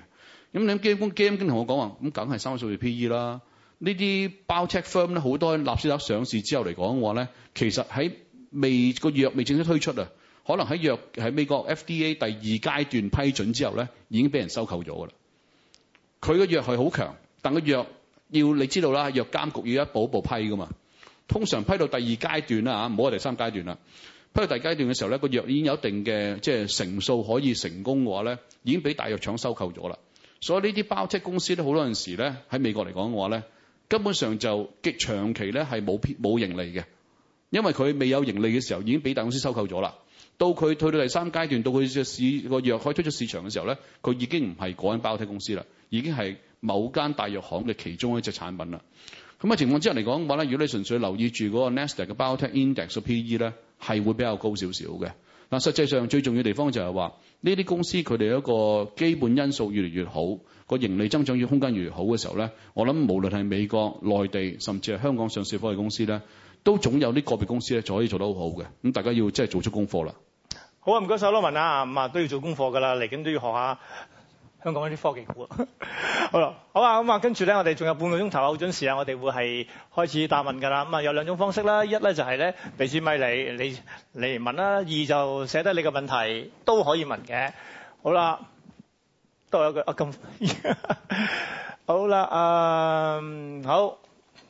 咁你啱啱 Game 經同我講話，咁梗係三位數字 P E 啦。呢啲包 biotech firm 咧，好多納斯達克上市之後嚟講嘅話咧，其實喺未個藥未正式推出啊，可能喺藥喺美國 FDA 第二階段批准之後咧，已經俾人收購咗噶啦。佢個藥係好強，但個藥要你知道啦，藥監局要一步一步批噶嘛。通常批到第二階段啦嚇，唔好話第三階段啦。批到第二階段嘅時候咧，個藥已經有一定嘅即係成數可以成功嘅話咧，已經俾大藥廠收購咗啦。所以呢啲包 biotech 公司咧，好多陣時咧喺美國嚟講嘅話咧，根本上就極長期咧係冇冇盈利嘅，因為佢未有盈利嘅時候已經俾大公司收購咗啦。到佢退到第三階段，到佢只市個藥海推出市場嘅時候咧，佢已經唔係嗰間包體公司啦，已經係某間大藥行嘅其中一隻產品啦。咁嘅情況之下嚟講嘅話咧，如果你純粹留意住嗰個 NASDAQ 嘅包體 index 嘅 PE 咧，係會比較高少少嘅。但實際上最重要地方就係話，呢啲公司佢哋一個基本因素越嚟越好，個盈利增長嘅空間越嚟越好嘅時候咧，我諗無論係美國、內地，甚至係香港上市科技公司咧，都總有啲個別公司咧，就可以做得好好嘅。咁大家要即係做足功課啦。好啊，唔該晒，羅文啊，啊都要做功課㗎啦，嚟緊都要學下。香港嗰啲科技股啊， 好啦，好、嗯、啦，咁啊，跟住咧，我哋仲有半個鐘頭好準時啊，我哋會係開始答問㗎啦。咁、嗯、啊，有兩種方式啦，一咧就係咧，俾支咪你，你嚟問啦；二就寫得你嘅問題都可以問嘅。好啦，有一句啊咁。好啦，啊 好、嗯、好，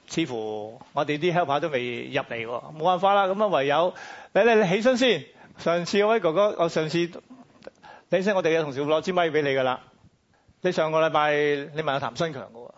似乎我哋啲 helper 都未入嚟喎，冇辦法啦，咁啊唯有你你你起身先。上次我位哥哥，我上次你身，我哋嘅同事會攞支咪俾你㗎啦。你上個禮拜你問阿譚新強嘅？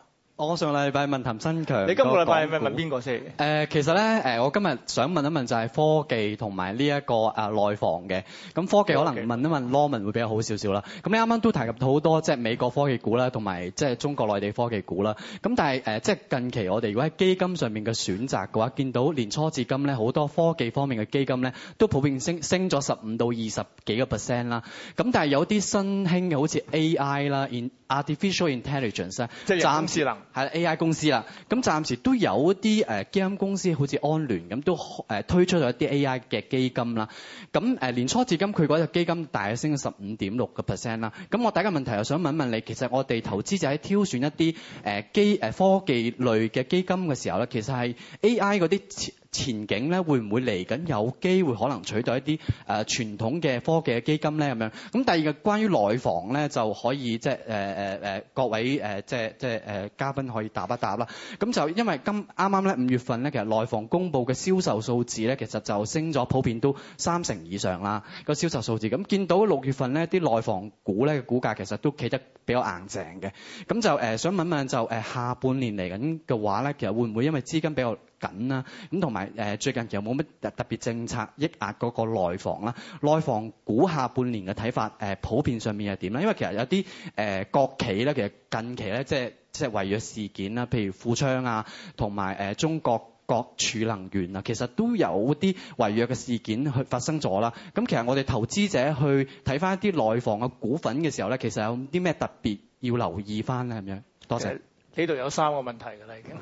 我上禮拜問譚新強。你今個禮拜係咪問邊個先？誒、呃，其實咧，誒、呃，我今日想問一問就係科技同埋呢一個誒內、呃、房嘅。咁、嗯、科技可能問一問 Lawman、okay. 會比較好少少啦。咁、嗯、你啱啱都提及到好多即係美國科技股啦，同埋即係中國內地科技股啦。咁、嗯、但係誒、呃，即係近期我哋如果喺基金上面嘅選擇嘅話，見到年初至今咧好多科技方面嘅基金咧都普遍升升咗十五到二十幾個 percent 啦。咁、嗯、但係有啲新興嘅好似 AI 啦，artificial intelligence 咧，暫時能。係 A.I. 公司啦，咁暫時都有一啲誒基金公司，好似安聯咁都誒推出咗一啲 A.I. 嘅基金啦。咁誒年初至今，佢嗰隻基金大約升咗十五點六個 percent 啦。咁我第一個問題又想問一問你，其實我哋投資者喺挑選一啲誒基誒科技類嘅基金嘅時候咧，其實係 A.I. 嗰啲。前景咧，會唔會嚟緊有機會可能取代一啲誒傳統嘅科技嘅基金咧咁樣？咁第二個關於內房咧，就可以即係誒各位即係即係誒嘉賓可以答一答啦。咁、呃、就、呃呃、因為今啱啱咧五月份咧，其實內房公布嘅銷售數字咧，其實就升咗普遍都三成以上啦，個銷售數字。咁見到六月份咧，啲內房股咧嘅股價其實都企得比較硬淨嘅。咁、嗯、就、呃、想問問，問就下半年嚟緊嘅話咧，其實會唔會因為資金比較？緊啦，咁同埋最近其實冇乜特別政策抑壓嗰個內房啦。內房股下半年嘅睇法普遍上面係點咧？因為其實有啲國企咧，其實近期咧即係即係違約事件啦，譬如富昌啊，同埋中國各儲能源啊，其實都有啲違約嘅事件去發生咗啦。咁其實我哋投資者去睇翻一啲內房嘅股份嘅時候咧，其實有啲咩特別要留意翻咧？咁樣多謝。呢度有三個問題㗎啦，已經。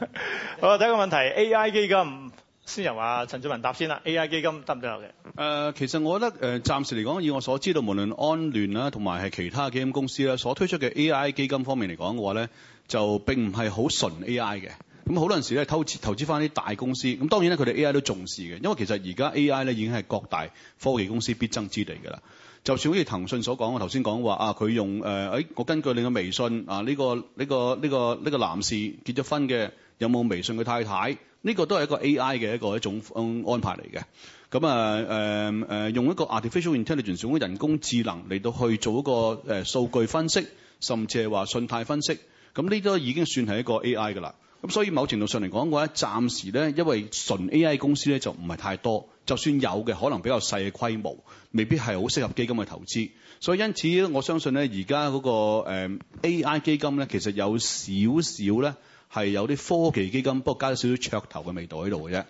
好， 第一個問題，AI 基金先由話陳俊文答先啦。AI 基金得唔得有嘅？誒、呃，其實我覺得誒，暫、呃、時嚟講，以我所知道，無論安聯啦、啊，同埋係其他基金公司啦，所推出嘅 AI 基金方面嚟講嘅話咧，就並唔係好純 AI 嘅。咁好多陣時咧，投資投資翻啲大公司。咁當然咧，佢哋 AI 都重視嘅，因為其實而家 AI 咧已經係各大科技公司必爭之地㗎啦。就算好似騰訊所講，我頭先講話啊，佢用誒，誒、呃，我根據你嘅微信啊，呢、這個呢、這個呢、這個呢、這個男士結咗婚嘅，有冇微信嘅太太？呢、這個都係一個 AI 嘅一個一種安排嚟嘅。咁、嗯、啊、呃呃，用一個 artificial intelligence，用人工智能嚟到去做一個數據分析，甚至係話信貸分析，咁、嗯、呢都已經算係一個 AI 嘅啦。咁、嗯、所以某程度上嚟講，我咧暫時咧，因為純 A.I. 公司咧就唔係太多，就算有嘅可能比較細嘅規模，未必係好適合基金嘅投資。所以因此呢，我相信咧，而家嗰個、嗯、A.I. 基金咧，其實有少少咧係有啲科技基金，不過加少少噱頭嘅味道喺度嘅啫。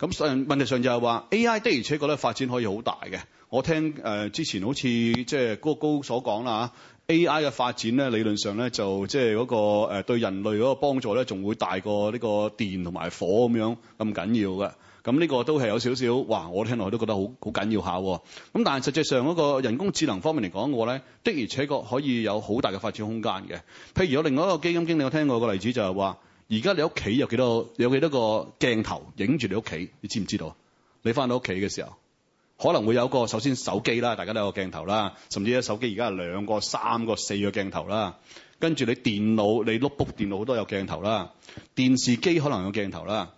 咁上問題上就係話 A.I. 的而且確呢發展可以好大嘅。我聽誒、呃、之前好似即係高高所講啦吓 A.I. 嘅發展咧，理論上咧就即係嗰個、呃、對人類嗰個幫助咧，仲會大過呢個電同埋火咁樣咁緊要嘅。咁呢個都係有少少，哇！我聽落都覺得好好緊要下、啊。咁但係實際上嗰個人工智能方面嚟講嘅話咧，的而且確可以有好大嘅發展空間嘅。譬如有另外一個基金經理，我聽過個例子就係話，而家你屋企有幾多有幾多個鏡頭影住你屋企，你知唔知道？你翻到屋企嘅時候。可能會有個首先手機啦，大家都有個鏡頭啦，甚至手機而家係兩個、三個、四個鏡頭啦。跟住你電腦，你 notebook 電腦都有鏡頭啦，電視機可能有鏡頭啦。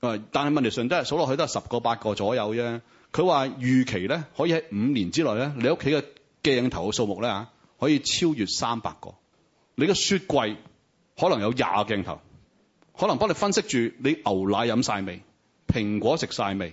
但係問題上都係數落去都係十個八個左右啫。佢話預期咧，可以喺五年之內咧，你屋企嘅鏡頭嘅數目咧可以超越三百個。你個雪櫃可能有廿個鏡頭，可能幫你分析住你牛奶飲曬未，蘋果食曬未。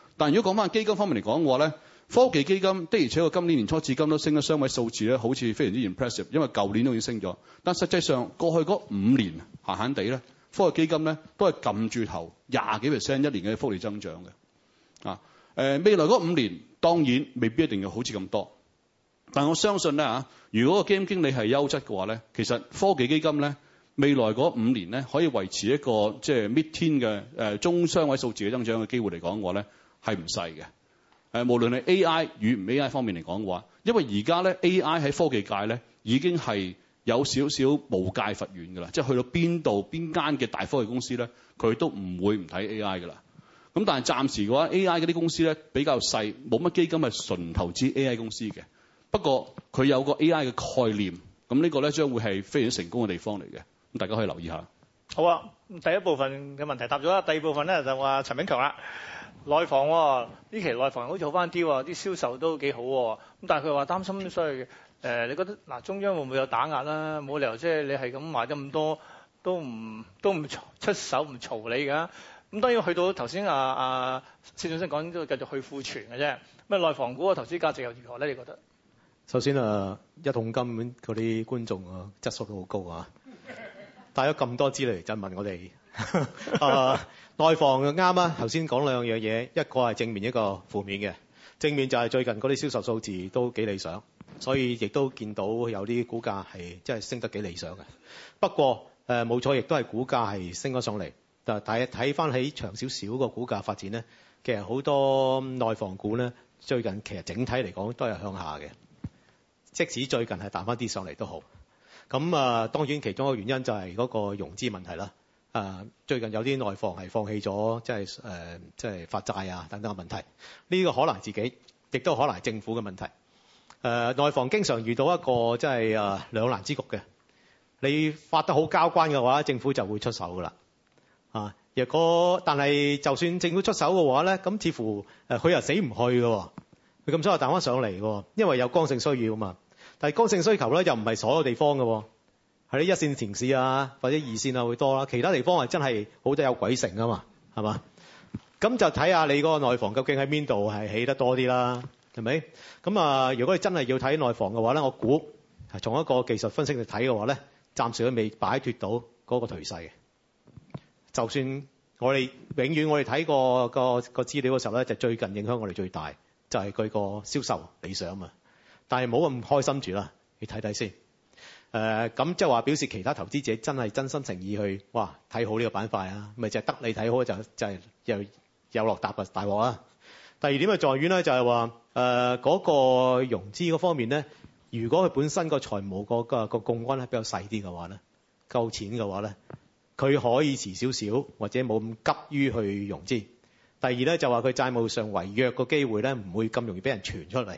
但如果講翻基金方面嚟講嘅話咧，科技基金的，而且確今年年初至今都升咗雙位數字咧，好似非常之 impressive。因為舊年都已經升咗，但實際上過去嗰五年閒閒地咧，科技基金咧都係撳住頭廿幾 percent 一年嘅複利增長嘅啊。誒，未來嗰五年當然未必一定要好似咁多，但我相信咧嚇，如果個基金經理係優質嘅話咧，其實科技基金咧未來嗰五年咧可以維持一個即係 mid ten 嘅誒中雙位數字嘅增長嘅機會嚟講嘅話咧。係唔細嘅，誒，無論你 AI 與唔 AI 方面嚟講嘅話，因為而家咧 AI 喺科技界咧已經係有少少無界佛遠嘅啦，即係去到邊度邊間嘅大科技公司咧，佢都唔會唔睇 AI 嘅啦。咁但係暫時嘅話，AI 嗰啲公司咧比較細，冇乜基金係純投資 AI 公司嘅。不過佢有個 AI 嘅概念，咁呢個咧將會係非常成功嘅地方嚟嘅，咁大家可以留意一下。好啊，第一部分嘅問題答咗啦，第二部分咧就話陳炳強啦。內房喎、啊，呢期內房好似好翻啲喎，啲銷售都幾好喎、啊。咁但係佢話擔心所以嘅、呃，你覺得嗱，中央會唔會有打壓啦、啊？冇理由即、啊、係你係咁買咁多，都唔都唔出手唔嘈你㗎、啊。咁當然去到頭先啊啊，薛、啊、俊昇講都繼續去庫存嘅啫。咁啊，內房股嘅投資價值又如何咧？你覺得？首先啊，一桶金嗰啲觀眾啊，質素都好高啊，帶咗咁多資料嚟就問我哋。 呃、內啊！內房啱啊，頭先講兩樣嘢，一個係正面，一個負面嘅正面就係最近嗰啲銷售數字都幾理想，所以亦都見到有啲股價係真係升得幾理想嘅。不過誒冇錯，亦都係股價係升咗上嚟。但係睇翻起長少少個股價發展咧，其實好多內房股咧最近其實整體嚟講都係向下嘅，即使最近係彈翻啲上嚟都好。咁啊、呃，當然其中一個原因就係嗰個融資問題啦。誒最近有啲內房係放棄咗，即係誒、即係發債啊等等嘅問題。呢、這個可能自己，亦都可能係政府嘅問題。誒、呃、內房經常遇到一個即係誒、兩難之局嘅。你發得好交關嘅話，政府就會出手㗎啦。啊，若果但係就算政府出手嘅話咧，咁似乎佢、呃、又死唔去喎。佢咁想以彈翻上嚟喎，因為有剛性需要啊嘛。但係剛性需求咧又唔係所有地方嘅。喺啲一線城市啊，或者二線啊，會多啦。其他地方係真係好多有鬼城啊嘛，係嘛？咁就睇下你嗰個內房究竟喺邊度係起得多啲啦，係咪？咁啊，如果你真係要睇內房嘅話咧，我估從一個技術分析嚟睇嘅話咧，暫時都未擺脱到嗰個頹勢。就算我哋永遠我哋睇過個個資料嘅時候咧，就最近影響我哋最大，就係佢個銷售理想啊嘛。但係唔好咁開心住啦，你睇睇先。誒，咁即係話表示其他投資者真係真心誠意去哇睇好呢個板塊啊，咪就係得你睇好就，就係又落搭啊大鑊啊。第二點嘅在於咧，就係話誒，嗰個融資嗰方面咧，如果佢本身個財務、嗰個、嗰個個供安咧比較細啲嘅話咧，夠錢嘅話咧，佢可以遲少少或者冇咁急於去融資。第二咧，就話佢債務上違約個機會咧唔會咁容易俾人傳出嚟。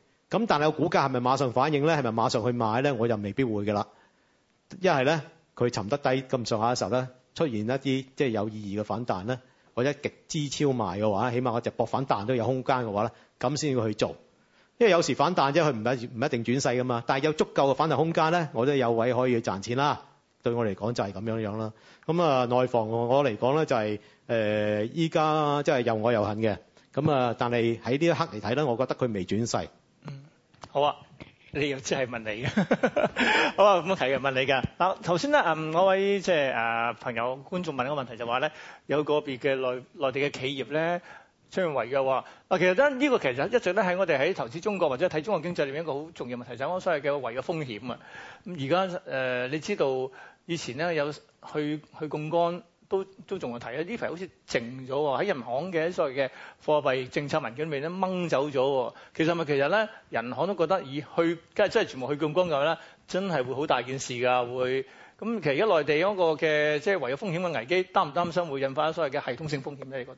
咁，但係個股價係咪馬上反應呢？係咪馬上去買呢？我就未必會嘅啦。一係呢，佢沉得低咁上下嘅時候呢，出現一啲即係有意義嘅反彈呢，或者極之超賣嘅話，起碼我就博反彈都有空間嘅話呢，咁先要去做。因為有時反彈即係佢唔一定轉勢㗎嘛。但係有足夠嘅反彈空間呢，我都有位可以去賺錢啦。對我嚟講就係咁樣樣啦。咁內房我嚟講呢，就係誒，依家即係又愛又恨嘅。咁但係喺呢一刻嚟睇呢，我覺得佢未轉勢。好啊，你又真係問你㗎、 啊。好啊咁樣提嘅問你㗎。嗱頭先呢，嗯，嗰位即係誒朋友觀眾問個問題就話呢，有個別嘅內內地嘅企業呢，出現違約喎。其實咧呢、這個其實一直呢係我哋喺投資中國或者睇中國經濟裏面一個好重要問題就係、是、我所謂嘅違約風險啊。而家誒你知道以前呢有去去槓桿。都都仲有提啊！呢排好似靜咗喎，喺人行嘅所謂嘅貨幣政策文件裏邊掹走咗喎。其實咪其實咧，人行都覺得以去，梗係真係全部去咁光嘅話咧，真係會好大件事㗎，會咁。其實而家內地嗰個嘅即係唯有風險嘅危機，擔唔擔心會引發咗所謂嘅系統性風險咧？你覺得？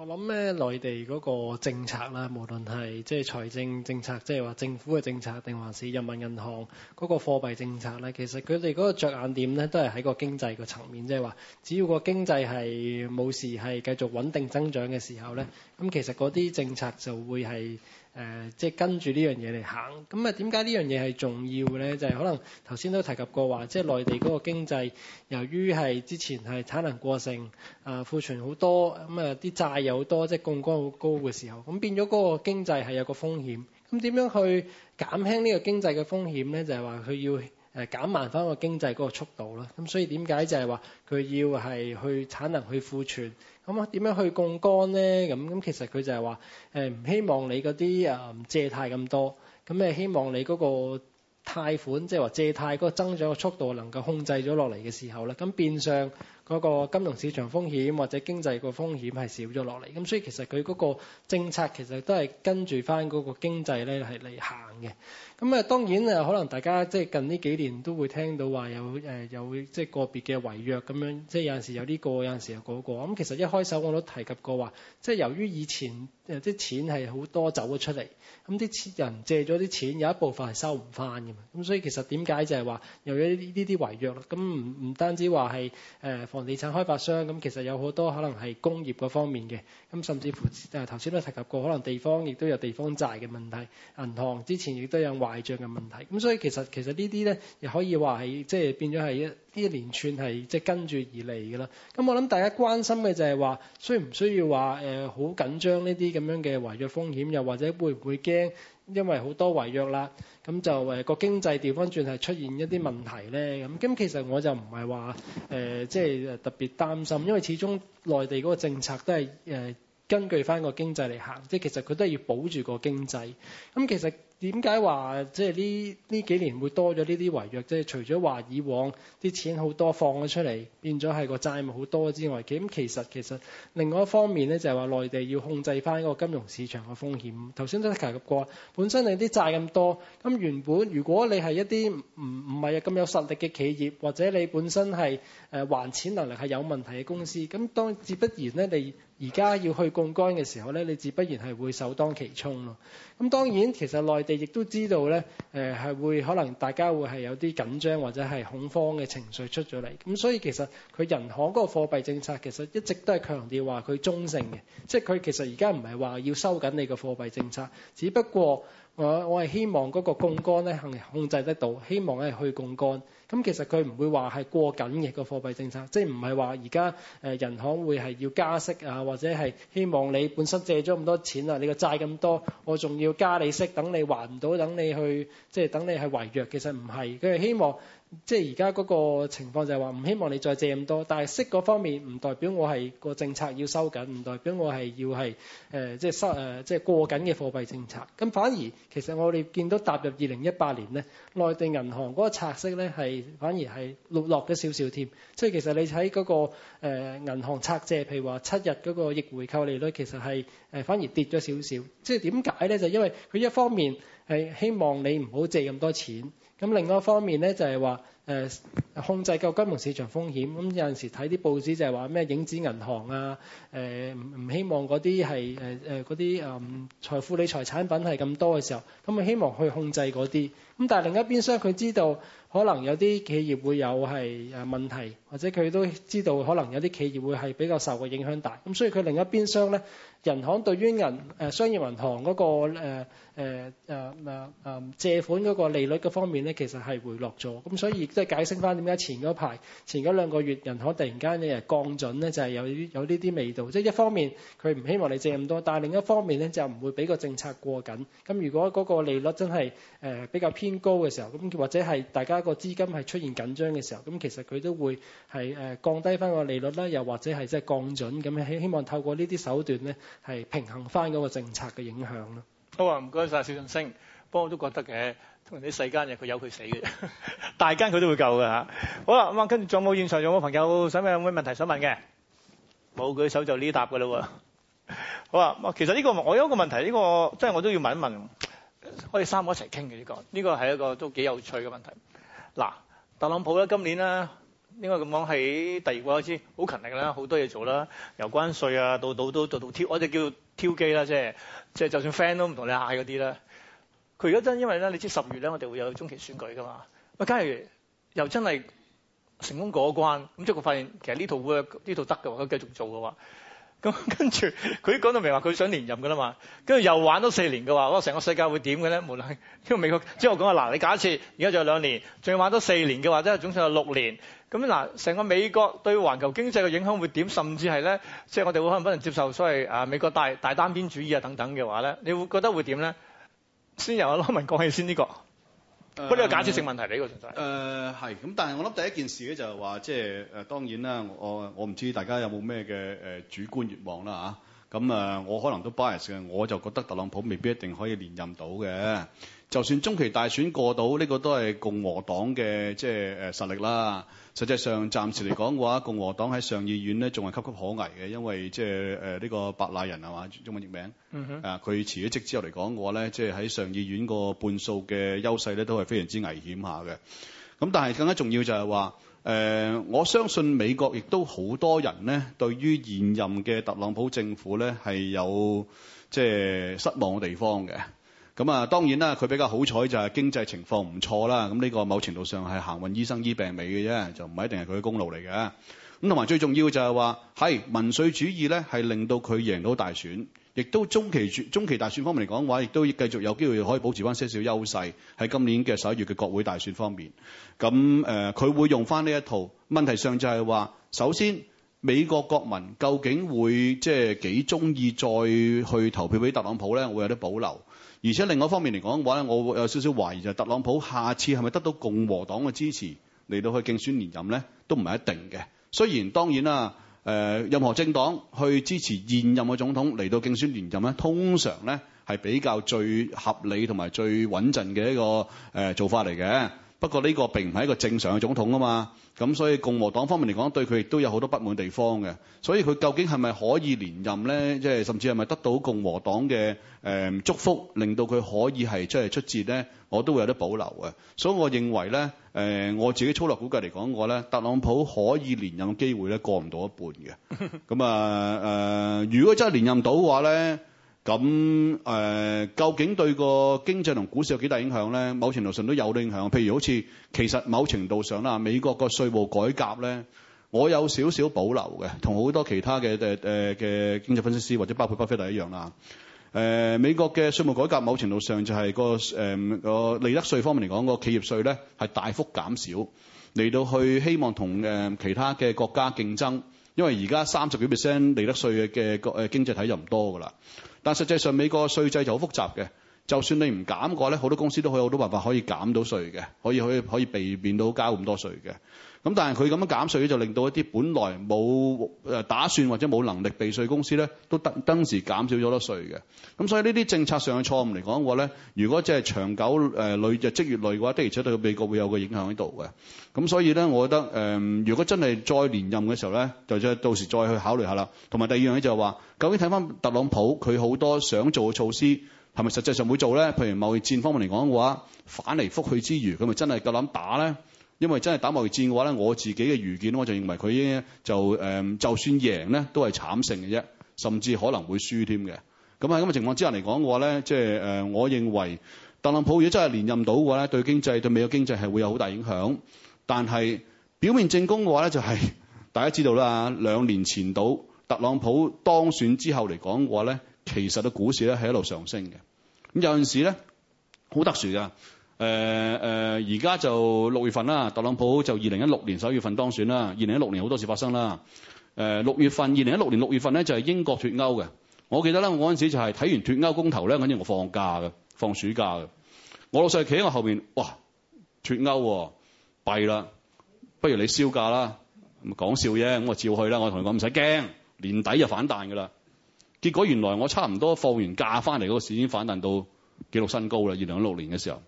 我諗咧，內地嗰個政策啦，無論係即係財政政策，即係話政府嘅政策，定還是人民銀行嗰個貨幣政策咧，其實佢哋嗰個着眼點咧，都係喺個經濟個層面，即係話只要個經濟係冇事，係繼續穩定增長嘅時候咧，咁其實嗰啲政策就會係。誒、呃，即、就是、跟住呢樣嘢嚟行。咁啊，點解呢樣嘢係重要呢？就係、是、可能頭先都提及過話，即係內地嗰個經濟，由於係之前係產能過剩，啊、呃、庫存好多，咁啊啲債又好多，即係槓桿好高嘅時候，咁變咗嗰個經濟係有個風險。咁點樣去減輕呢個經濟嘅風險呢？就係話佢要減慢返個經濟嗰個速度啦。咁所以點解就係話佢要係去產能去庫存？咁啊，點樣去槓杆咧？咁咁其實佢就係話，誒唔希望你嗰啲啊借貸咁多，咁誒希望你嗰個貸款，即係話借貸嗰個增長嘅速度能夠控制咗落嚟嘅時候咧，咁變相。嗰、那個金融市場風險或者經濟個風險係少咗落嚟，咁所以其實佢嗰個政策其實都係跟住翻嗰個經濟咧係嚟行嘅。咁啊當然啊，可能大家即係近呢幾年都會聽到話有誒、呃、有即係個別嘅違約咁樣，即係有陣時有呢、這個，有陣時有嗰、那個。咁其實一開首我都提及過話，即係由於以前誒啲錢係好多走咗出嚟，咁啲人借咗啲錢有一部分係收唔翻㗎嘛。咁所以其實點解就係、是、話由於呢啲違約，咁唔唔單止話係誒。呃房地產開發商咁，其實有好多可能係工業嗰方面嘅，咁甚至乎誒頭先都提及過，可能地方亦都有地方債嘅問題，銀行之前亦都有壞帳嘅問題，咁所以其實其實呢啲呢啲咧，又可以話係即係變咗係一呢一連串係即係跟住而嚟嘅啦。咁我諗大家關心嘅就係話，需唔需要話誒好緊張呢啲咁樣嘅違約風險，又或者會唔會驚？因為好多違約啦，咁就誒個、呃、經濟調翻轉係出現一啲問題咧，咁咁其實我就唔係話誒即係特別擔心，因為始終內地嗰個政策都係、呃、根據翻個經濟嚟行，即其實佢都要保住個經濟。咁其實點解話即係呢呢幾年會多咗呢啲違約？即係除咗話以往啲錢好多放咗出嚟，變咗係個債務好多之外，咁其實其實另外一方面咧就係話內地要控制翻個金融市場嘅風險。頭先都提及過，本身你啲債咁多，咁原本如果你係一啲唔唔係咁有實力嘅企業，或者你本身係誒還錢能力係有問題嘅公司，咁當自不然咧，你而家要去槓桿嘅時候咧，你自不然係會首當其衝咯。咁當然其實內哋亦都知道咧，誒，係會可能大家會係有啲緊張或者係恐慌嘅情緒出咗嚟，咁所以其實佢人行嗰個貨幣政策其實一直都係強調話佢中性嘅，即係佢其實而家唔係話要收緊你嘅貨幣政策，只不過。我我係希望嗰個槓桿咧控控制得到，希望咧去槓桿。咁其實佢唔會話係過緊嘅個貨幣政策，即係唔係話而家誒銀行會係要加息啊，或者係希望你本身借咗咁多錢啊，你個債咁多，我仲要加利息，等你還唔到，等你去即係等你去違約。其實唔係，佢係希望。即係而家嗰個情況就係話唔希望你再借咁多，但係息嗰方面唔代表我係個政策要收緊，唔代表我係要係誒、呃、即係收誒即係過緊嘅貨幣政策。咁反而其實我哋見到踏入二零一八年咧，內地銀行嗰個拆息咧係反而係落落咗少少添。所以其實你睇嗰、嗰個誒、呃、銀行拆借，譬如話七日嗰個逆回購利率其實係誒、呃、反而跌咗少少。即係點解咧？就因為佢一方面係希望你唔好借咁多錢。咁另外一方面咧，就係話控制個金融市場風險。咁有陣時睇啲報紙就係話咩影子銀行啊，唔希望嗰啲係嗰啲誒財富理財產品係咁多嘅時候，咁啊希望去控制嗰啲。咁但係另一邊，雖然佢知道，可能有啲企業會有係誒問題，或者佢都知道可能有啲企業會係比較受個影響大，咁所以佢另一邊商咧，人行對於人誒商業銀行嗰個呃呃呃呃、借款嗰個利率嘅方面咧，其實係回落咗，咁所以都係解釋翻點解前嗰排前嗰兩個月人行突然間嘅降準咧，就係有有呢啲味道，即係一方面佢唔希望你借咁多，但係另一方面咧就唔會俾個政策過緊，咁如果嗰個利率真係誒比較偏高嘅時候，咁或者係大家。一個資金係出現緊張嘅時候，咁其實佢都會係誒降低翻個利率啦，又或者係即係降準咁希望透過呢啲手段咧係平衡翻嗰個政策嘅影響咯。好啊，唔該晒，薛俊昇，不過我都覺得嘅，同啲細間嘢佢有佢死嘅， 大間佢都會救嘅嚇。好啦，咁啊，跟住仲有冇現場仲有冇朋友想咩有咩問題想問嘅？冇舉手就呢答嘅嘞喎。好啊，其實呢個我有一個問題，呢個即係我都要問一問，我哋三個一齊傾嘅呢個，呢個係一個都幾有趣嘅問題。嗱，特朗普咧今年咧應該咁講喺第二季開始好勤力啦，好多嘢做啦，由關稅啊到到都到到挑，我就叫做挑機啦，即係即係就算 friend 都唔同你嗌嗰啲啦。佢而家真因為咧，你知十月咧，我哋會有中期選舉噶嘛。咁假如又真係成功過關，咁即係佢發現其實呢套 work 呢套得嘅話，佢繼續做嘅話。咁 跟住佢講到明話佢想連任㗎啦嘛，跟住又玩多四年嘅話，哇！成個世界會點嘅咧？無論係因為美國，即係我講話嗱，你假設而家仲有兩年，仲要玩多四年嘅話，即係總算有六年。咁嗱，成個美國對環球經濟嘅影響會點？甚至係咧，即係我哋會可能不能接受所謂美國大大單邊主義啊等等嘅話咧，你會覺得會點咧？先由阿羅文講起先呢、這個。不過呢個假設性問題嚟，呢個誒係咁，但係我諗第一件事咧就係、是、話，即係誒當然啦，我我唔知大家有冇咩嘅誒主觀願望啦吓咁啊，我可能都 bias 嘅，我就覺得特朗普未必一定可以連任到嘅，就算中期大選過到，呢、這個都係共和黨嘅即係誒實力啦。實際上，暫時嚟講嘅話，共和黨喺上議院咧，仲係岌岌可危嘅，因為即係誒呢個白賴人係嘛中文譯名啊，佢辭咗職之後嚟講嘅話咧，即係喺上議院個半數嘅優勢咧，都係非常之危險下嘅。咁但係更加重要就係話誒，我相信美國亦都好多人咧，對於現任嘅特朗普政府咧係有即係、就是、失望嘅地方嘅。咁啊，當然啦，佢比較好彩就係經濟情況唔錯啦。咁呢個某程度上係行運醫生醫病尾嘅啫，就唔係一定係佢嘅功勞嚟嘅。咁同埋最重要嘅就係話，係民粹主義咧，係令到佢贏到大選，亦都中期中期大選方面嚟講話，亦都繼續有機會可以保持翻些少優勢喺今年嘅十一月嘅國會大選方面。咁誒，佢、呃、會用翻呢一套問題上就係話，首先美國國民究竟會即係幾中意再去投票俾特朗普咧？會有啲保留。而且另外一方面嚟講嘅話，我會有少少懷疑就係特朗普下次係咪得到共和黨嘅支持嚟到去競選連任咧，都唔係一定嘅。雖然當然啦，誒、呃、任何政黨去支持現任嘅總統嚟到競選連任咧，通常咧係比較最合理同埋最穩陣嘅一個、呃、做法嚟嘅。不過呢個並唔係一個正常嘅總統啊嘛，咁所以共和黨方面嚟講，對佢亦都有好多不滿地方嘅，所以佢究竟係咪可以連任呢？即係甚至係咪得到共和黨嘅誒祝福，令到佢可以係出嚟出節呢？我都會有啲保留嘅，所以我認為呢，誒、呃、我自己粗略估計嚟講嘅話呢，特朗普可以連任嘅機會呢過唔到一半嘅，咁啊誒，如果真係連任到嘅話呢。咁誒、呃，究竟對個經濟同股市有幾大影響咧？某程度上都有啲影響。譬如好似其實某程度上啦，美國個稅務改革咧，我有少少保留嘅，同好多其他嘅誒嘅經濟分析師或者包括巴菲特一樣啦。誒、呃，美國嘅稅務改革某程度上就係、個誒、呃個、利得稅方面嚟講，個企業稅咧係大幅減少嚟到去希望同、呃、其他嘅國家競爭，因為而家三十幾 percent 利得稅嘅嘅經濟體就唔多噶啦。但實際上，美國個稅制就好複雜嘅。就算你唔減過咧，好多公司都可以，好多辦法可以減到稅嘅，可以可以，可以避免到交咁多稅嘅。咁但係佢咁樣減稅咧，就令到一啲本來冇打算或者冇能力避稅公司咧，都登時減少咗多稅嘅。咁所以呢啲政策上嘅錯誤嚟講嘅話咧，如果即係長久誒累日積月累嘅話，的而且確對美國會有個影響喺度嘅。咁所以咧，我覺得、呃、如果真係再連任嘅時候咧，就再到時再去考慮下啦。同埋第二樣嘢就係話，究竟睇翻特朗普佢好多想做嘅措施係咪實際上會做咧？譬如貿易戰方面嚟講嘅話，反嚟覆去之餘，佢咪真係夠膽打咧？因為真係打貿易戰嘅話咧，我自己嘅預見我就認為佢應就誒，就算贏咧都係慘勝嘅啫，甚至可能會輸添嘅。咁喺咁嘅情況之下嚟講嘅話咧，即係誒，我認為特朗普如果真係連任到嘅話咧，對經濟對美國經濟係會有好大影響。但係表面證供嘅話咧、就是，就係大家知道啦，兩年前到特朗普當選之後嚟講嘅話咧，其實個股市咧係一路上升嘅。咁有陣時咧，好特殊㗎。誒、呃、誒，而、呃、家就六月份啦。特朗普就二零一六年十一月份當選啦。二零一六年好多事發生啦。誒、呃、六月份，二零一六年六月份咧就係英國脫歐嘅。我記得咧，我嗰陣時就係睇完脫歐公投咧，跟住我放假嘅，放暑假嘅。我老細企喺我後面，哇！脫歐、啊，弊啦，不如你燒假啦，講笑啫，我照去啦。我同你講唔使驚，年底就反彈噶啦。結果原來我差唔多放完假翻嚟嗰個已經反彈到記錄新高啦。二零一六年嘅時候。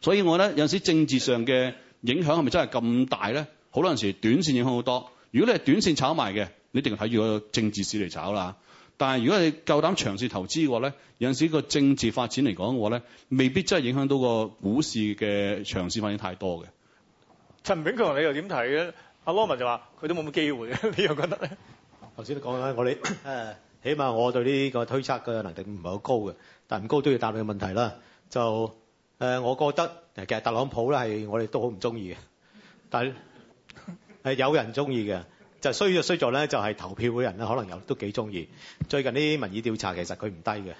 所以我覺得有陣時政治上嘅影響係咪真係咁大咧？好多陣時短線影響好多。如果你係短線炒埋嘅，你一定睇住個政治史嚟炒啦。但係如果你夠膽長線投資嘅話咧，有陣時個政治發展嚟講嘅話咧，未必真係影響到個股市嘅長線發展太多嘅。陳炳強你又點睇咧？阿 l a w n 就話佢都冇乜機會嘅， 你又覺得咧？頭先都講啦，我哋、呃、起碼我對呢個推測嘅能力唔係好高嘅，但係唔高都要答你問題啦。就誒、呃，我覺得其實特朗普咧係我哋都好唔中意嘅，但係有人中意嘅，就衰咗衰咗咧就係投票嘅人咧可能有都幾中意。最近啲民意調查其實佢唔低嘅，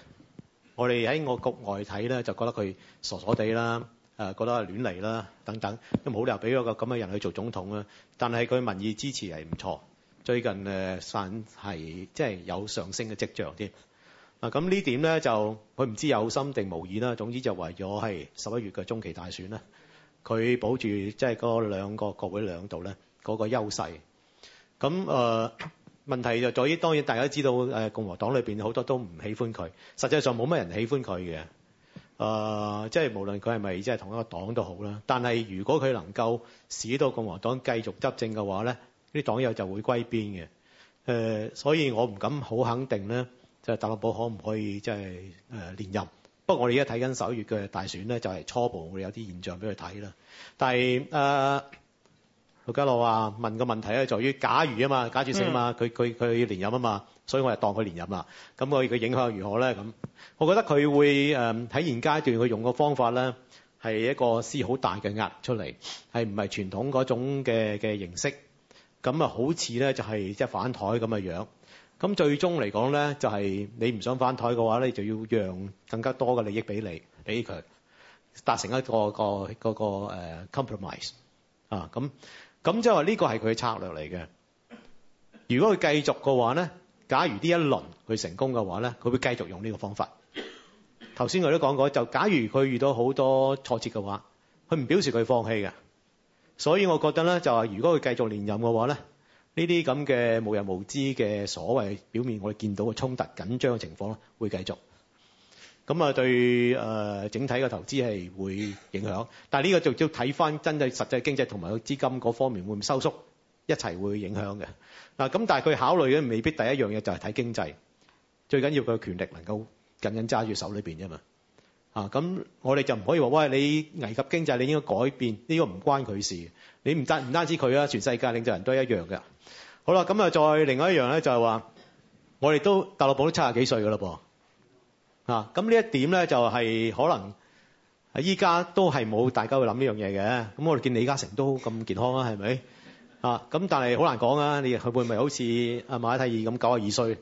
我哋喺我局外睇咧就覺得佢傻傻地啦，誒、呃、覺得係亂嚟啦等等，都冇理由俾咗個咁嘅人去做總統啊。但係佢民意支持係唔錯，最近誒散係即係有上升嘅跡象添。啊！咁呢點咧就佢唔知有心定無意啦。總之就為咗係十一月嘅中期大選啦，佢保住即係嗰兩個國會兩度咧嗰、那個優勢。咁啊、呃、問題就在、是、於，當然大家知道共和黨裏邊好多都唔喜歡佢，實際上冇乜人喜歡佢嘅。啊、呃，即、就、係、是、無論佢係咪即係同一個黨都好啦。但係如果佢能夠使到共和黨繼續執政嘅話咧，啲黨友就會歸邊嘅、呃。所以我唔敢好肯定咧。就係、特朗普可唔可以即係誒連任？不過我哋而家睇緊首月嘅大選咧，就係、係、初步會有啲現象俾佢睇啦。但係誒，盧、呃、家樂話問個問題咧，在於假如啊嘛，假設性啊嘛，佢佢佢連任啊嘛，所以我係當佢連任啦。咁我佢影響又如何咧？咁我覺得佢會誒喺、呃、現階段佢用嘅方法咧，係一個施好大嘅壓出嚟，係唔係傳統嗰種嘅嘅形式？咁啊、就係，好似咧就係即係反台咁嘅樣。咁最終嚟講咧，就係、是、你唔想返台嘅話咧，就要讓更加多嘅利益俾你俾佢，達成一個一個,一個、呃、compromise 啊！咁咁即係話呢個係佢嘅策略嚟嘅。如果佢繼續嘅話咧，假如呢一輪佢成功嘅話咧，佢會繼續用呢個方法。頭先我都講過，就假如佢遇到好多挫折嘅話，佢唔表示佢放棄嘅。所以我覺得咧，就係如果佢繼續連任嘅話咧。呢啲咁嘅無人無知嘅所謂表面，我哋見到嘅衝突緊張嘅情況咧，會繼續。咁啊，對誒整體嘅投資係會影響，但係呢個就要睇翻真係實際經濟同埋個資金嗰方面會唔會收縮一齊會影響嘅嗱。咁但係佢考慮嘅未必第一樣嘢就係睇經濟，最緊要佢嘅權力能夠緊緊揸住手裏邊啫嘛。啊，咁我哋就唔可以話喂，你危及經濟，你應該改變呢個唔關佢事。你唔單唔單止佢啊，全世界領袖人都一樣嘅。好啦，咁啊，再另外一樣咧，就係話我哋都大陸寶都七十幾歲噶嘞噃啊！咁呢一點咧，就係可能依家都係冇大家會諗呢樣嘢嘅。咁我哋見李嘉誠都咁健康啊，係咪啊？咁但係好難講啊！你佢會唔會好似啊馬哈蒂爾咁九廿二歲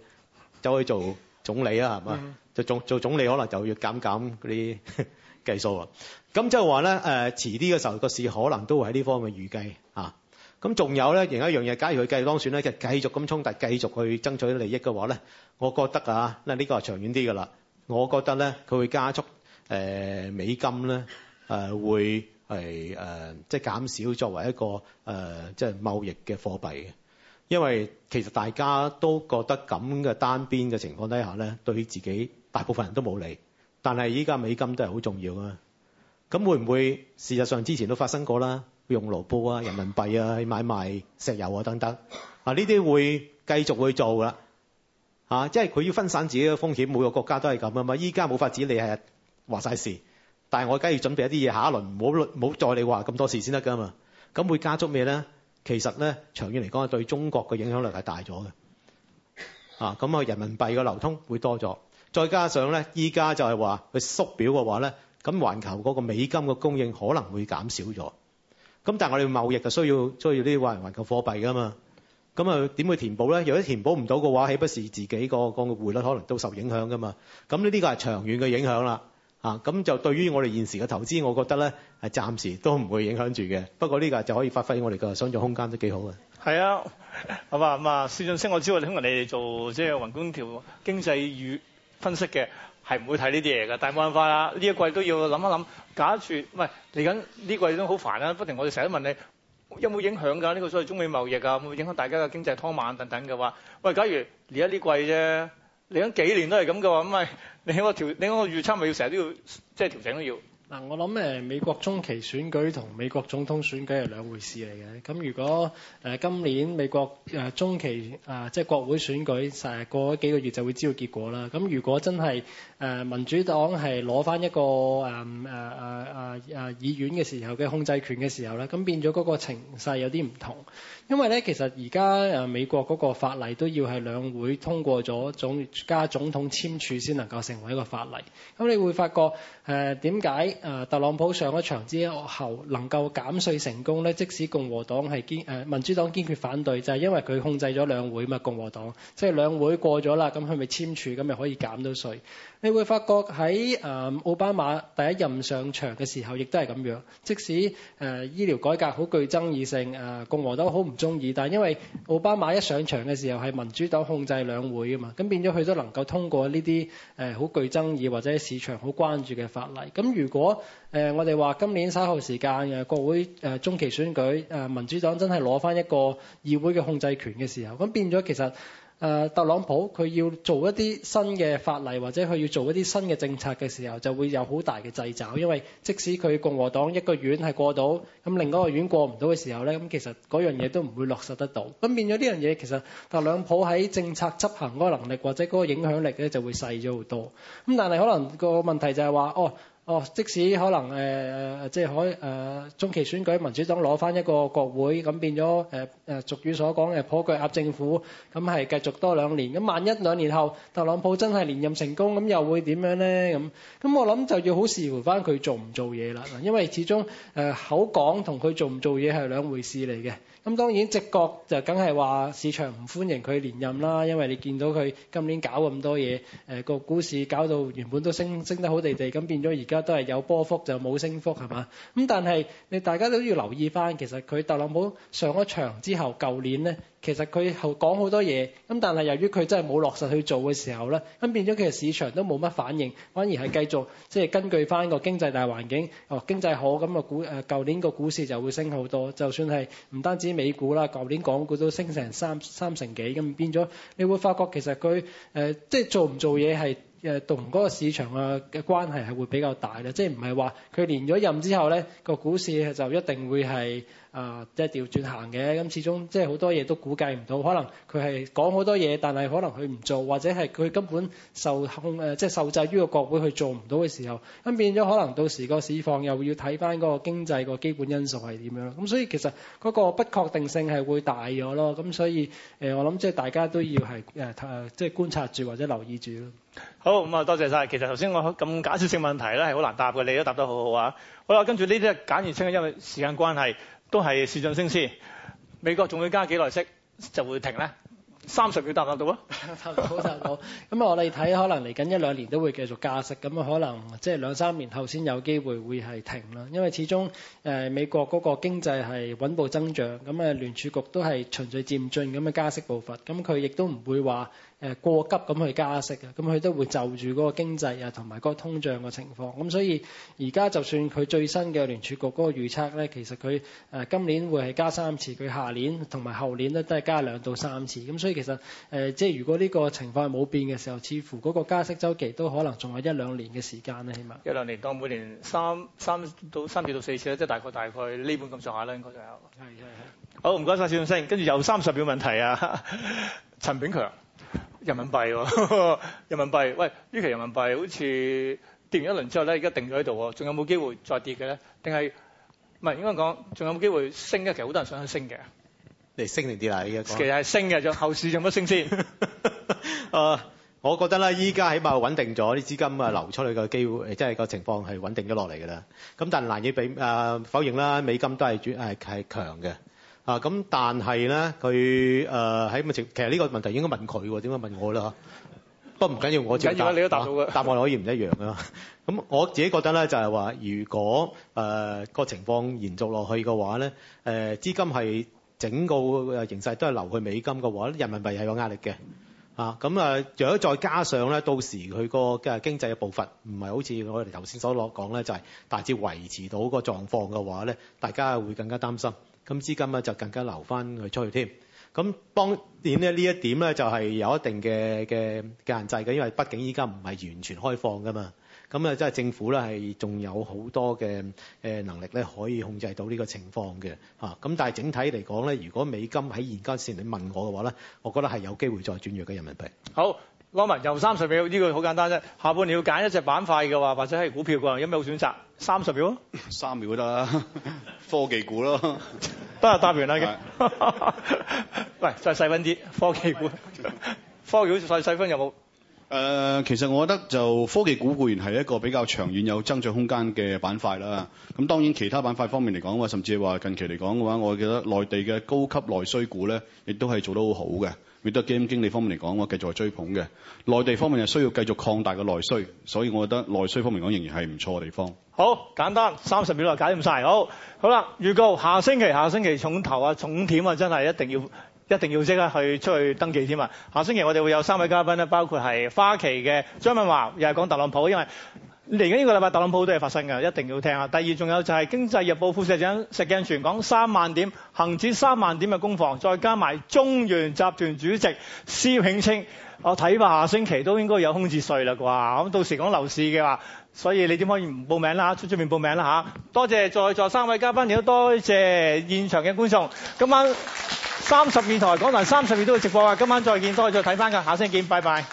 走去做總理啊？係嘛？就做做總理可能就要減減嗰啲。計數啊，咁即係話咧誒，遲啲嘅時候個市可能都會喺呢方面預計啊。咁仲有咧，另一樣嘢，假如佢繼續當選咧，就繼續咁衝突，繼續去爭取利益嘅話咧，我覺得啊，嗱、呢個係長遠啲嘅啦。我覺得咧，佢會加速誒、呃、美金咧誒、呃、會係、呃、即係減少作為一個誒、呃、即係貿易嘅貨幣，因為其實大家都覺得咁嘅單邊嘅情況底下咧，對自己大部分人都冇利。但係依家美金都係好重要啊！咁會唔會事實上之前都發生過啦？用盧布啊、人民幣啊去買賣石油啊等等啊，呢啲會繼續去做啦嚇！即係佢要分散自己嘅風險，每個國家都係咁啊嘛。依家冇法子，你係話曬事，但係我梗係要準備一啲嘢，下一輪唔好再你話咁多事先得噶嘛。咁、啊、會加速咩咧？其實咧，長遠嚟講，對中國嘅影響力係大咗嘅啊！咁啊，人民幣嘅流通會多咗。再加上咧，依家就係話佢縮表嘅話咧，咁環球嗰個美金嘅供應可能會減少咗。咁但係我哋貿易就需要需要呢啲環球貨幣噶嘛。咁啊點會填補咧？如果填補唔到嘅話，豈不是自己個個匯率可能都受影響噶嘛？咁呢個係長遠嘅影響啦。咁就對於我哋現時嘅投資，我覺得咧係暫時都唔會影響住嘅。不過呢個就可以發揮我哋嘅想象空間都幾好嘅。係啊，好嘛咁啊，薛俊昇，我知道我聽你日你哋做即係宏觀調經濟與。分析嘅係唔會睇呢啲嘢㗎，但冇辦法啦。呢一季都要諗一諗。假設唔係嚟緊呢季都好煩啦，不停我哋成日問你有冇影響㗎？呢個所謂中美貿易㗎，有冇影響大家嘅經濟拖慢等等嘅話？喂，假如而家呢季啫，嚟緊幾年都係咁嘅話，咁咪你個調你個預測咪要成日都要即係調整都要。嗱，我諗誒美國中期選舉同美國總統選舉係兩回事嚟嘅。咁如果誒今年美國誒中期啊，即係國會選舉，成日過咗幾個月就會知道結果啦。咁如果真係誒民主黨係攞翻一個誒誒誒誒誒議院嘅時候嘅控制權嘅時候咧，咁變咗嗰個情勢有啲唔同。因為咧，其實而家美國嗰個法例都要係兩會通過咗總加總統簽署先能夠成為一個法例。咁你會發覺誒點解特朗普上咗場之後能夠減稅成功呢？即使共和黨係堅誒民主黨堅決反對，就係因為佢控制咗兩會嘛，共和黨即係兩會過咗啦，咁佢咪簽署，咁咪可以減到稅。你會發覺喺誒奧巴馬第一任上場嘅時候，亦都係咁樣。即使誒醫療改革好具爭議性，誒共和黨好唔中意，但係因為奧巴馬一上場嘅時候係民主黨控制兩會啊嘛，咁變咗佢都能夠通過呢啲誒好具爭議或者市場好關注嘅法例。咁如果誒我哋話今年稍後時間嘅國會誒中期選舉，誒民主黨真係攞翻一個議會嘅控制權嘅時候，咁變咗其實。誒特朗普佢要做一啲新嘅法例或者佢要做一啲新嘅政策嘅時候，就會有好大嘅掣肘，因為即使佢共和黨一個院係過到，咁另一個院過唔到嘅時候咧，咁其實嗰樣嘢都唔會落實得到。咁變咗呢樣嘢，其實特朗普喺政策執行嗰個能力或者嗰個影響力咧就會細咗好多。咁但係可能個問題就係話哦。哦，即使可能誒，即係可誒中期選舉，民主黨攞翻一個國會，咁變咗誒誒俗語所講嘅跛腳鴨政府，咁係繼續多兩年。咁萬一兩年後，特朗普真係連任成功，咁又會點樣咧？咁咁我諗就要好視乎翻佢做唔做嘢啦，因為始終誒口講同佢做唔做嘢係兩回事嚟嘅。咁當然直覺就梗係話市場唔歡迎佢連任啦，因為你見到佢今年搞咁多嘢，誒個股市搞到原本都升升得好地地，咁變咗而家都係有波幅就冇升幅係嘛？咁但係你大家都要留意翻，其實佢特朗普上咗場之後，舊年咧。其實佢講好多嘢，咁但係由於佢真係冇落實去做嘅時候咧，咁變咗其實市場都冇乜反應，反而係繼續即係、就是、根據翻個經濟大環境。哦，經濟好咁個股誒，舊年個股市就會升好多。就算係唔單止美股啦，舊年港股都升成三三成幾咁，變咗你會發覺其實佢誒即係做唔做嘢係誒同嗰個市場啊嘅關係係會比較大啦。即係唔係話佢連咗任之後咧個股市就一定會係。啊，即係調轉行嘅咁，始終即係好多嘢都估計唔到，可能佢係講好多嘢，但係可能佢唔做，或者係佢根本受控即係受制於個國會去做唔到嘅時候咁，變咗可能到時個市況又要睇翻嗰個經濟個基本因素係點樣咁，所以其實嗰個不確定性係會大咗咯。咁所以、呃、我諗即係大家都要係、呃、即係觀察住或者留意住咯。好咁啊，多謝晒。其實頭先我咁假設性問題咧係好難答嘅，你都答得好好啊。好啦，跟住呢啲簡而清，因為時間關係。都係薛俊昇，美國仲要加幾耐息就會停咧？三十秒答答到啊！答到好答到，咁 啊、嗯、我哋睇可能嚟緊一兩年都會繼續加息，咁啊可能即係兩三年後先有機會會係停啦，因為始終、嗯、美國嗰個經濟係穩步增長，咁啊聯儲局都係循序漸進咁嘅加息步伐，咁佢亦都唔會話。誒過急咁去加息嘅，咁佢都會就住嗰個經濟啊，同埋嗰個通脹嘅情況，咁所以而家就算佢最新嘅聯儲局嗰個預測咧，其實佢誒今年會係加三次，佢下年同埋後年咧都係加兩到三次，咁所以其實誒即係如果呢個情況係冇變嘅時候，似乎嗰個加息周期都可能仲有一兩年嘅時間啦，起碼一兩年，當每年三三到三至到四次咧，即係大概大概呢本咁上下啦，應該就有係係係。好，唔該晒。薛生跟住又三十秒問題啊，陳炳強。人民幣喎、哦，人民幣，喂，呢期人民幣好似跌完一輪之後咧，而家定咗喺度喎，仲有冇機會再跌嘅咧？定係唔係應該講仲有冇機會升嘅？其實好多人想佢升嘅，你升定跌啦？依家其實係升嘅，就後市做乜升先 呃？我覺得咧，依家起碼穩定咗，啲資金啊流出去嘅機會，即係個情況係穩定咗落嚟㗎啦。咁但係難以俾啊、呃、否認啦，美金都係主係係強嘅。啊，咁但係咧，佢誒喺乜情？其實呢個問題應該問佢喎，點解問我啦、啊、不過唔緊要，啊、我自己答。緊、啊、要你都答到嘅。答案可以唔一樣㗎嘛？咁、 啊、我自己覺得咧，就係、是、話，如果誒、呃這個情況延續落去嘅話咧，誒、呃、資金係整個形勢都係流去美金嘅話，人民幣係有壓力嘅咁啊，如、啊、果再加上咧，到時佢個嘅經濟嘅步伐唔係好似我哋頭先所講咧，就係、是、大致維持到個狀況嘅話咧，大家會更加擔心。咁資金啊就更加留翻去出去添。咁當然咧，呢一點咧就係有一定嘅嘅嘅限制嘅，因為畢竟依家唔係完全開放噶嘛。咁啊，即係政府咧係仲有好多嘅誒能力咧可以控制到呢個情況嘅吓。咁但係整體嚟講咧，如果美金喺現間線你問我嘅話咧，我覺得係有機會再轉弱嘅人民幣。好。安民，又三十秒呢個好簡單啫。下半年要揀一隻板塊嘅話，或者係股票嘅話，有咩好選擇？三十秒？三秒都得啦，科技股咯。得啦，答完啦。唔係， 再細分啲科技股。科技股再細分有冇？誒、呃，其實我覺得就科技股固然係一個比較長遠有增長空間嘅板塊啦。咁當然其他板塊方面嚟講嘅話，甚至係話近期嚟講嘅話，我覺得內地嘅高級內需股咧，亦都係做得好好嘅。覺得基金經理方面嚟講，我繼續係追捧嘅。內地方面係需要繼續擴大嘅內需，所以我覺得內需方面講仍然係唔錯嘅地方。好簡單，三十秒內解掂晒。好，好啦，預告下星期，下星期重頭啊，重點啊，真係一定要。一定要即刻去出去登記添啊！下星期我哋會有三位嘉賓呢，包括係花旗嘅張敏華，又係講特朗普，因為嚟緊呢個禮拜特朗普都係發生㗎，一定要聽啊！第二仲有就係經濟日報副社長石鏡泉講三萬點，恒指三萬點嘅攻防，再加埋中原集團主席施永青。我睇下下星期都應該有空置稅啦啩！咁到時講樓市嘅話，所以你點可以唔報名啦？出出面報名啦吓。多謝在座三位嘉賓，亦都多謝現場嘅觀眾。今晚。三十二台港台三十二都會直播啊！今晚再見，多謝再睇翻㗎，下星期見，拜拜。